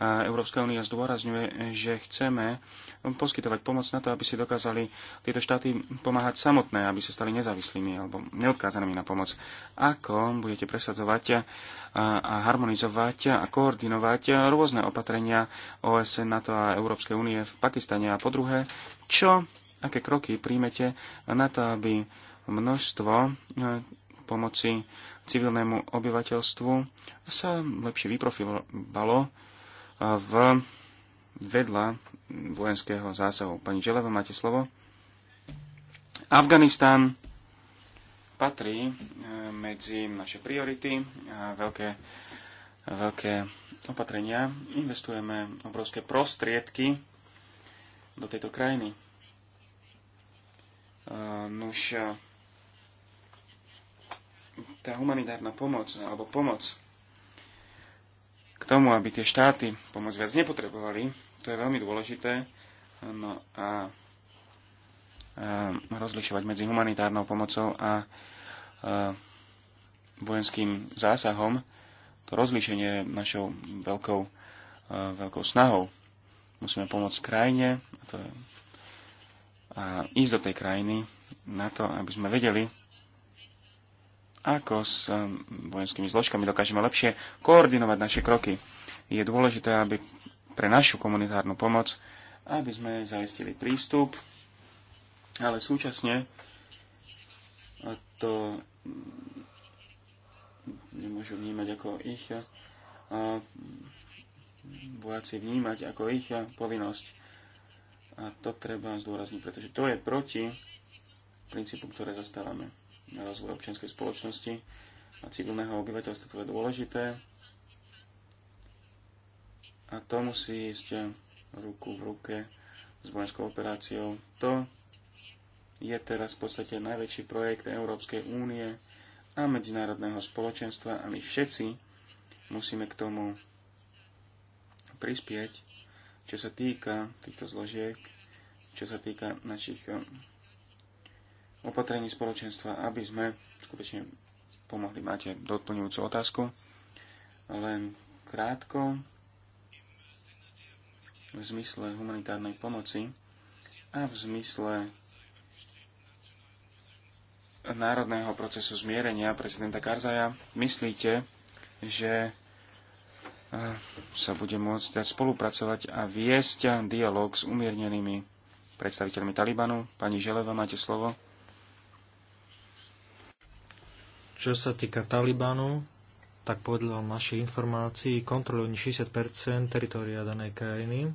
Speaker 3: Európska únia zdôrazňuje, že chceme poskytovať pomoc na to, aby si dokázali tieto štáty pomáhať samotné, aby sa stali nezávislými alebo neodkázanými na pomoc. Ako budete presadzovať eh, a harmonizovať a koordinovať rôzne opatrenia OSN, NATO a Európskej únie v Pakistane a po druhé, čo, aké kroky príjmete na to, aby množstvo eh, pomoci civilnému obyvateľstvu sa lepšie vyprofilovalo v vedľa vojenského zásahu. Pani Želeva, máte slovo. Afganistán patrí e, medzi naše priority a veľké, veľké opatrenia. Investujeme obrovské prostriedky do tejto krajiny. E, nuž, tá humanitárna pomoc alebo pomoc k tomu, aby tie štáty pomoc viac nepotrebovali, to je veľmi dôležité. No a, a rozlišovať medzi humanitárnou pomocou a, a vojenským zásahom, to rozlíšenie je našou veľkou, a, veľkou snahou. Musíme pomôcť krajine a, to je, a ísť do tej krajiny na to, aby sme vedeli, ako s um, vojenskými zložkami dokážeme lepšie koordinovať naše kroky. Je dôležité, aby pre našu komunitárnu pomoc, aby sme zaistili prístup, ale súčasne to mm, nemôžu vnímať ako ich uh, vojaci vnímať ako ich uh, povinnosť. A to treba zdôrazniť, pretože to je proti princípu, ktoré zastávame rozvoj občianskej spoločnosti a civilného obyvateľstva. To je dôležité. A to musí ísť ruku v ruke s vojenskou operáciou. To je teraz v podstate najväčší projekt Európskej únie a medzinárodného spoločenstva a my všetci musíme k tomu prispieť, čo sa týka týchto zložiek, čo sa týka našich opatrení spoločenstva, aby sme skutočne pomohli. Máte doplňujúcu otázku? Len krátko. V zmysle humanitárnej pomoci a v zmysle národného procesu zmierenia prezidenta Karzaja, myslíte, že sa bude môcť dať spolupracovať a viesť dialog s umiernenými predstaviteľmi Talibanu? Pani Želeva, máte slovo.
Speaker 4: Čo sa týka Talibanu, tak podľa našej informácií kontrolujú 60 teritoria danej krajiny.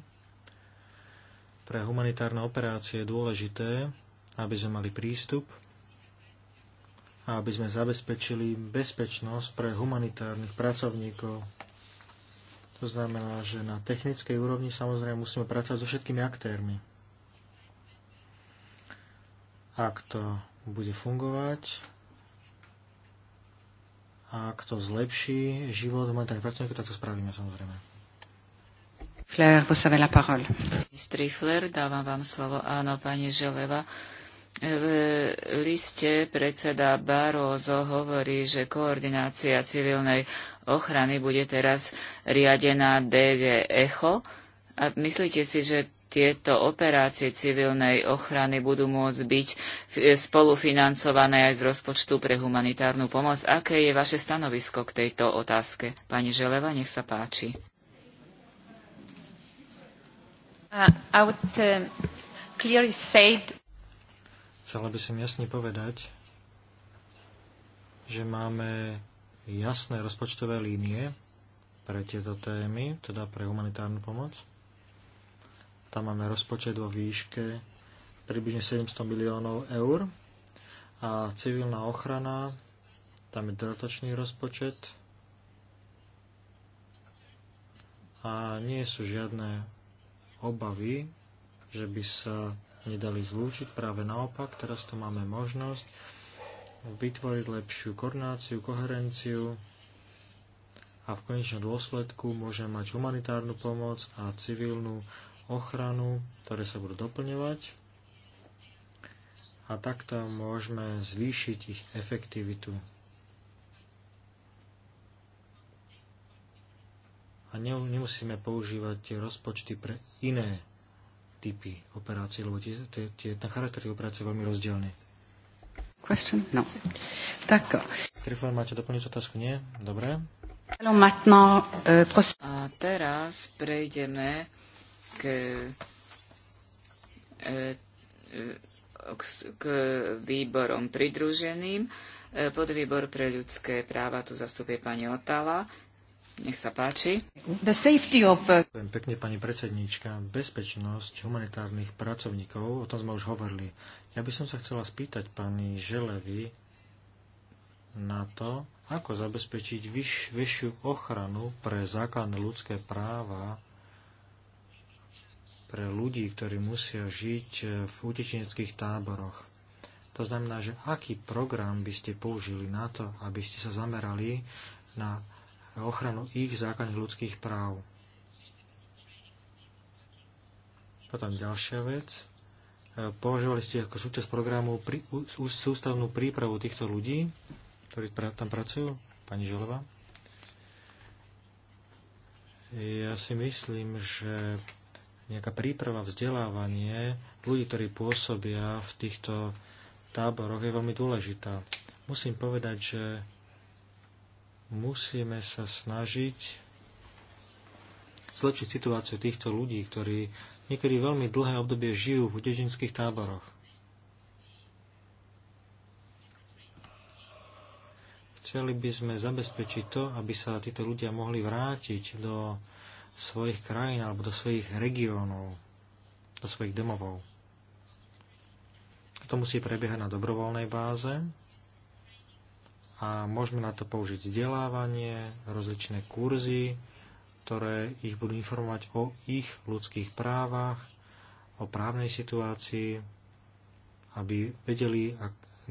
Speaker 4: Pre humanitárne operácie je dôležité, aby sme mali prístup a aby sme zabezpečili bezpečnosť pre humanitárnych pracovníkov. To znamená, že na technickej úrovni samozrejme musíme pracovať so všetkými aktérmi. Ak to bude fungovať, ak to zlepší život humanitárnych pracovníkov, tak to spravíme samozrejme.
Speaker 1: Flair, vous avez la parole.
Speaker 2: Strifler, dávam vám slovo. Áno, pani Želeva. E, v liste predseda Barózo hovorí, že koordinácia civilnej ochrany bude teraz riadená DG ECHO. A myslíte si, že tieto operácie civilnej ochrany budú môcť byť eh, spolufinancované aj z rozpočtu pre humanitárnu pomoc. Aké je vaše stanovisko k tejto otázke? Pani Želeva, nech sa páči.
Speaker 5: Uh, uh,
Speaker 4: Chcela by som jasne povedať, že máme jasné rozpočtové línie pre tieto témy, teda pre humanitárnu pomoc. Tam máme rozpočet vo výške približne 700 miliónov eur. A civilná ochrana, tam je dodatočný rozpočet. A nie sú žiadne obavy, že by sa nedali zlúčiť. Práve naopak, teraz tu máme možnosť vytvoriť lepšiu koordináciu, koherenciu a v konečnom dôsledku môžeme mať humanitárnu pomoc a civilnú ochranu, ktoré sa budú doplňovať a takto môžeme zvýšiť ich efektivitu. A nemusíme používať tie rozpočty pre iné typy operácií, lebo tie, tie, tie, ten charakter tých operácie je veľmi rozdielny. Question? No. Tak. Strifler, máte doplňujúcu otázku? Nie? Dobre.
Speaker 1: Euh,
Speaker 2: a teraz prejdeme E, e, k výborom pridruženým. E, podvýbor pre ľudské práva tu zastupuje pani Otala. Nech sa páči.
Speaker 4: The safety of... Pekne, pani predsedníčka. Bezpečnosť humanitárnych pracovníkov, o tom sme už hovorili. Ja by som sa chcela spýtať pani Želevy na to, ako zabezpečiť vyš, vyššiu ochranu pre základné ľudské práva pre ľudí, ktorí musia žiť e, v utečeneckých táboroch. To znamená, že aký program by ste použili na to, aby ste sa zamerali na ochranu ich základných ľudských práv. Potom ďalšia vec. E, Považovali ste ako súčasť programu prí, sústavnú prípravu týchto ľudí, ktorí tam pracujú? Pani Želova? Ja si myslím, že nejaká príprava, vzdelávanie ľudí, ktorí pôsobia v týchto táboroch je veľmi dôležitá. Musím povedať, že musíme sa snažiť zlepšiť situáciu týchto ľudí, ktorí niekedy veľmi dlhé obdobie žijú v dedinských táboroch. Chceli by sme zabezpečiť to, aby sa títo ľudia mohli vrátiť do svojich krajín alebo do svojich regiónov, do svojich domovov. To musí prebiehať na dobrovoľnej báze a môžeme na to použiť vzdelávanie, rozličné kurzy, ktoré ich budú informovať o ich ľudských právach, o právnej situácii, aby vedeli,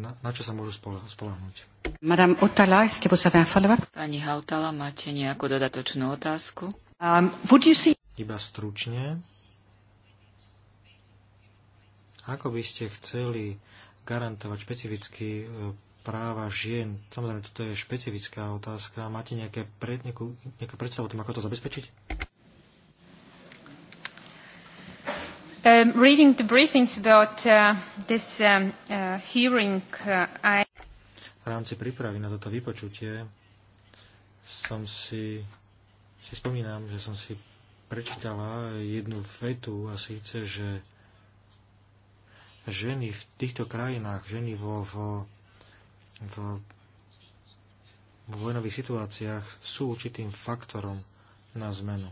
Speaker 4: na, na čo sa môžu spolahnuť.
Speaker 2: Madame Otala,
Speaker 1: est-ce que vous avez un follow-up?
Speaker 2: Pani Hautala, máte nejakú dodatočnú otázku? Um, Iba stručne.
Speaker 4: Ako by ste chceli garantovať špecificky e, práva žien? Samozrejme, toto je špecifická otázka. Máte nejaké, pred, nejakú, nejakú predstavu o tom, ako to zabezpečiť?
Speaker 5: Um, uh, um, uh, uh,
Speaker 4: v rámci prípravy na toto vypočutie som si si spomínam, že som si prečítala jednu vetu a síce, že ženy v týchto krajinách, ženy vo, vo, vo, vo vojnových situáciách sú určitým faktorom na zmenu.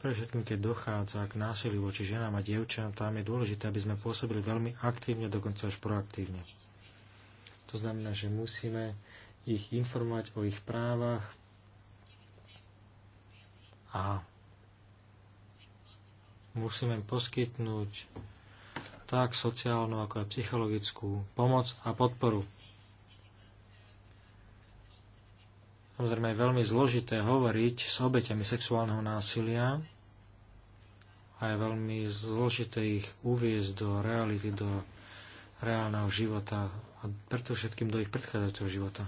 Speaker 4: Pre všetkým, keď dochádza k násiliu voči ženám a dievčatám, je dôležité, aby sme pôsobili veľmi aktívne, dokonca až proaktívne. To znamená, že musíme ich informovať o ich právach, a musíme im poskytnúť tak sociálnu, ako aj psychologickú pomoc a podporu. Samozrejme je veľmi zložité hovoriť s obeťami sexuálneho násilia a je veľmi zložité ich uviezť do reality, do reálneho života a preto všetkým do ich predchádzajúceho
Speaker 1: života.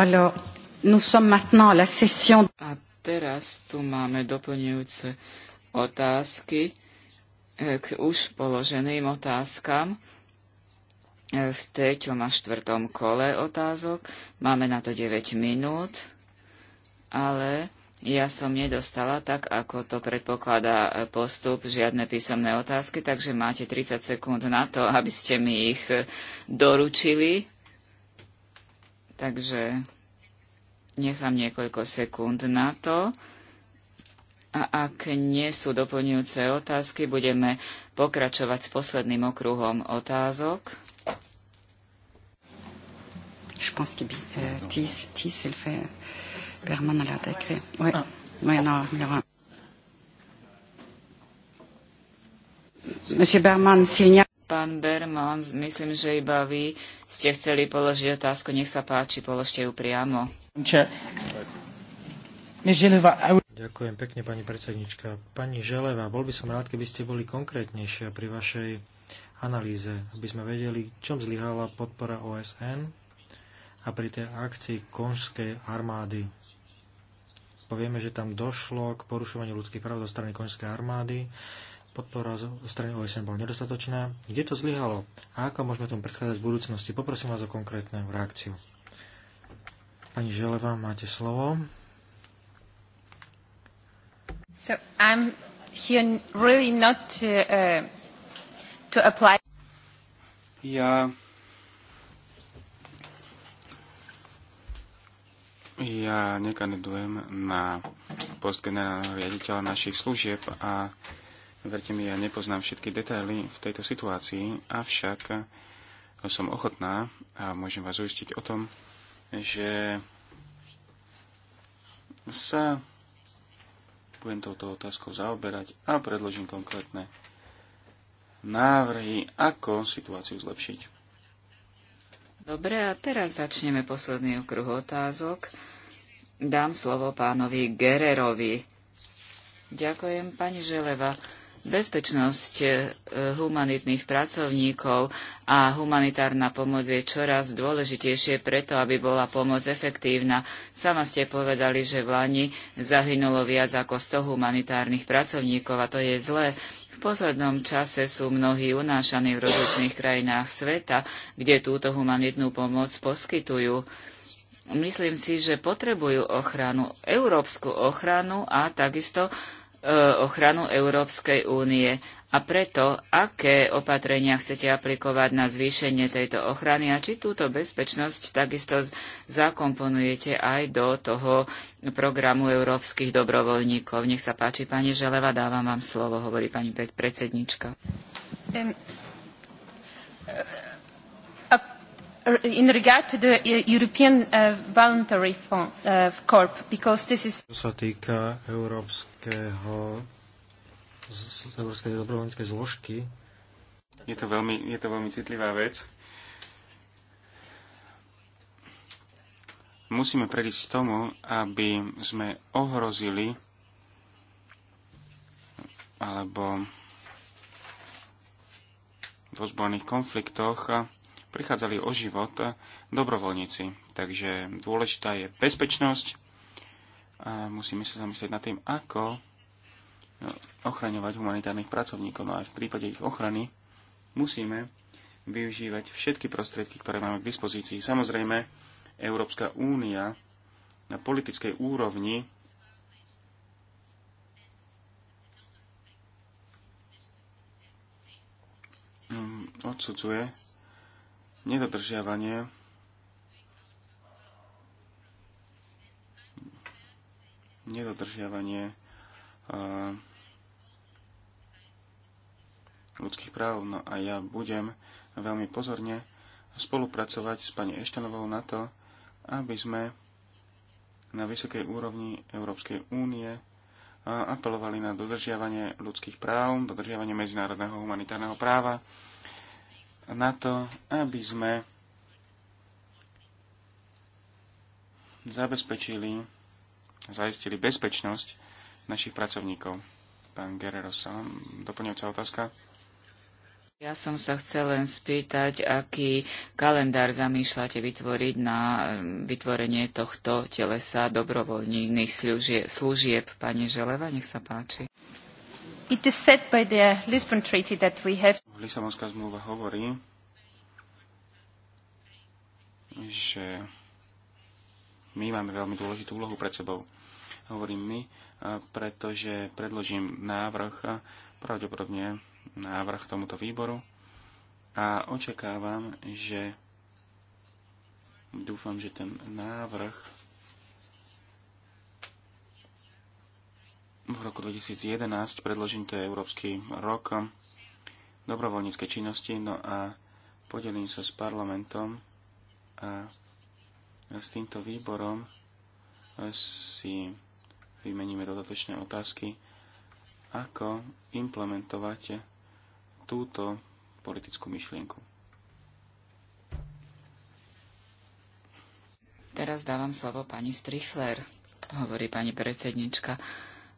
Speaker 1: Alors, Nous sommes maintenant à la session...
Speaker 2: A teraz tu máme doplňujúce otázky eh, k už položeným otázkam eh, v treťom a štvrtom kole otázok. Máme na to 9 minút, ale ja som nedostala tak, ako to predpokladá eh, postup, žiadne písomné otázky, takže máte 30 sekúnd na to, aby ste mi ich doručili. Takže Nechám niekoľko sekúnd na to. A ak nie sú doplňujúce otázky, budeme pokračovať s posledným okruhom otázok.
Speaker 1: Je pense que euh, Tis, Tis, fait ah. non, il y aura... Monsieur Berman, s'il n'y a
Speaker 2: Pán Berman, myslím, že iba vy ste chceli položiť otázku. Nech sa páči, položte ju priamo.
Speaker 4: Ďakujem pekne, pani predsednička. Pani Želeva, bol by som rád, keby ste boli konkrétnejšia pri vašej analýze, aby sme vedeli, čom zlyhala podpora OSN a pri tej akcii konžskej armády. Povieme, že tam došlo k porušovaniu ľudských práv zo strany konžskej armády, podpora zo strany OSN bola nedostatočná. Kde to zlyhalo a ako môžeme tomu predchádzať v budúcnosti? Poprosím vás o konkrétnu reakciu. Pani Želeva, máte slovo.
Speaker 5: So I'm here really not to, uh, to apply.
Speaker 3: Ja Ja nekandidujem na post generálneho riaditeľa našich služieb a verte mi, ja nepoznám všetky detaily v tejto situácii, avšak som ochotná a môžem vás uistiť o tom, že sa budem touto otázkou zaoberať a predložím konkrétne návrhy, ako situáciu zlepšiť.
Speaker 2: Dobre, a teraz začneme posledný okruh otázok. Dám slovo pánovi Gererovi. Ďakujem, pani Želeva. Bezpečnosť e, humanitných pracovníkov a humanitárna pomoc je čoraz dôležitejšie preto, aby bola pomoc efektívna. Sama ste povedali, že v Lani zahynulo viac ako 100 humanitárnych pracovníkov a to je zlé. V poslednom čase sú mnohí unášaní v rozličných krajinách sveta, kde túto humanitnú pomoc poskytujú. Myslím si, že potrebujú ochranu, európsku ochranu a takisto E, ochranu Európskej únie. A preto, aké opatrenia chcete aplikovať na zvýšenie tejto ochrany a či túto bezpečnosť takisto zakomponujete aj do toho programu európskych dobrovoľníkov. Nech sa páči, pani Želeva, dávam vám slovo, hovorí pani predsednička.
Speaker 5: Um, in regard to the e-, European uh, Voluntary Fund, uh, Corp, because this is
Speaker 4: európskeho, z európskej dobrovoľníckej zložky.
Speaker 3: Je to, veľmi, je to veľmi citlivá vec. Musíme predísť tomu, aby sme ohrozili alebo v ozbrojených konfliktoch prichádzali o život dobrovoľníci. Takže dôležitá je bezpečnosť a musíme sa zamyslieť nad tým, ako no, ochraňovať humanitárnych pracovníkov. No a v prípade ich ochrany musíme využívať všetky prostriedky, ktoré máme k dispozícii. Samozrejme, Európska únia na politickej úrovni mm, odsudzuje nedodržiavanie nedodržiavanie eh, ľudských práv. No a ja budem veľmi pozorne spolupracovať s pani Eštanovou na to, aby sme na vysokej úrovni Európskej únie eh, apelovali na dodržiavanie ľudských práv, dodržiavanie medzinárodného humanitárneho práva, na to, aby sme zabezpečili zaistili bezpečnosť našich pracovníkov. Pán Guerrero Salom, doplňujúca otázka.
Speaker 2: Ja som sa chcel len spýtať, aký kalendár zamýšľate vytvoriť na um, vytvorenie tohto telesa dobrovoľníknych služieb, služieb. Pani Želeva, nech sa páči. It is by the Lisbon Treaty that we have... Lisabonská zmluva hovorí,
Speaker 3: že my máme veľmi dôležitú úlohu pred sebou. Hovorím my, pretože predložím návrh, pravdepodobne návrh tomuto výboru a očakávam, že dúfam, že ten návrh v roku 2011 predložím, to je Európsky rok dobrovoľníckej činnosti, no a podelím sa s parlamentom a s týmto výborom e, si vymeníme dodatočné otázky, ako implementovať túto politickú myšlienku.
Speaker 2: Teraz dávam slovo pani strichler. hovorí pani predsednička.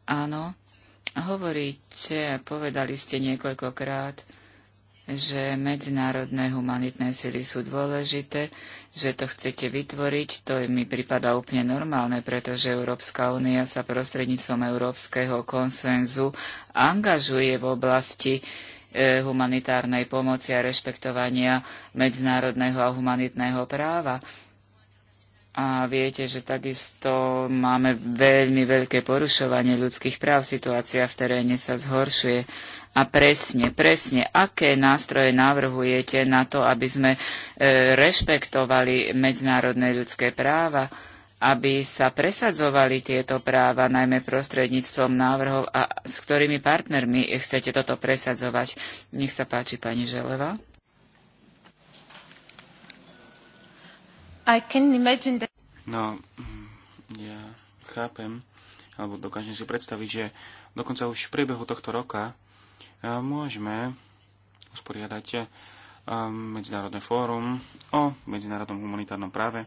Speaker 2: Áno, hovoríte, povedali ste niekoľkokrát, že medzinárodné humanitné sily sú dôležité, že to chcete vytvoriť, to mi prípada úplne normálne, pretože Európska únia sa prostredníctvom Európskeho konsenzu angažuje v oblasti e, humanitárnej pomoci a rešpektovania medzinárodného a humanitného práva. A viete, že takisto máme veľmi veľké porušovanie ľudských práv. Situácia v teréne sa zhoršuje. A presne, presne, aké nástroje navrhujete na to, aby sme e, rešpektovali medzinárodné ľudské práva, aby sa presadzovali tieto práva, najmä prostredníctvom návrhov a s ktorými partnermi chcete toto presadzovať. Nech sa páči, pani Želeva.
Speaker 5: That...
Speaker 2: No, ja chápem,
Speaker 3: alebo dokážem si predstaviť, že dokonca už v priebehu tohto roka môžeme usporiadať e, medzinárodné fórum o medzinárodnom humanitárnom práve.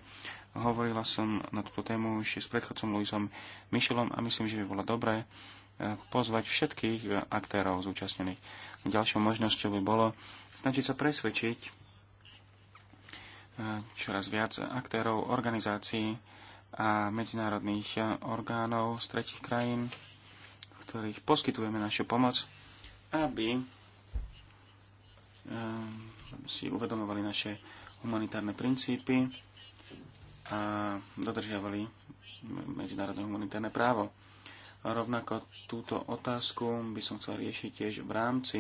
Speaker 3: Hovorila som na túto tému už s predchodcom Luisom Mišelom a myslím, že by bolo dobré e, pozvať všetkých e, aktérov zúčastnených. Ďalšou možnosťou by bolo snažiť sa presvedčiť čoraz viac aktérov, organizácií a medzinárodných orgánov z tretich krajín, ktorých poskytujeme našu pomoc Ehm, aby si uvedomovali naše humanitárne princípy a dodržiavali medzinárodné humanitárne právo. A rovnako túto otázku by som chcel riešiť tiež v rámci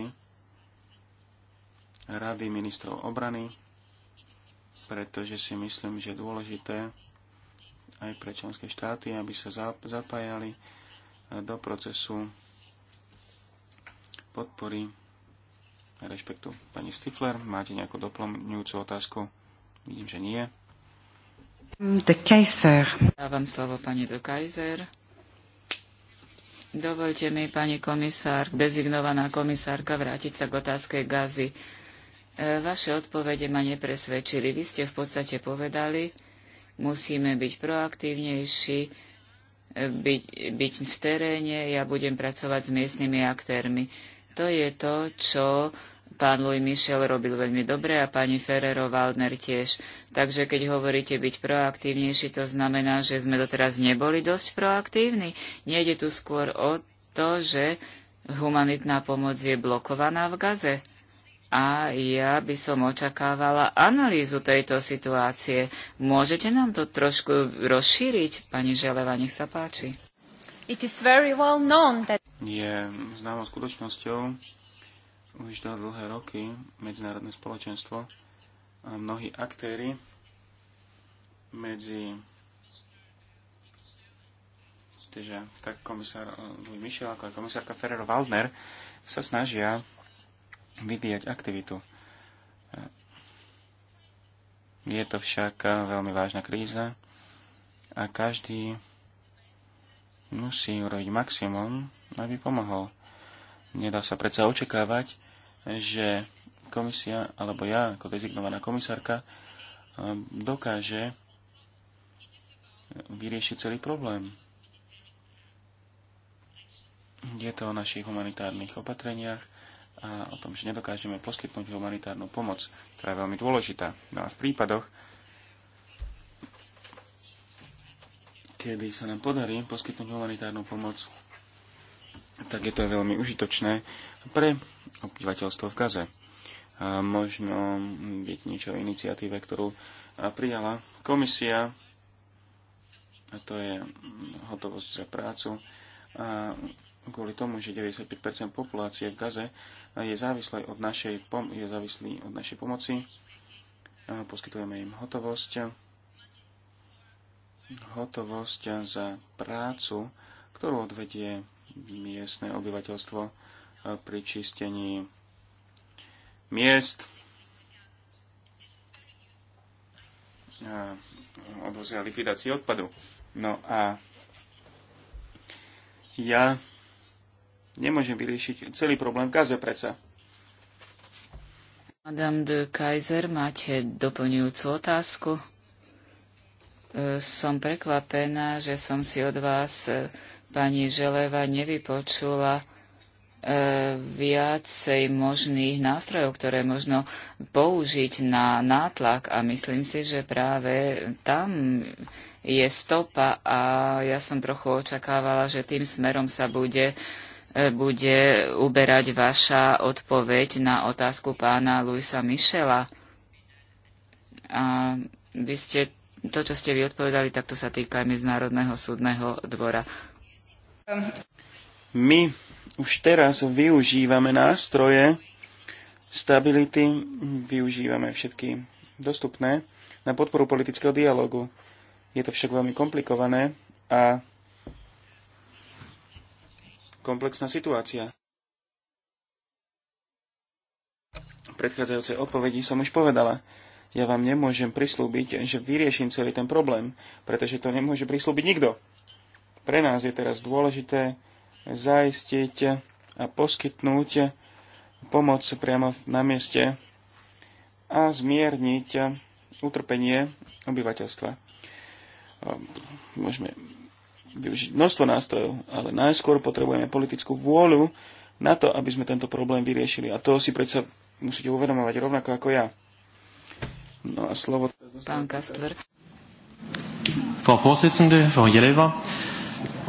Speaker 3: Rady ministrov obrany, pretože si myslím, že je dôležité aj pre členské štáty, aby sa zapájali do procesu podpory a rešpektu. Pani Stifler, máte nejakú doplňujúcu otázku? Vidím, že
Speaker 2: nie.
Speaker 1: De Kaiser.
Speaker 2: Dávam slovo pani de Kaiser. Dovolte mi, pani komisár, dezignovaná komisárka, vrátiť sa k otázke gazy. E, vaše odpovede ma nepresvedčili. Vy ste v podstate povedali, musíme byť proaktívnejší, e, byť, byť v teréne, ja budem pracovať s miestnymi aktérmi. To je to, čo pán Louis Michel robil veľmi dobre a pani Ferrero Waldner tiež. Takže keď hovoríte byť proaktívnejší, to znamená, že sme doteraz neboli dosť proaktívni. Nejde tu skôr o to, že humanitná pomoc je blokovaná v Gaze. A ja by som očakávala analýzu tejto situácie. Môžete nám to trošku rozšíriť, pani Želeva, nech sa páči.
Speaker 5: It is very well known that
Speaker 2: je známou skutočnosťou
Speaker 3: už do dlhé roky medzinárodné spoločenstvo a mnohí aktéry medzi že tak komisár eh, Louis Michel, ako aj komisárka Ferrero Waldner sa snažia vyvíjať aktivitu. Eh, je to však veľmi vážna kríza a každý musí urobiť maximum aby pomohol. Nedá sa predsa očakávať, že komisia, alebo ja ako dezignovaná komisárka, eh, dokáže vyriešiť celý problém. Je to o našich humanitárnych opatreniach a o tom, že nedokážeme poskytnúť humanitárnu pomoc, ktorá je veľmi dôležitá. No a v prípadoch, kedy sa nám podarí poskytnúť humanitárnu pomoc tak je to veľmi užitočné pre obyvateľstvo v Gaze. A možno viete niečo o iniciatíve, ktorú prijala komisia, a to je hotovosť za prácu. A kvôli tomu, že 95% populácie v Gaze je závislé od našej, pom- je závislý od našej pomoci, a poskytujeme im hotovosť, hotovosť za prácu, ktorú odvedie miestne obyvateľstvo e, pri čistení miest. odvozia likvidácii odpadu. No a ja nemôžem vyriešiť celý problém v Gaze predsa.
Speaker 2: Madame de Kaiser, máte doplňujúcu otázku? E, som prekvapená, že som si od vás e, pani Želeva nevypočula e, viacej možných nástrojov, ktoré možno použiť na nátlak a myslím si, že práve tam je stopa a ja som trochu očakávala, že tým smerom sa bude, e, bude uberať vaša odpoveď na otázku pána Luisa Michela. A vy ste, to, čo ste vy odpovedali, tak to sa týka aj Medzinárodného súdneho dvora.
Speaker 3: My už teraz využívame nástroje stability, využívame všetky dostupné na podporu politického dialogu. Je to však veľmi komplikované a komplexná situácia. Predchádzajúce odpovedi som už povedala. Ja vám nemôžem prislúbiť, že vyrieším celý ten problém, pretože to nemôže prislúbiť nikto. Pre nás je teraz dôležité zaistiť a poskytnúť pomoc priamo na mieste a zmierniť utrpenie obyvateľstva. Ehm, môžeme využiť množstvo nástrojov, ale najskôr potrebujeme politickú vôľu na to, aby sme tento problém vyriešili. A to si predsa musíte uvedomovať rovnako ako ja. No a slovo... Pán
Speaker 2: Kastler.
Speaker 4: Frau Vorsitzende, Frau Jeleva,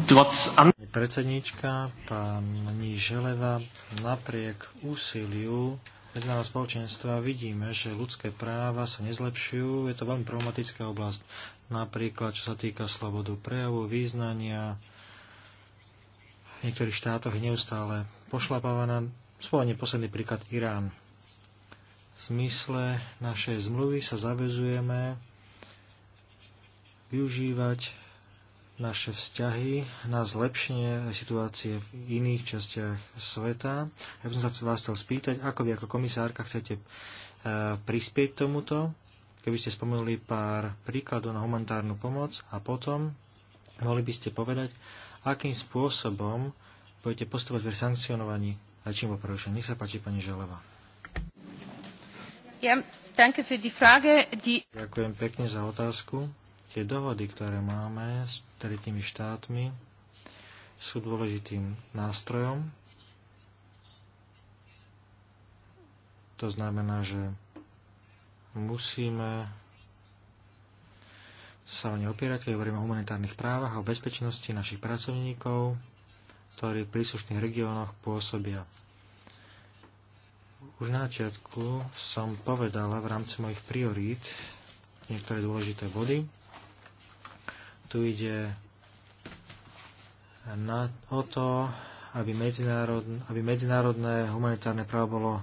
Speaker 4: Predsedníčka, Predsednička, pani Želeva, napriek úsiliu medzinárodného spoločenstva vidíme, že ľudské práva sa nezlepšujú. Je to veľmi problematická oblasť, napríklad čo sa týka slobodu prejavu, význania. V niektorých štátoch je neustále pošlapávaná. Spomeniem posledný príklad Irán. V zmysle našej zmluvy sa zavezujeme využívať naše vzťahy na zlepšenie situácie v iných častiach sveta. Ja by som sa vás chcel spýtať, ako vy ako komisárka chcete e, prispieť tomuto, keby ste spomenuli pár príkladov na humanitárnu pomoc a potom mohli by ste povedať, akým spôsobom budete postupovať pri sankcionovaní a čím poprvšie. Nech sa páči, pani Želeva.
Speaker 5: Ja, danke für die Frage, die...
Speaker 4: Ďakujem pekne za otázku. Tie dohody, ktoré máme s tretími štátmi, sú dôležitým nástrojom. To znamená, že musíme sa o ne opierať, keď hovoríme o humanitárnych právach a o bezpečnosti našich pracovníkov, ktorí v príslušných regiónoch pôsobia. Už na začiatku som povedala v rámci mojich priorít niektoré dôležité body. Tu ide na, o to, aby, medzinárodné, aby medzinárodné humanitárne právo bolo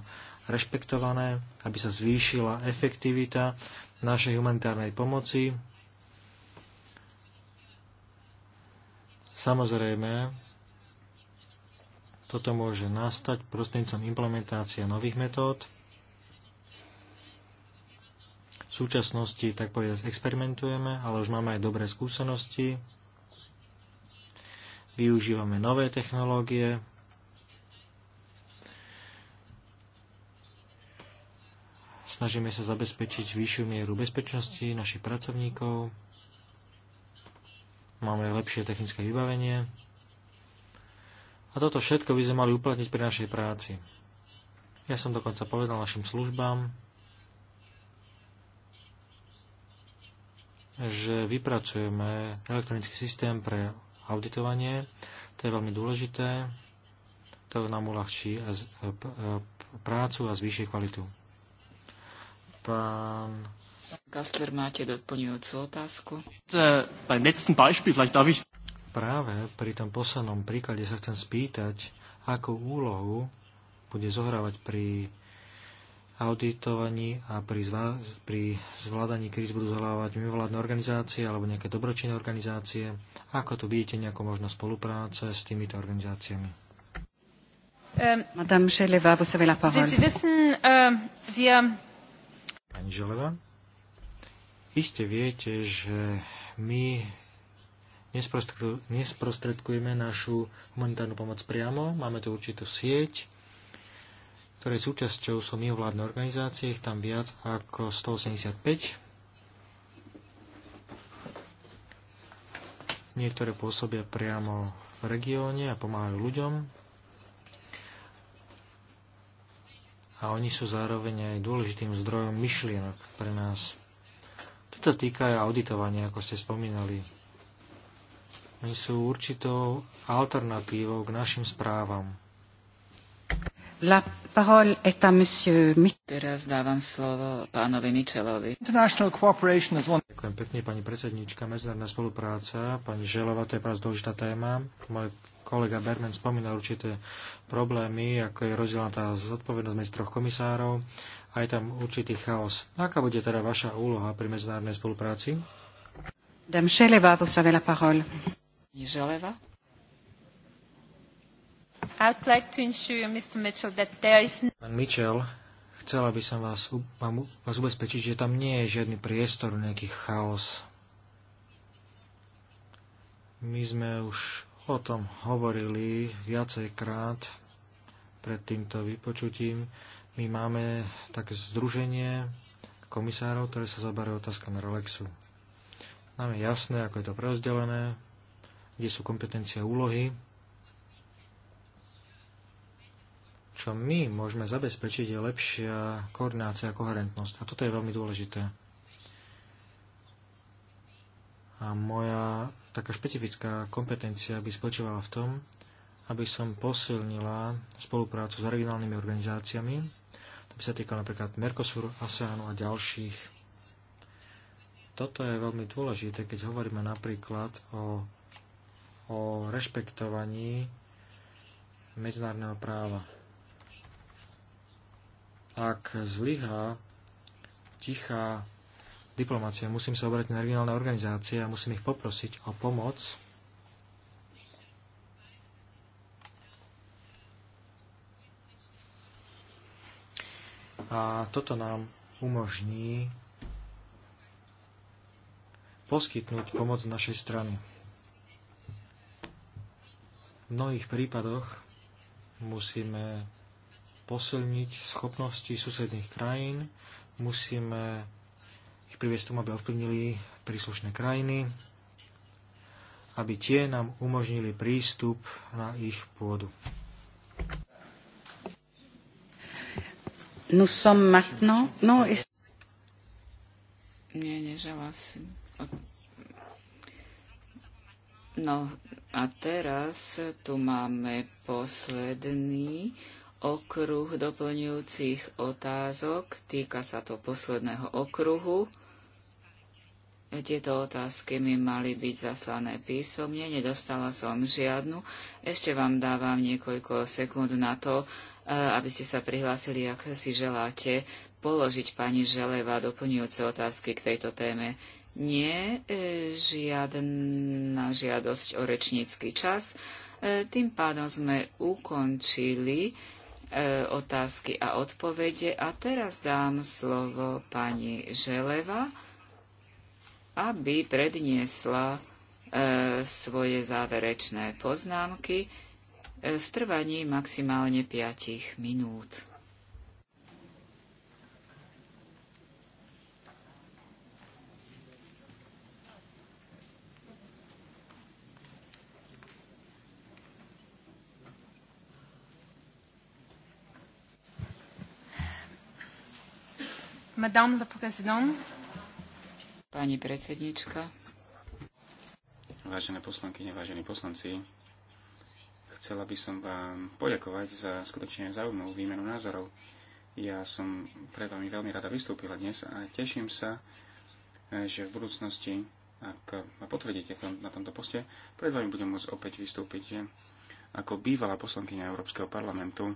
Speaker 4: rešpektované, aby sa zvýšila efektivita našej humanitárnej pomoci. Samozrejme, toto môže nastať prostrednícom implementácie nových metód, v súčasnosti, tak povedať, experimentujeme, ale už máme aj dobré skúsenosti. Využívame nové technológie. Snažíme sa zabezpečiť vyššiu mieru bezpečnosti našich pracovníkov. Máme lepšie technické vybavenie. A toto všetko by sme mali uplatniť pri našej práci. Ja som dokonca povedal našim službám, že vypracujeme elektronický systém pre auditovanie. To je veľmi dôležité. To nám uľahčí e, e, prácu a zvýši kvalitu. Pán
Speaker 2: Kastler, máte doplňujúcu otázku?
Speaker 4: Äh, Práve pri tom poslednom príklade sa chcem spýtať, akú úlohu bude zohrávať pri auditovaní a pri, zvá, pri zvládaní kríz budú zhľadávať mimovládne organizácie alebo nejaké dobročinné organizácie. Ako tu vidíte nejakú možnosť spolupráce s týmito organizáciami?
Speaker 5: Ehm,
Speaker 1: Madame Želeva, vous avez la
Speaker 5: parole. Ehm,
Speaker 4: Pani Želeva, iste viete, že my nesprostredkujeme našu humanitárnu pomoc priamo. Máme tu určitú sieť, ktorej súčasťou sú mimovládne organizácie, ich tam viac ako 185. Niektoré pôsobia priamo v regióne a pomáhajú ľuďom. A oni sú zároveň aj dôležitým zdrojom myšlienok pre nás. To sa týka aj auditovania, ako ste spomínali. Oni sú určitou
Speaker 2: alternatívou k našim správam.
Speaker 1: La parole est à monsieur...
Speaker 2: Teraz dávam slovo pánovi International
Speaker 1: cooperation
Speaker 4: is one... Ďakujem pekne, pani predsedníčka, Medzinárodná spolupráca, pani Želova, to je práve dôležitá téma. Môj kolega Berman spomínal určité problémy, ako je rozdielna tá zodpovednosť medzi troch komisárov a je tam určitý chaos. Aká bude teda vaša úloha pri medzinárodnej
Speaker 1: spolupráci? Dame Želeva,
Speaker 2: Želeva?
Speaker 5: No
Speaker 1: Pán
Speaker 4: Mitchell, chcela by som vás, vás ubezpečiť, že tam nie je žiadny priestor, nejaký chaos. My sme už o tom hovorili viacejkrát pred týmto vypočutím. My máme také združenie komisárov, ktoré sa zaberajú otázkami Rolexu. Nám je jasné, ako je to prerozdelené, kde sú kompetencie úlohy, čo my môžeme zabezpečiť, je lepšia koordinácia a koherentnosť. A toto je veľmi dôležité. A moja taká špecifická kompetencia by spočívala v tom, aby som posilnila spoluprácu s regionálnymi organizáciami. To by sa týkalo napríklad Mercosur, ASEANu a ďalších. Toto je veľmi dôležité, keď hovoríme napríklad o, o rešpektovaní medzinárodného práva ak zlyhá tichá diplomácia, musím sa obrátiť na regionálne organizácie a musím ich poprosiť o pomoc. A toto nám umožní poskytnúť pomoc z našej strany. V mnohých prípadoch musíme posilniť schopnosti susedných krajín, musíme ich priviesť tomu, aby ovplyvnili príslušné krajiny, aby tie nám umožnili prístup
Speaker 1: na ich pôdu. Nous sommes maintenant... Non, is...
Speaker 2: Nie, nežala No a teraz tu máme posledný okruh doplňujúcich otázok. Týka sa to posledného okruhu. Tieto otázky mi mali byť zaslané písomne, nedostala som žiadnu. Ešte vám dávam niekoľko sekúnd na to, eh, aby ste sa prihlásili, ak si želáte položiť pani Želeva doplňujúce otázky k tejto téme. Nie, eh, žiadna žiadosť o rečnícky čas. Eh, tým pádom sme ukončili E, otázky a odpovede. A teraz dám slovo pani Želeva, aby predniesla e, svoje záverečné poznámky e, v trvaní maximálne 5 minút.
Speaker 5: Madame la Présidente.
Speaker 2: Pani predsednička.
Speaker 3: Vážené poslanky, vážení poslanci, chcela by som vám poďakovať za skutočne zaujímavú výmenu názorov. Ja som pred vami veľmi rada vystúpila dnes a teším sa, že v budúcnosti, ak ma potvrdíte v tom, na tomto poste, pred vami budem môcť opäť vystúpiť ako bývalá poslankyňa Európskeho parlamentu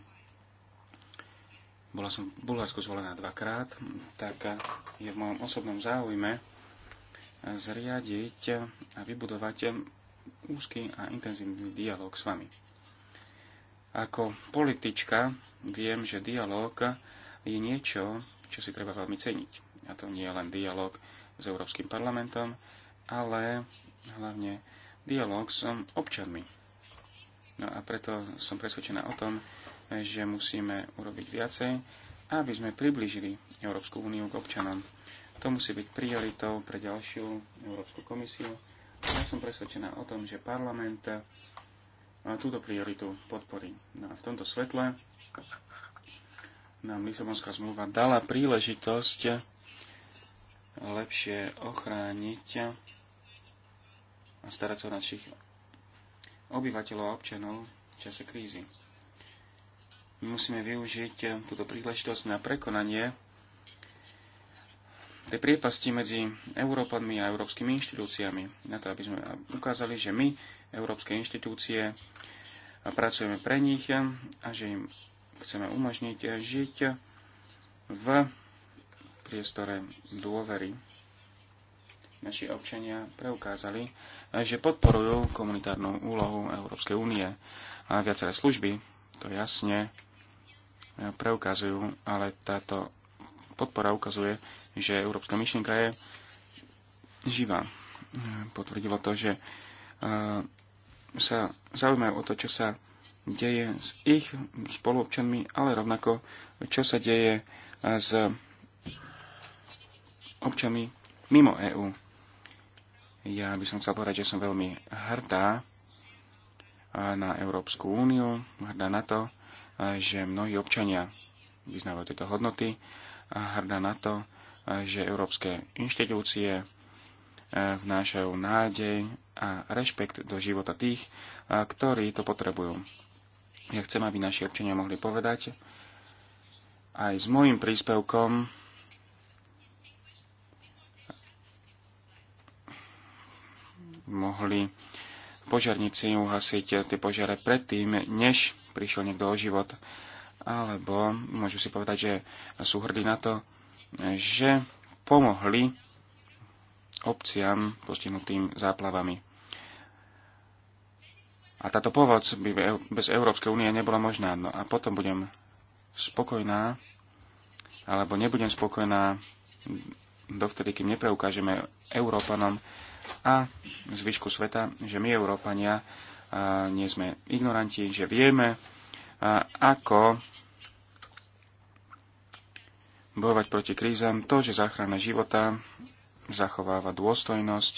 Speaker 3: bola som v Bulharsku zvolená dvakrát, tak je v mojom osobnom záujme zriadiť a vybudovať úzky a intenzívny dialog s vami. Ako politička viem, že dialog je niečo, čo si treba veľmi ceniť. A to nie je len dialog s Európskym parlamentom, ale hlavne dialog s občanmi. No a preto som presvedčená o tom, že musíme urobiť viacej, aby sme približili Európsku úniu k občanom. To musí byť prioritou pre ďalšiu Európsku komisiu. Ja som presvedčená o tom, že parlament túto prioritu podporí. No a v tomto svetle nám Lisabonská zmluva dala príležitosť lepšie ochrániť a starať sa o našich obyvateľov a občanov v čase krízy. My musíme využiť eh, túto príležitosť na prekonanie tej priepasti medzi Európanmi a európskymi inštitúciami. Na to, aby sme ukázali, že my, európske inštitúcie, pracujeme pre nich eh, a že im chceme umožniť eh, žiť v priestore dôvery. Naši občania preukázali, že podporujú komunitárnu úlohu Európskej únie a viaceré služby. To jasne preukazujú, ale táto podpora ukazuje, že európska myšlienka je živá. Potvrdilo to, že e, sa zaujímajú o to, čo sa deje s ich spoluobčanmi, ale rovnako, čo sa deje e, s občanmi mimo EÚ. Ja by som chcel povedať, že som veľmi hrdá e, na Európsku úniu, hrdá na to, že mnohí občania vyznávajú tieto hodnoty a hrdá na to, že európske inštitúcie e, vnášajú nádej a rešpekt do života tých, e, ktorí to potrebujú. Ja chcem, aby naši občania mohli povedať aj s môjim príspevkom, mohli požiarníci uhasiť tie požiare predtým, než prišiel niekto o život, alebo môžu si povedať, že sú hrdí na to, že pomohli obciam postihnutým záplavami. A táto povod by bez Európskej únie nebola možná. No a potom budem spokojná, alebo nebudem spokojná dovtedy, kým nepreukážeme Európanom a zvyšku sveta, že my Európania nie sme ignoranti, že vieme, ako bojovať proti krízam, to, že záchrana života zachováva dôstojnosť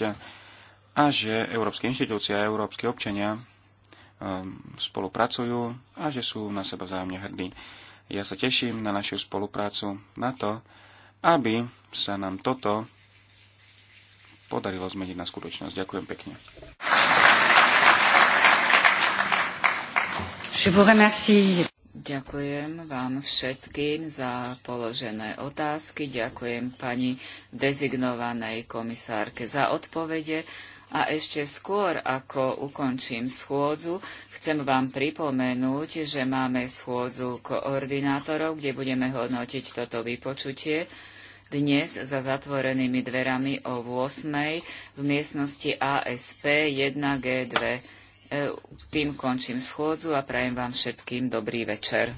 Speaker 3: a že európske inštitúcie a európske občania spolupracujú a že sú na seba vzájomne hrdí. Ja sa teším na našu spoluprácu, na to, aby sa nám toto podarilo zmeniť na skutočnosť. Ďakujem pekne.
Speaker 2: Ďakujem vám všetkým za položené otázky. Ďakujem pani dezignovanej komisárke za odpovede. A ešte skôr, ako ukončím schôdzu, chcem vám pripomenúť, že máme schôdzu koordinátorov, kde budeme hodnotiť toto vypočutie dnes za zatvorenými dverami o 8.00 v miestnosti ASP 1G2. E, tým končím schôdzu a prajem vám všetkým dobrý večer.